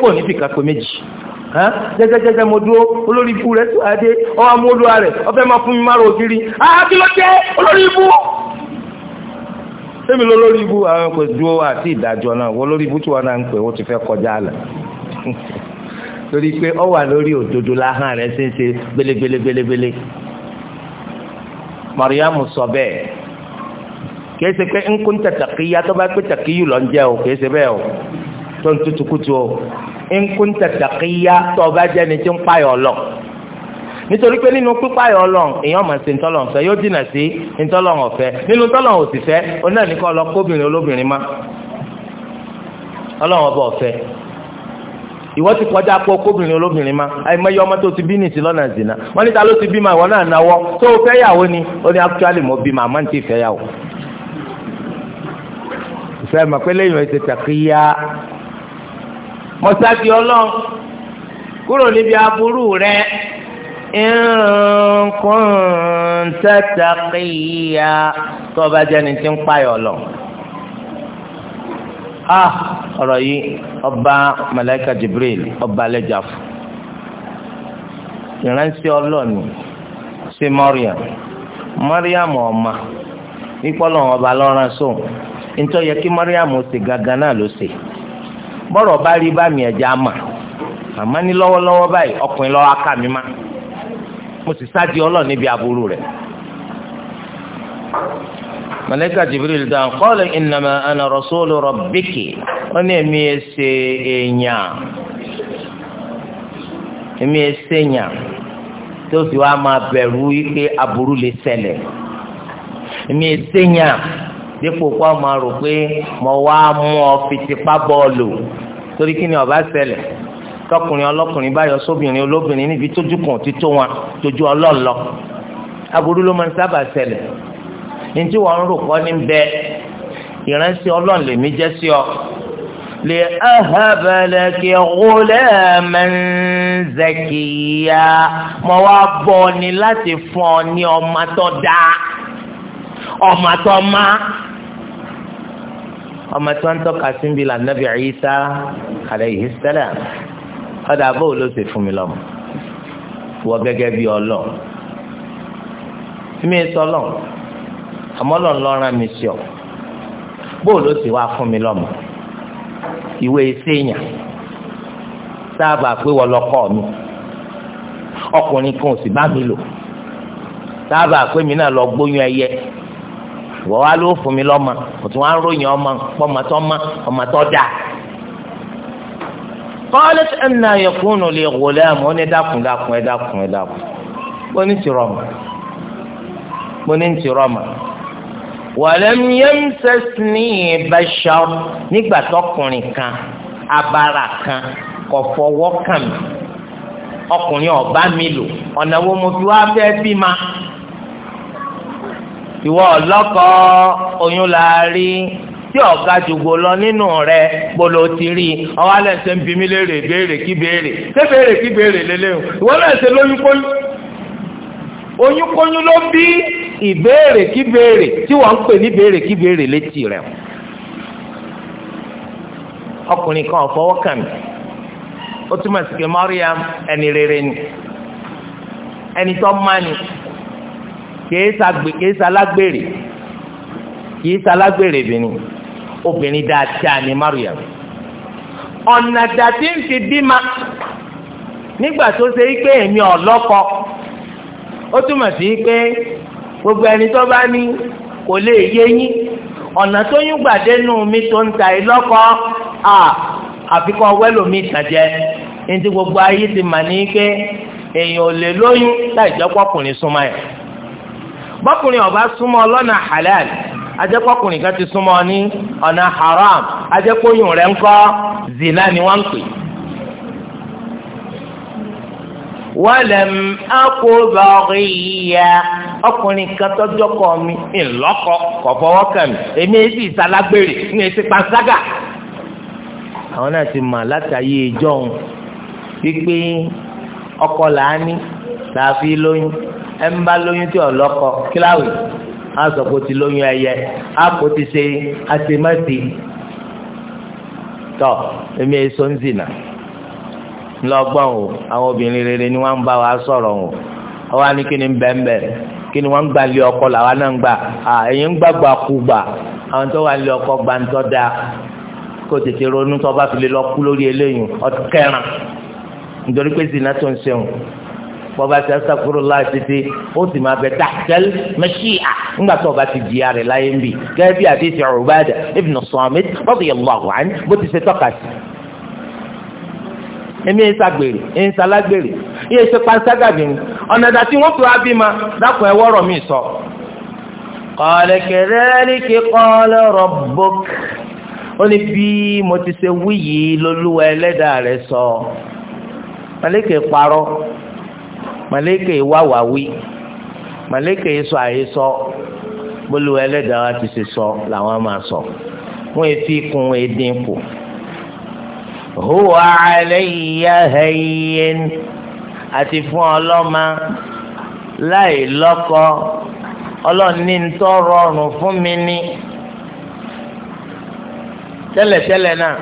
méjì jẹjẹjẹjẹ mo dúró olórí ibu rẹ tó adé ọwọ́ amúlùwà rẹ fún mi ògiri èmi lọ lórí ibu àwọn kò dúró torí pé ọ wà lórí òdòdó láhàn rẹ̀ ṣe ṣe belebelebelebele? mariamu sọ bẹ́ẹ̀ kìí ṣe pé nkún tàtàkìyà tó bá pé tàkìyù lọ ń jẹ o kìí ṣe bẹ́ẹ̀ o tó ń tutù o tó bá jẹ ni tí ń payọ lọ nítorí pé nínú Ọlọ́run èèyàn yóò dínà sí ọ̀fẹ́ nínú olóbìnrin má ìwọ ti kọjá pọ kóbìnrin olóbìnrin ma àìmọye ọmọ tó ti bí nìsí lọ́nà zina wọ́n níta ló ti bí ma ìwọ náà náwọ́ tó o fẹ́ yàwó ni ó ní actually mo bí ma àmọ́ ní ti fẹ́ yàwó. ìfẹ́ mọ̀ pé lẹ́yìn ẹ̀sẹ̀ tàkìyà mọ̀sáàkì ọlọ́run kúrò níbi aburú rẹ nǹkan tàkìyà tó o bá jẹ́ni tí ń payọ̀ lọ. a ọ̀rọ̀ yìí ọba malaika jibril ọba alẹ́jà fún ìránṣẹ́ ọlọ́ọ̀ni sí mariam mariam ọ̀ma ìpọ́lọ̀ ọba lọ́rán sọ nítorí yẹ kí mariam ṣe gangan náà ló ṣe bọ́rọ̀ bá rí bá mi ẹ̀jẹ̀ á mà àmọ́ ní lọ́wọ́lọ́wọ́ báyìí ọkùnrin lọ́wọ́ aká mi má mo sì aburú rẹ̀ mọlẹ́kà jibril dáhùn kọ́ọ̀lù ìnàmà àná rọ́sọ́ọ̀lù rọ̀bìkì ó ní èmi ẹ̀ ṣe èèyàn èmi ẹ̀ ṣe èèyàn tó fi wá máa bẹ̀rù wípé aburú lè ṣẹlẹ̀ èmi ẹ̀ ṣe èèyàn dípò kó máa rò pé mo wá mú ọ fi tipá torí kí ni ó bá tọkùnrin ọlọ́kùnrin báyọ sóbìnrin olóbìnrin níbi tójú kan ti wọn tójú ọlọ́ọ̀lọ́ aburú ló máa ń sábà ṣẹlẹ̀ ní tí wọ́n ń rò kọ́ ní bẹ ìrántí ọlọ́run lèmi jẹ́ sí ọ. lè ahabẹ̀lẹ̀ kí ọ̀gọ́lẹ̀ mẹ́nzẹ̀kìyà mo wá bọ̀ ni láti fún ọ ní ọmọ tó dáa ọmọ tó má ọmọ tó ń tọ́ka síbi là nàbì Ìsá alayhi salam ọ̀dà bóòlù ló ṣe fún mi lọ́mọ wọ gẹ́gẹ́ bí ọlọ́ọ̀ mi sọlọ́ọ̀. àmọ́ lọ́n mi sí ọ bó sì wá fún mi lọ́mọ ìwé sèèyàn sábà pé wọ́n lọ́kọ mi ọkùnrin kan sì bá mi lò sábà pé mi náà lọ gbóyún ẹyẹ wọ́n wá ló fún mi lọ́mọ kò wá ń ròyìn ọmọ ọmọ tó mọ ọmọ tó dáa. قالت أن يكون لي غلام ó ní dákun dákun ní ní wàlẹ́m yẹ́msẹ̀sìnì bẹ́ṣọ́ nígbà tọkùnrin kan abara kan kò fọwọ́ kàn mí ọkùnrin ọ̀bá mi lò ọ̀nà wo mo fi wá fẹ́ bí ma ìwọ ọlọ́kọ oyún la rí tí ọ̀gá jògbò lọ nínú rẹ gbọ́dọ̀ ti rí i ọwọ́ alẹ́ ṣe ń bi mí léèrè béèrè kí béèrè ṣé béèrè kí béèrè lélẹ́yìn ìwọ náà ṣe lóyún kóyún oyún kóyún ló bí ìbéèrè kí béèrè tí wọ́n ń pè ní béèrè kí béèrè létí rẹ̀ ọkùnrin kan fọwọ́ kàn mí ó túmọ̀ sí pé Mariam ẹni rere ni ẹni tó máa ni kìí salágbèrè kìí salágbèrè bìnrin obìnrin dáadáa ni Mariam ọ̀nà dàtí ń fi bímọ nígbà tó ṣe é pé èmi ọ̀lọ́kọ ó túmọ̀ sí pé gbogbo ẹni tó bá ní kò lè yé yín ọ̀nà tó yín gbàdénú mi tó ń ta ìlọ́kọ̀ à àfikún ọwẹ́lòmí ìtàjẹ́ ní ti gbogbo ayé ti mà ní pé èèyàn ò lè lóyún láì jẹ́ pọ́kùnrin ọba súnmọ́ ọlọ́nà halal kan ti súnmọ́ ní haram rẹ̀ zina wọlẹm akóbọrìyà ọkùnrin kan tọjọ kọ mi ńlọkọ kọ fọwọ́ kàn mí èmi èsì ìsalágbèrè ní èsì panṣágà. àwọn náà ti mọ̀ látàyè ìjọhún wípé ọkọ làání làáfi lóyún ẹ ń bá lóyún tí ọlọkọ kíláwì á sọ pé ó ti lóyún ẹyẹ á kó ti ṣe àṣemáṣe tọ èmi èso ń zìnà lọ́gbọ́n o àwọn obìnrin rere ni wọ́n ń bá wa sọ̀rọ̀ o ọwọ́ ni kí ni bẹ́ẹ̀nbẹ́ kí ni wọ́n ń gba lé ọkọ làwọn náà ń gbà à èyí ń gbàgbà kú àwọn tó wà lé ọkọ gbà ń tọ́ da kó tètè ronú tó bá fi lè lọ kú lórí eléyìí ọ̀kẹ́ràn nítorí pé zina tó ń ṣeun bọba ti asakuro láti ti ó sì máa bẹ tàkẹ́l mẹ́ṣíà ńgbà tó o bá ti di ààrẹ láyé ń bì gẹ́gẹ́ bí àdéhìí ọ̀rùbáàdà ibn Samit radiyallahu anhu bó ti èmi ń ṣàgbèrè ń ṣalágbèrè iye ṣe panṣágàbì ni ọ̀nà ìdá tí wọ́n fi wá bímọ dákun ẹ̀ wọ́rọ̀ mi sọ. qala kadhalika qala rabbuk ó ní bí mo ti ṣe wí yìí lolúwa ẹlẹ́dàá rẹ̀ sọ màlẹ́kẹ̀ parọ́ màlẹ́kẹ̀ wáwàwí màlẹ́kẹ̀ sọ àhesọ bólúwa ẹlẹ́dàá ti ṣe sọ làwọn máa sọ wọ́n fi kún edin kù. So huwa alayya hayyin àti fún ọlọ́mọ láì lọ́kọ ọlọ́ọ̀ni ń tọ́ rọrùn fún mi ní tẹ́lẹ̀tẹ́lẹ̀ náà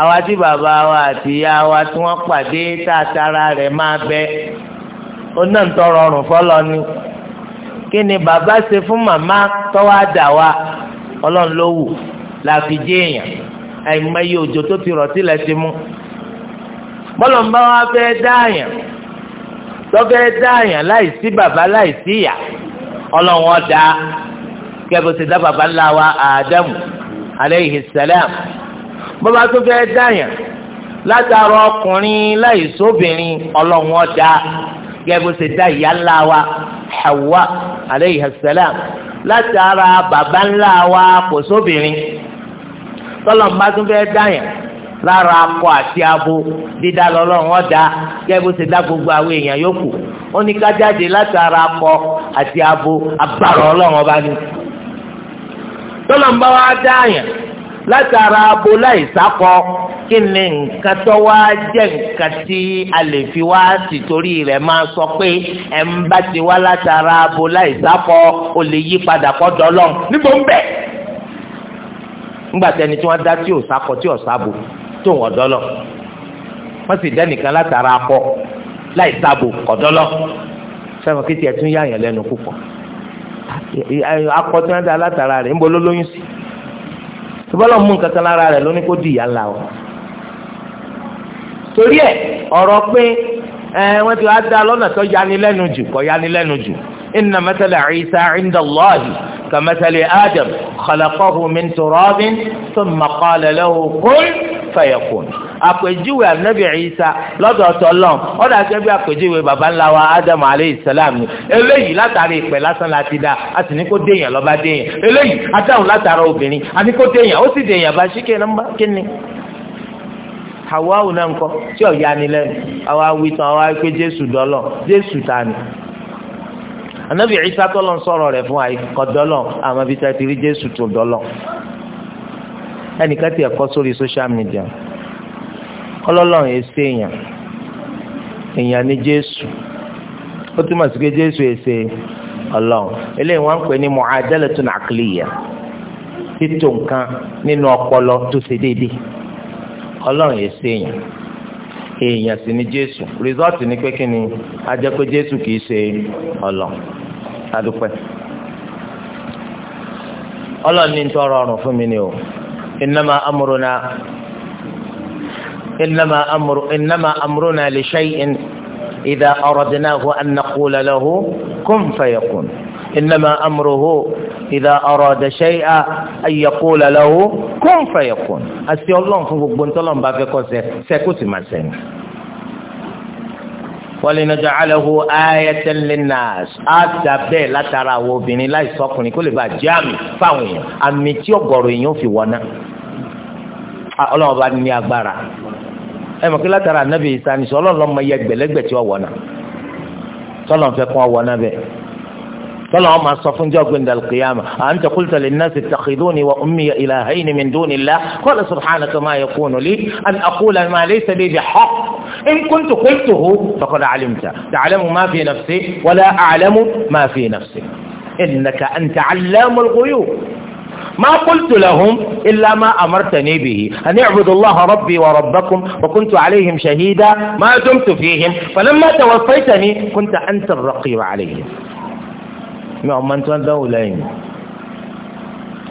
àwa tí bàbá wa àti ìyá wa tí wọ́n pàdé tá a tara rẹ̀ máa bẹ ó náà ń tọ́ rọrùn kí ni bàbá fún màmá la jẹ́ àìmọye òjò tó ti rọ̀ sílẹ̀ ti mú bọ́lọ̀ ń bá wa fẹ́ dáàyàn tọ́fẹ́ dáàyàn láì sí bàbá láì sí ìyá ọlọ́run ọ̀dà kẹ́bí ó ti dá bàbá ńlá wa Ádámù aleyhi salam bọ́lá tó fẹ́ dáàyàn látara ọkùnrin láì sóbìnrin ọlọ́run ọ̀dà kẹ́bí dá ìyá ńlá wa Hawa aleyhi salam látara bàbá ńlá wa kò tọ́lọ̀ ń bá tún fẹ́ dáyàn lára akọ àti abo dídá lọ́lọ́run ọ̀dà kẹ́ bó ṣe dá gbogbo àwọn èèyàn yòókù ó ní ká jáde láti ara akọ àti abo abàrọ̀ ọlọ́run ọba ni tọ́lọ̀ ń bá wá dáyàn láti ara abo láì sákọ kí ni nǹkan tó wá jẹ́ nǹkan tí a lè fi wá sí torí rẹ̀ máa sọ pé ẹ̀ ń bá ti wá láti ara abo láì sákọ ó lè yí padà kọ́ dọ́lọ́run níbo ń bẹ́ẹ̀. ńgbà tẹni tí wọ́n dá tí ò kọ tí ò sábò tó ń ọ̀dọ́lọ̀ wọ́n sì dẹ́nìkan látara akọ láì sábò akọ tí dá látara rẹ̀ ńbọ lólóyún sí ìbọ́lọ̀ mú nǹkan kan lára rẹ lóní kó di ìyá ńlá o torí pé ti wá dá tó yanilẹ́nu jù kọ́ yanilẹ́nu jù Isa كمثل آدم خلقه من تراب ثم قال له كن فيكون àpèjúwe anabi Isa lọ́dọ̀ Ọlọ́run ó dà gẹ́gẹ́ bí àpèjúwe baba ńlá wa Adam aleyhi salam ni eléyìí látàrí ìpè lásán láti dá a sì ní kó déyàn lọ́ba déyàn eléyìí adáhùn látara obìnrin a ní kó déyàn ó sì déyàn bá ṣíkè nọ́mbà kínní. Hawa ò náà ń kọ́ tí ọ̀ya ni lẹ́nu àwa wí tán àwa pé Jésù dọ́lọ̀ Jésù ta ni anabi isa tọ́lọ̀ ń sọ̀rọ̀ rẹ̀ fún àìkọ́ dọ́lọ̀ àmọ́ ibi tá a ti rí jésù tó dọ́lọ̀ ẹnìkan ti ẹ̀kọ́ sórí social media ọlọ́lọ́run èsì èèyàn èèyàn ní jésù ó túmọ̀ sí pé jésù èsè ọlọ́run eléyìí wọ́n ń pè ní mu'adalatun aqliya títò nǹkan nínú ọpọlọ tó ṣe déédéé ọlọ́run èsì èèyàn èèyàn sì ni jésù rìsọ́ọ̀tì ni pé kí ni a jẹ́ pé jésù kìí ṣe ọlọ adúpẹ́ ọlọ́ọ̀ni ń tọrọ ọrùn fún mi ni o innama amruna innama amru innama amruna li shay'in idha aradnahu an naqula lahu kun fayakun innama amruhu. إذا أراد شيئا أن يقول له كن فيكون أسي الله فنقبون تلهم بافكو سيكوتي ما سينا ولنجعله آية للناس أتبه لا ترى وبني لا يسوقني كل با جامي فاوين أمي تيو غورينيو في وانا ọlọ́run bá ní agbára ẹ mọ̀ kí látara ànábì ìsanisọ ọlọ́run lọ́mọ iye gbẹ̀lẹ́gbẹ̀ tí wọ́n wọ̀ náà tọ́lọ́n fẹ́ kún ọ wọ̀ náà bẹ́ẹ̀. قال عمر الصفون جاءوا عند القيامة أنت قلت للناس اتخذوني وأمي إلهين من دون الله قال سبحانك ما يكون لي أن أقول ما ليس لي بحق إن كنت قلته فقد علمت تعلم ما في نفسي ولا أعلم ما في نفسي إنك أنت علام الغيوب ما قلت لهم إلا ما أمرتني به أن يعبد الله ربي وربكم وكنت عليهم شهيدا ما دمت فيهم فلما توفيتني كنت أنت الرقيب عليهم mi àwọn máa ń tí wọ́n dánwò lẹ́yìn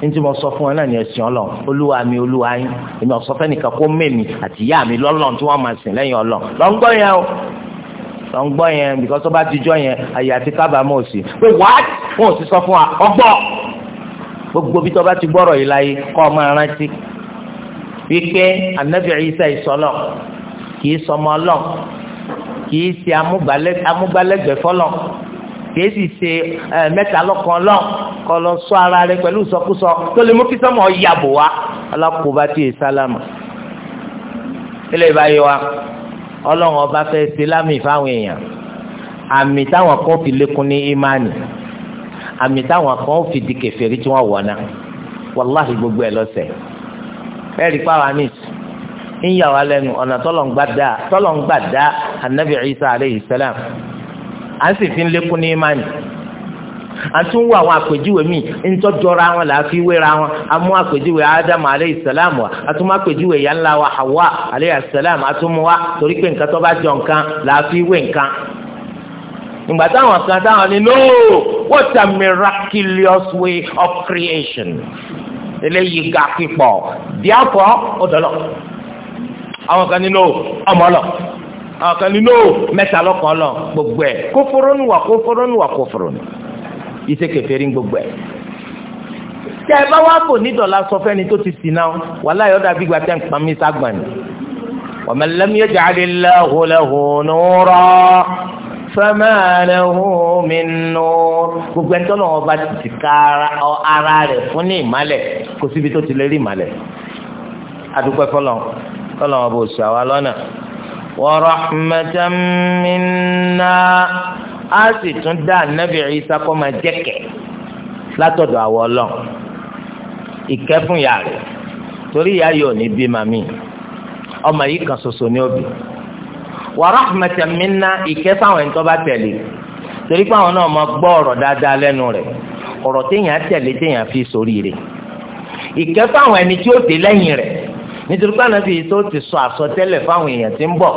ntí mo sọ fún wọn náà ní ẹsìn ọlọ olúwa mi olúwa yín èmi ọsọ fẹnìkan kó mèmí àti ìyá mi lọlọrun tí wọn máa sìn lẹ́yìn ọlọ lọ ń gbọ́ yẹn o lọ ń gbọ́ yẹn bìkọ́sọ́ bá ti jọ yẹn àyè àti kábàámọ̀ òsì pé wáá wọn ò sì sọ fún wa ọgbọ́ gbogbo bí tọ́ba ti gbọ́rọ̀ yìí láyé kọ́ ọ máa rántí wípé anabi isa ìsọlọ kì í sọmọ ọlọ kì í ṣe amúgbálẹ́gbẹ̀ẹ́ fọlọ kìí sì ṣe mẹ́ta lọ́kàn lọ́n kọ́ lọ sọ ara rẹ pẹ̀lú ìsọkúsọ tó lè mú kí sọ́mọ̀ yàbò wa alákòóbá tí èyí sálámù. ilé ìbáyé wa ọlọ́run ọba fẹ́ ṣe lámì fáwọn èèyàn àmì táwọn kan fi lékún ní imani àmì táwọn kan fi di kèfèrí tí wọ́n wọ̀ náà wàláhì gbogbo ẹ̀ lọ́sẹ̀ ẹ̀rí pàwọn àmì ń yà wá lẹ́nu ọ̀nà tọ́lọ̀ ń gbà dá anabi isa aleyhi salam à ń sì fi ń lékún ní imáni àti ń wo àwọn àpèjúwe míì ńtọ́jọra wọn là á fi wéra wọn a mú àpèjúwe ádámù aleyhi sàlámù wa a tún mú àpèjúwe ìyá ńlá wa hawa aleyhi sàlámù a tún mú wa torí pé nǹkan tó bá jọ nǹkan là á fi wé nǹkan ìgbà táwọn kan táwọn ni no what a miraculous way of creation eléyìí ga pípọ̀ díàpọ̀ ó dọ̀lọ́ àwọn kan ni no ọmọ lọ àwọn kan ní no mẹ́ta lọ́kàn lọ gbogbo ẹ̀ kófóró wà kófóró wà kófóró iṣẹ́ kèfèrí gbogbo ẹ̀ tẹ ẹ bá wá kò ní dọ̀la sọ fẹ́ni tó ti sì náà wàhálà yọ̀ọ́ dàbí gba tẹ́ ń pamí ságbọ̀n ni wa man lam yaj'alillahu lahu nuran fama lahu min nur gbogbo ẹni tọ́lọ́ ọba ti ka ara rẹ̀ fún ní ìmálẹ̀ kò síbi tó ti lè rí ìmálẹ̀ adúpẹ́ fọlọ́ tọ́lọ́ ọba òṣù àwa lọ́nà wa rahmatan minna á sì tún dá ànábì Ìsá kó máa jẹ́kẹ̀ látọ̀dọ̀ àwọ̀ ọlọ́run ìkẹ́ fún ìyá rẹ̀ torí ìyá yóò ní bí màmí ọmọ yìí kan ṣoṣo ní òbí wa rahmatan ìkẹ́ fáwọn ẹni bá tẹ̀lé torí pé àwọn náà máa gbọ́ ọ̀rọ̀ dáadáa lẹ́nu rẹ̀ ọ̀rọ̀ téèyàn tẹ̀lé téèyàn fi sórí rẹ̀ ìkẹ́ fáwọn ẹni tí ó dé lẹ́yìn rẹ̀ nítorí pé ànábì tó ti sọ àsọtẹ́lẹ̀ fáwọn èèyàn tí ń bọ̀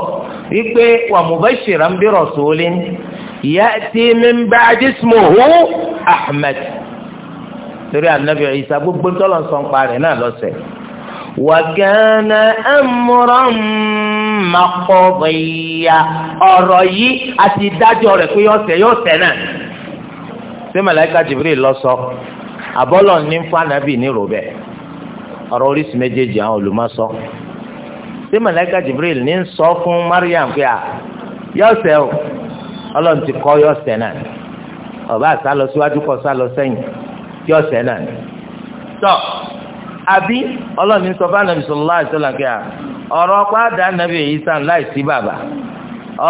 wípé wa mubashiran bi rasulin ya'ti min ba'di ismuhu Ahmed torí ànábì Ìsá gbogbo tọ́lọ̀ sọ ń parẹ́ náà lọ́sẹ̀ wa kana amran maqdiya ọ̀rọ̀ yìí àti ìdájọ́ rẹ̀ pé yọ̀ọ̀sẹ̀ yọ̀ọ̀sẹ̀ náà ṣé màláíkà Jibril ló àbọ́lọ̀ ní fún ànábì ní ròbẹ̀ ọ̀rọ̀ oríṣi méjèèjì àwọn olùmọ̀sọ. ṣé màláíkà Jibril ní ń sọ fún Mariam pé à yọ̀ọ̀sẹ̀ o ọlọ́run ti kọ́ yọ̀ọ̀sẹ̀ náà ọba àṣà lọ síwájú kọ́ sá lọ sẹ́yìn yọ̀ọ̀sẹ̀ náà. tọ́ àbí ọlọ́run ní sọ fún Ànábì sallallahu alaihi wasallam pé à ọ̀rọ̀ pàdé Ànábì Ìsá láìsí bàbá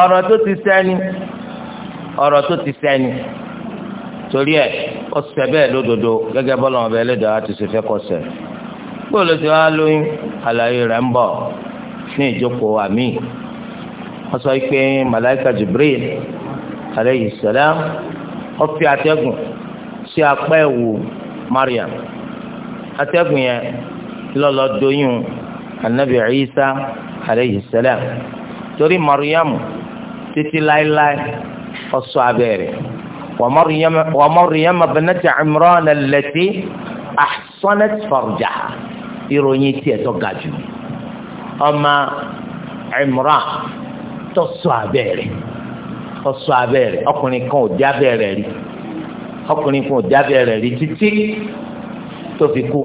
ọ̀rọ̀ tó ti sẹ́ni ọ̀rọ̀ tó ti sẹ́ni torí ẹ̀ ọ̀sẹ̀ bẹ́ẹ̀ lódodo gẹ́gẹ́ bọ́lá ọ̀bẹ ẹlẹ́dàá ti ṣe fẹ́ kọ́ sẹ́ni bóòlù tí wọ́n á lóyún àlàyé rẹ̀ ń bọ̀ ní ìjókòó àmì wọ́n sọ pé malaika Jibril aleyhi salam ó fi atẹ́gùn sí apá ẹ̀wù Mariam atẹ́gùn yẹn lọ́lọ́ doyún anabi Isa aleyhi salam torí Mariam títí láéláé ọ̀sọ́ abẹ́rẹ́ wa Mariam abinata Imran allati ahsanat farjaha ìròyìn tiẹ̀ tó ga jù ọmọ Imran tó sọ abẹ́ rẹ̀ tó sọ abẹ́ rẹ̀ ọkùnrin kan ò dé abẹ́ rẹ̀ rí ọkùnrin kan ò dé abẹ́ rẹ̀ rí títí tó fi kú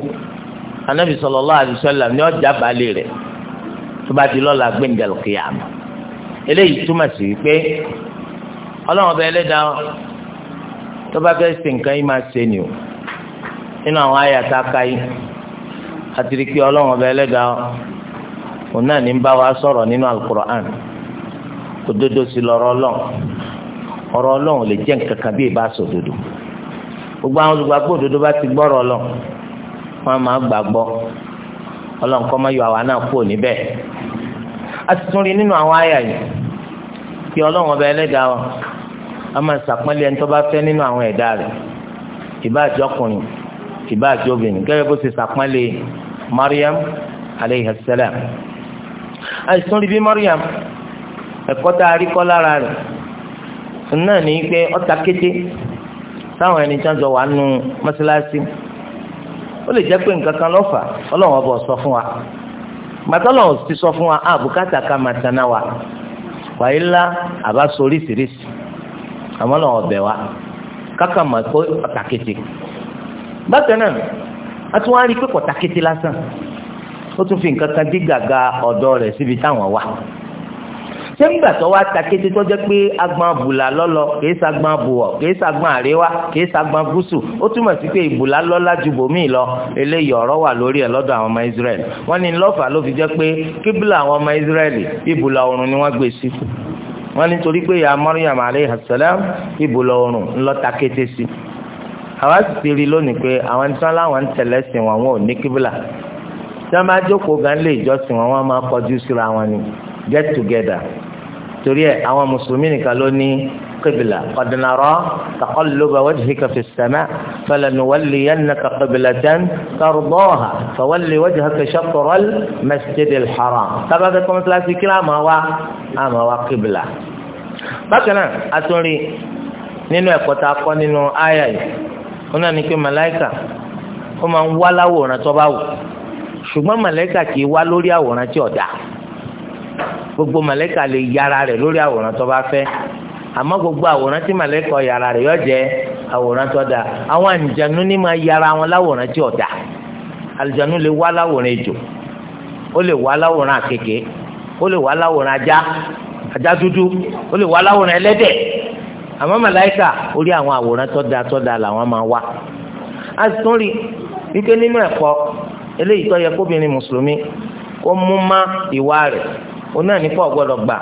anabi sallallahu alaihi wasallam ni ọjà balẹ̀ rẹ̀ tó bá di lọ́la gbẹ̀ndẹ̀lù kìyàmù eléyìí túmọ̀ sí wípé ọlọ́run ọba ẹlẹ́dàá tó bá fẹ́ ṣe nǹkan yìí máa ṣe ni o nínú àwọn àyàtà ká yìí. àtìríkì ọlọ́run ọba ẹlẹ́dàá òun náà ní bá wa sọrọ nínú alukur'an òdodo sí lọrọ ọlọ́run ọrọ ọlọ́run lè jẹ nǹkan bí ìbá sọ gbogbo àwọn olùgbàgbọ́ òdodo bá ti wọn máa kọ́ máa yọ àwa náà kúrò níbẹ̀ a ti tún rí nínú àwọn àyà yìí kí ọlọ́run ọba ẹlẹ́dàá a máa ẹni tó bá fẹ́ nínú àwọn rẹ̀ ìbá àjọbìnrin gẹ́gẹ́ bó ṣe sàpọ́nlé Mariam aleyhi àìsàn Mariam ẹ̀kọ́ tá a rí kọ́ lára rẹ̀ náà ní pé ọ̀tá kété táwọn ẹni tí wọ́n jọ wà nù mọ́ṣáláṣí ó lè jẹ́ pé nǹkan kan lọ́fà ọlọ́run ọba fún wa gbàtọ́lọ́run ti sọ fún wa àbùkátà ká máa wa wàyí ńlá àbá bákan náà a tún wá rí pé kọ̀tàkété lásán ó tún fi nǹkan kan dé gàga ọ̀dọ́ rẹ̀ síbi táwọn wà ṣé ń tó wá ta kété tó jẹ́ pé agbọn abùlà lọ́lọ́ kìí sagbọn abùwọ̀ kìí sagbọn àríwá kìí sagbọn gúúsù ó túmọ̀ sí pé ìbùlà ọmọ Israẹli wọ́n ní lọ́fà ló fi jẹ́ ọmọ Israẹli ìbùlà ni wọ́n gbé sí wọ́n ní torí pé àwa sì ti rí lónìí pé àwọn ẹni tí wọ́n láwọn ń tẹ̀lé sìn wọn wọn ò ní kíbílà tí wọ́n bá jókòó gan lè jọ́sìn wọn wọ́n máa kọjú síra wọn ni get together torí ẹ̀ àwọn mùsùlùmí nìkan ló ní kíbílà qad nara taqalluba wajhika fi as-sama' falanuwalliyannaka qiblatan tardaha fawalli kíbílà bákan náà atúnrí nínú ẹ̀kọ́ tá a kọ́ nínú áyà wọn náà ní pé màláìkà ó máa ń wá láwòrán tó bá wù ṣùgbọ́n màláìkà kì í wá lórí àwòrán tí ọ̀dà gbogbo màláìkà lè yára rẹ̀ lórí àwòrán tó bá fẹ́ àmọ́ gbogbo àwòrán tí màláìkà yára rẹ̀ yọ jẹ́ àwòrán tó dáa àwọn àǹjànú ní máa yára wọn láwòrán tí ọ̀dà àlùjànú lè wá láwòrán ejò ó lè wá láwòrán àkekèé ó lè wá láwòrán ajá ajá dúdú ó lè wá láwòrán ẹlẹ́dẹ̀ àmọ́ màláìkà orí àwọn àwòrán tó da tó da làwọn máa wá a sì tún rí wípé nínú ẹ̀kọ́ eléyìí tó yẹ kóbìnrin mùsùlùmí kó mú má ìwà rẹ̀ òun náà nípa ọ̀gbọ́dọ̀ gbà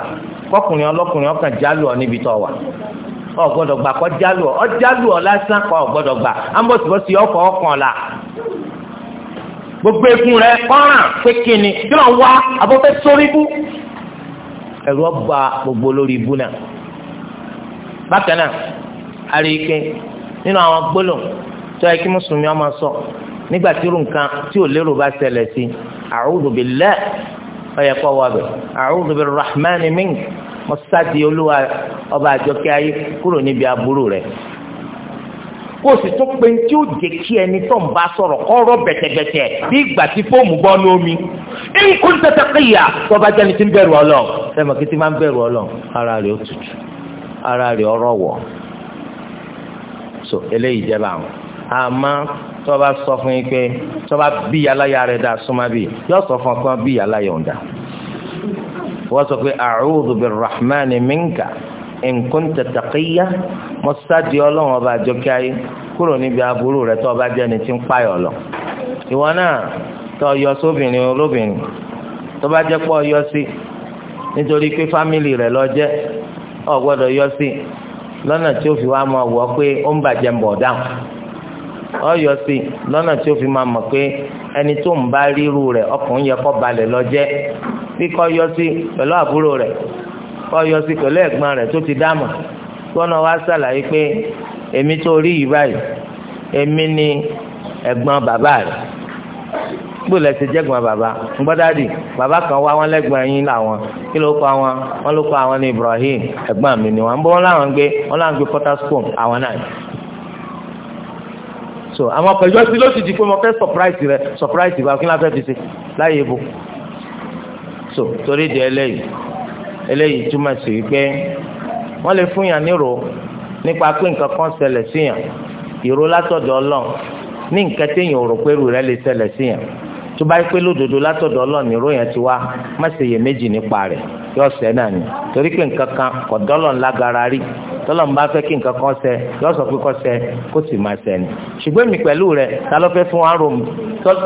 kọkùnrin ọlọ́kùnrin ọkàn jálù ọ níbi tó wà ọ̀gbọ́dọ̀ gbà kọ́ jálù ọ jálù ọ lásán kọ́ ọ̀gbọ́dọ̀ gbà ambọ̀sibọ́sì ọkọ̀ ọkàn la gbogbo ekun rẹ kọ́ràn pé kíni kí ló ń wá abọ́fẹ́ sórí bú ẹ̀rọ bà gbogbo lórí ibú náà bákan náà àríkè nínú àwọn gbólóhùn tó yẹ kí mùsùlùmí ọmọ sọ nígbà tí irú nǹkan tí ò lérò bá ṣẹlẹ̀ sí a'udhu billah ọ̀yẹ̀ kọ́ wọ abẹ a'udhu birrahmani mink mo sáàdì olúwa ọba àjọkẹ́ ayé kúrò níbi aburú rẹ̀ kó o sì tún pé tí ó jẹ kí ẹni tó ń bá sọ̀rọ̀ ọ̀rọ̀ bẹ̀tẹ̀bẹ̀tẹ̀ bí ìgbà tí fóòmù bọ́ ní omi in kunta taqiya tó bá jẹ́ni tí ń bẹ̀rù Ọlọ́run sẹ́mi kí ti máa ń bẹ̀rù Ọlọ́run ara rẹ̀ ó tutù ara rẹ̀ ọ̀rọ̀ wọ̀ so eléyìí jẹ́ báwọn àmọ́ tó bá sọ fún yín pé tó bá bí aláya rẹ̀ dá súnmọ́ bí yóò sọ fún ọ pé bí aláya òun dá wọ́n sọ pé a'udhu birrahmani minka in kunta taqiyya mo sáàdì ọlọ́run ọba àjọkẹ́ ayé kúrò níbi aburú rẹ̀ tó bá jẹ́ ni ti ń páyọ̀ lọ ìwọ náà tó yọ sóbìnrin olóbìnrin tó bá jẹ́ pọ̀ yọ sí nítorí pé fámìlì rẹ̀ lọ jẹ́ ọ gbọ́dọ̀ yọ lọ́nà tí ó fi wá máa wọ pé ó ń bàjẹ́ bọ̀ dáhùn lọ́nà tí ó fi ma mọ̀ pé ẹni tó ń bá ríru rẹ̀ ọkùnrin yẹ balẹ̀ lọ́jẹ́ bí kò yọ pẹ̀lú àbúrò rẹ̀ kò yọ pẹ̀lú ẹ̀gbọ́n tó ti dáàmú gbọ́nà sàlàyé pé èmi tó rí yìí báyìí èmi ni ẹ̀gbọ́n bàbá bó lẹsẹ jẹgbọn bàbá ńgbọdádì baba kan wá wọn lẹgbọn yín làwọn kí ló kọ àwọn wọn ló kọ àwọn ní Ibrahim ẹ̀gbọ́n mi ni wọn bọ wọn gbé wọn láwọn gbé Potoskum àwọn náà so àwọn ọkọ ìjọsìn ló ti di pé mo surprise rẹ surprise ìgbà kí n fi láyé so torí di eléyìí túmọ̀ sí wípé wọ́n lè fún yàn nírò nípa pé nǹkan kan síyàn ìró látọ̀dọ̀ ní nǹkan téèyàn rò pé síyàn tó bá yẹ pé lódodo látọ̀dọ̀ ọlọ́ọ̀ni ròyìn ti wá má méjì nípa rẹ̀ yọ ọ̀sẹ̀ náà ni torí pé nǹkan kan kò dọ́lọ̀ ńlá gara rí tọ́lọ̀ ń bá fẹ́ kí nǹkan kan ṣẹ yọ sọ pé kọ́ ṣẹ kó sì máa ṣẹ ni ṣùgbọ́n èmi pẹ̀lú rẹ̀ ta ló fẹ́ fún arú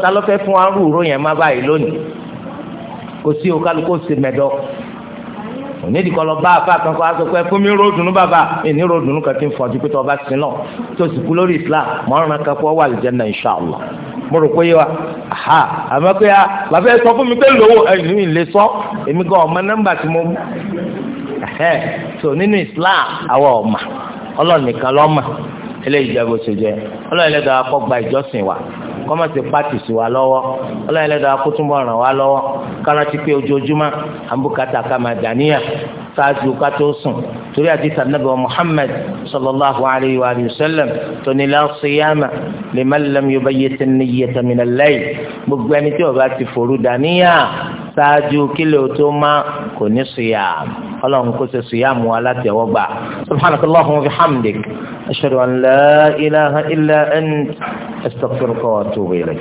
ta ló fẹ́ fún arú ròyìn má báyìí lónìí kò sí o kálukó ṣe mẹ́dọ́ onídìí kọlọ bá àfa kan kọ aṣọ pé fún mi ròdùnú bàbá ìní ròdùnú kan ti ń fọdún pé tó ọba sí náà tó sì kú lórí Islam mọ́ràn kan kó wà lìjẹ́ náà inṣàlá. mo rò pé yé aha àmọ́ pé a bàbá ẹ sọ fún mi sọ èmi gan ọmọ nọmba tí mo mú so nínú Islam àwa ọma ọlọ́ọ̀nì kan lọ́mà eléyìí jẹ́ bó ṣe jẹ́ ọlọ́ọ̀nì lẹ́dọ̀ akọ́ gba ìjọsìn wa sí wa lọ́wọ́ ọlọ́ọ̀nì lẹ́dọ̀ ṣáájú ká tó sùn torí àti sànàbẹ wa muhammed sallallahu alayhi wa sallam tóní la siyama liman lam yubayyit an-niyyata min al-layl gbogbo ẹni tí ó bá ti fòru dàníyà ṣáájú kílò tó má kò ní siyam ọlọ́run kó ṣe siyam wa láti ẹ̀wọ́ gbà subhanakallahu wa bihamdik ashhadu an la ilaha illa ant astaghfiruka wa atubu ilayk.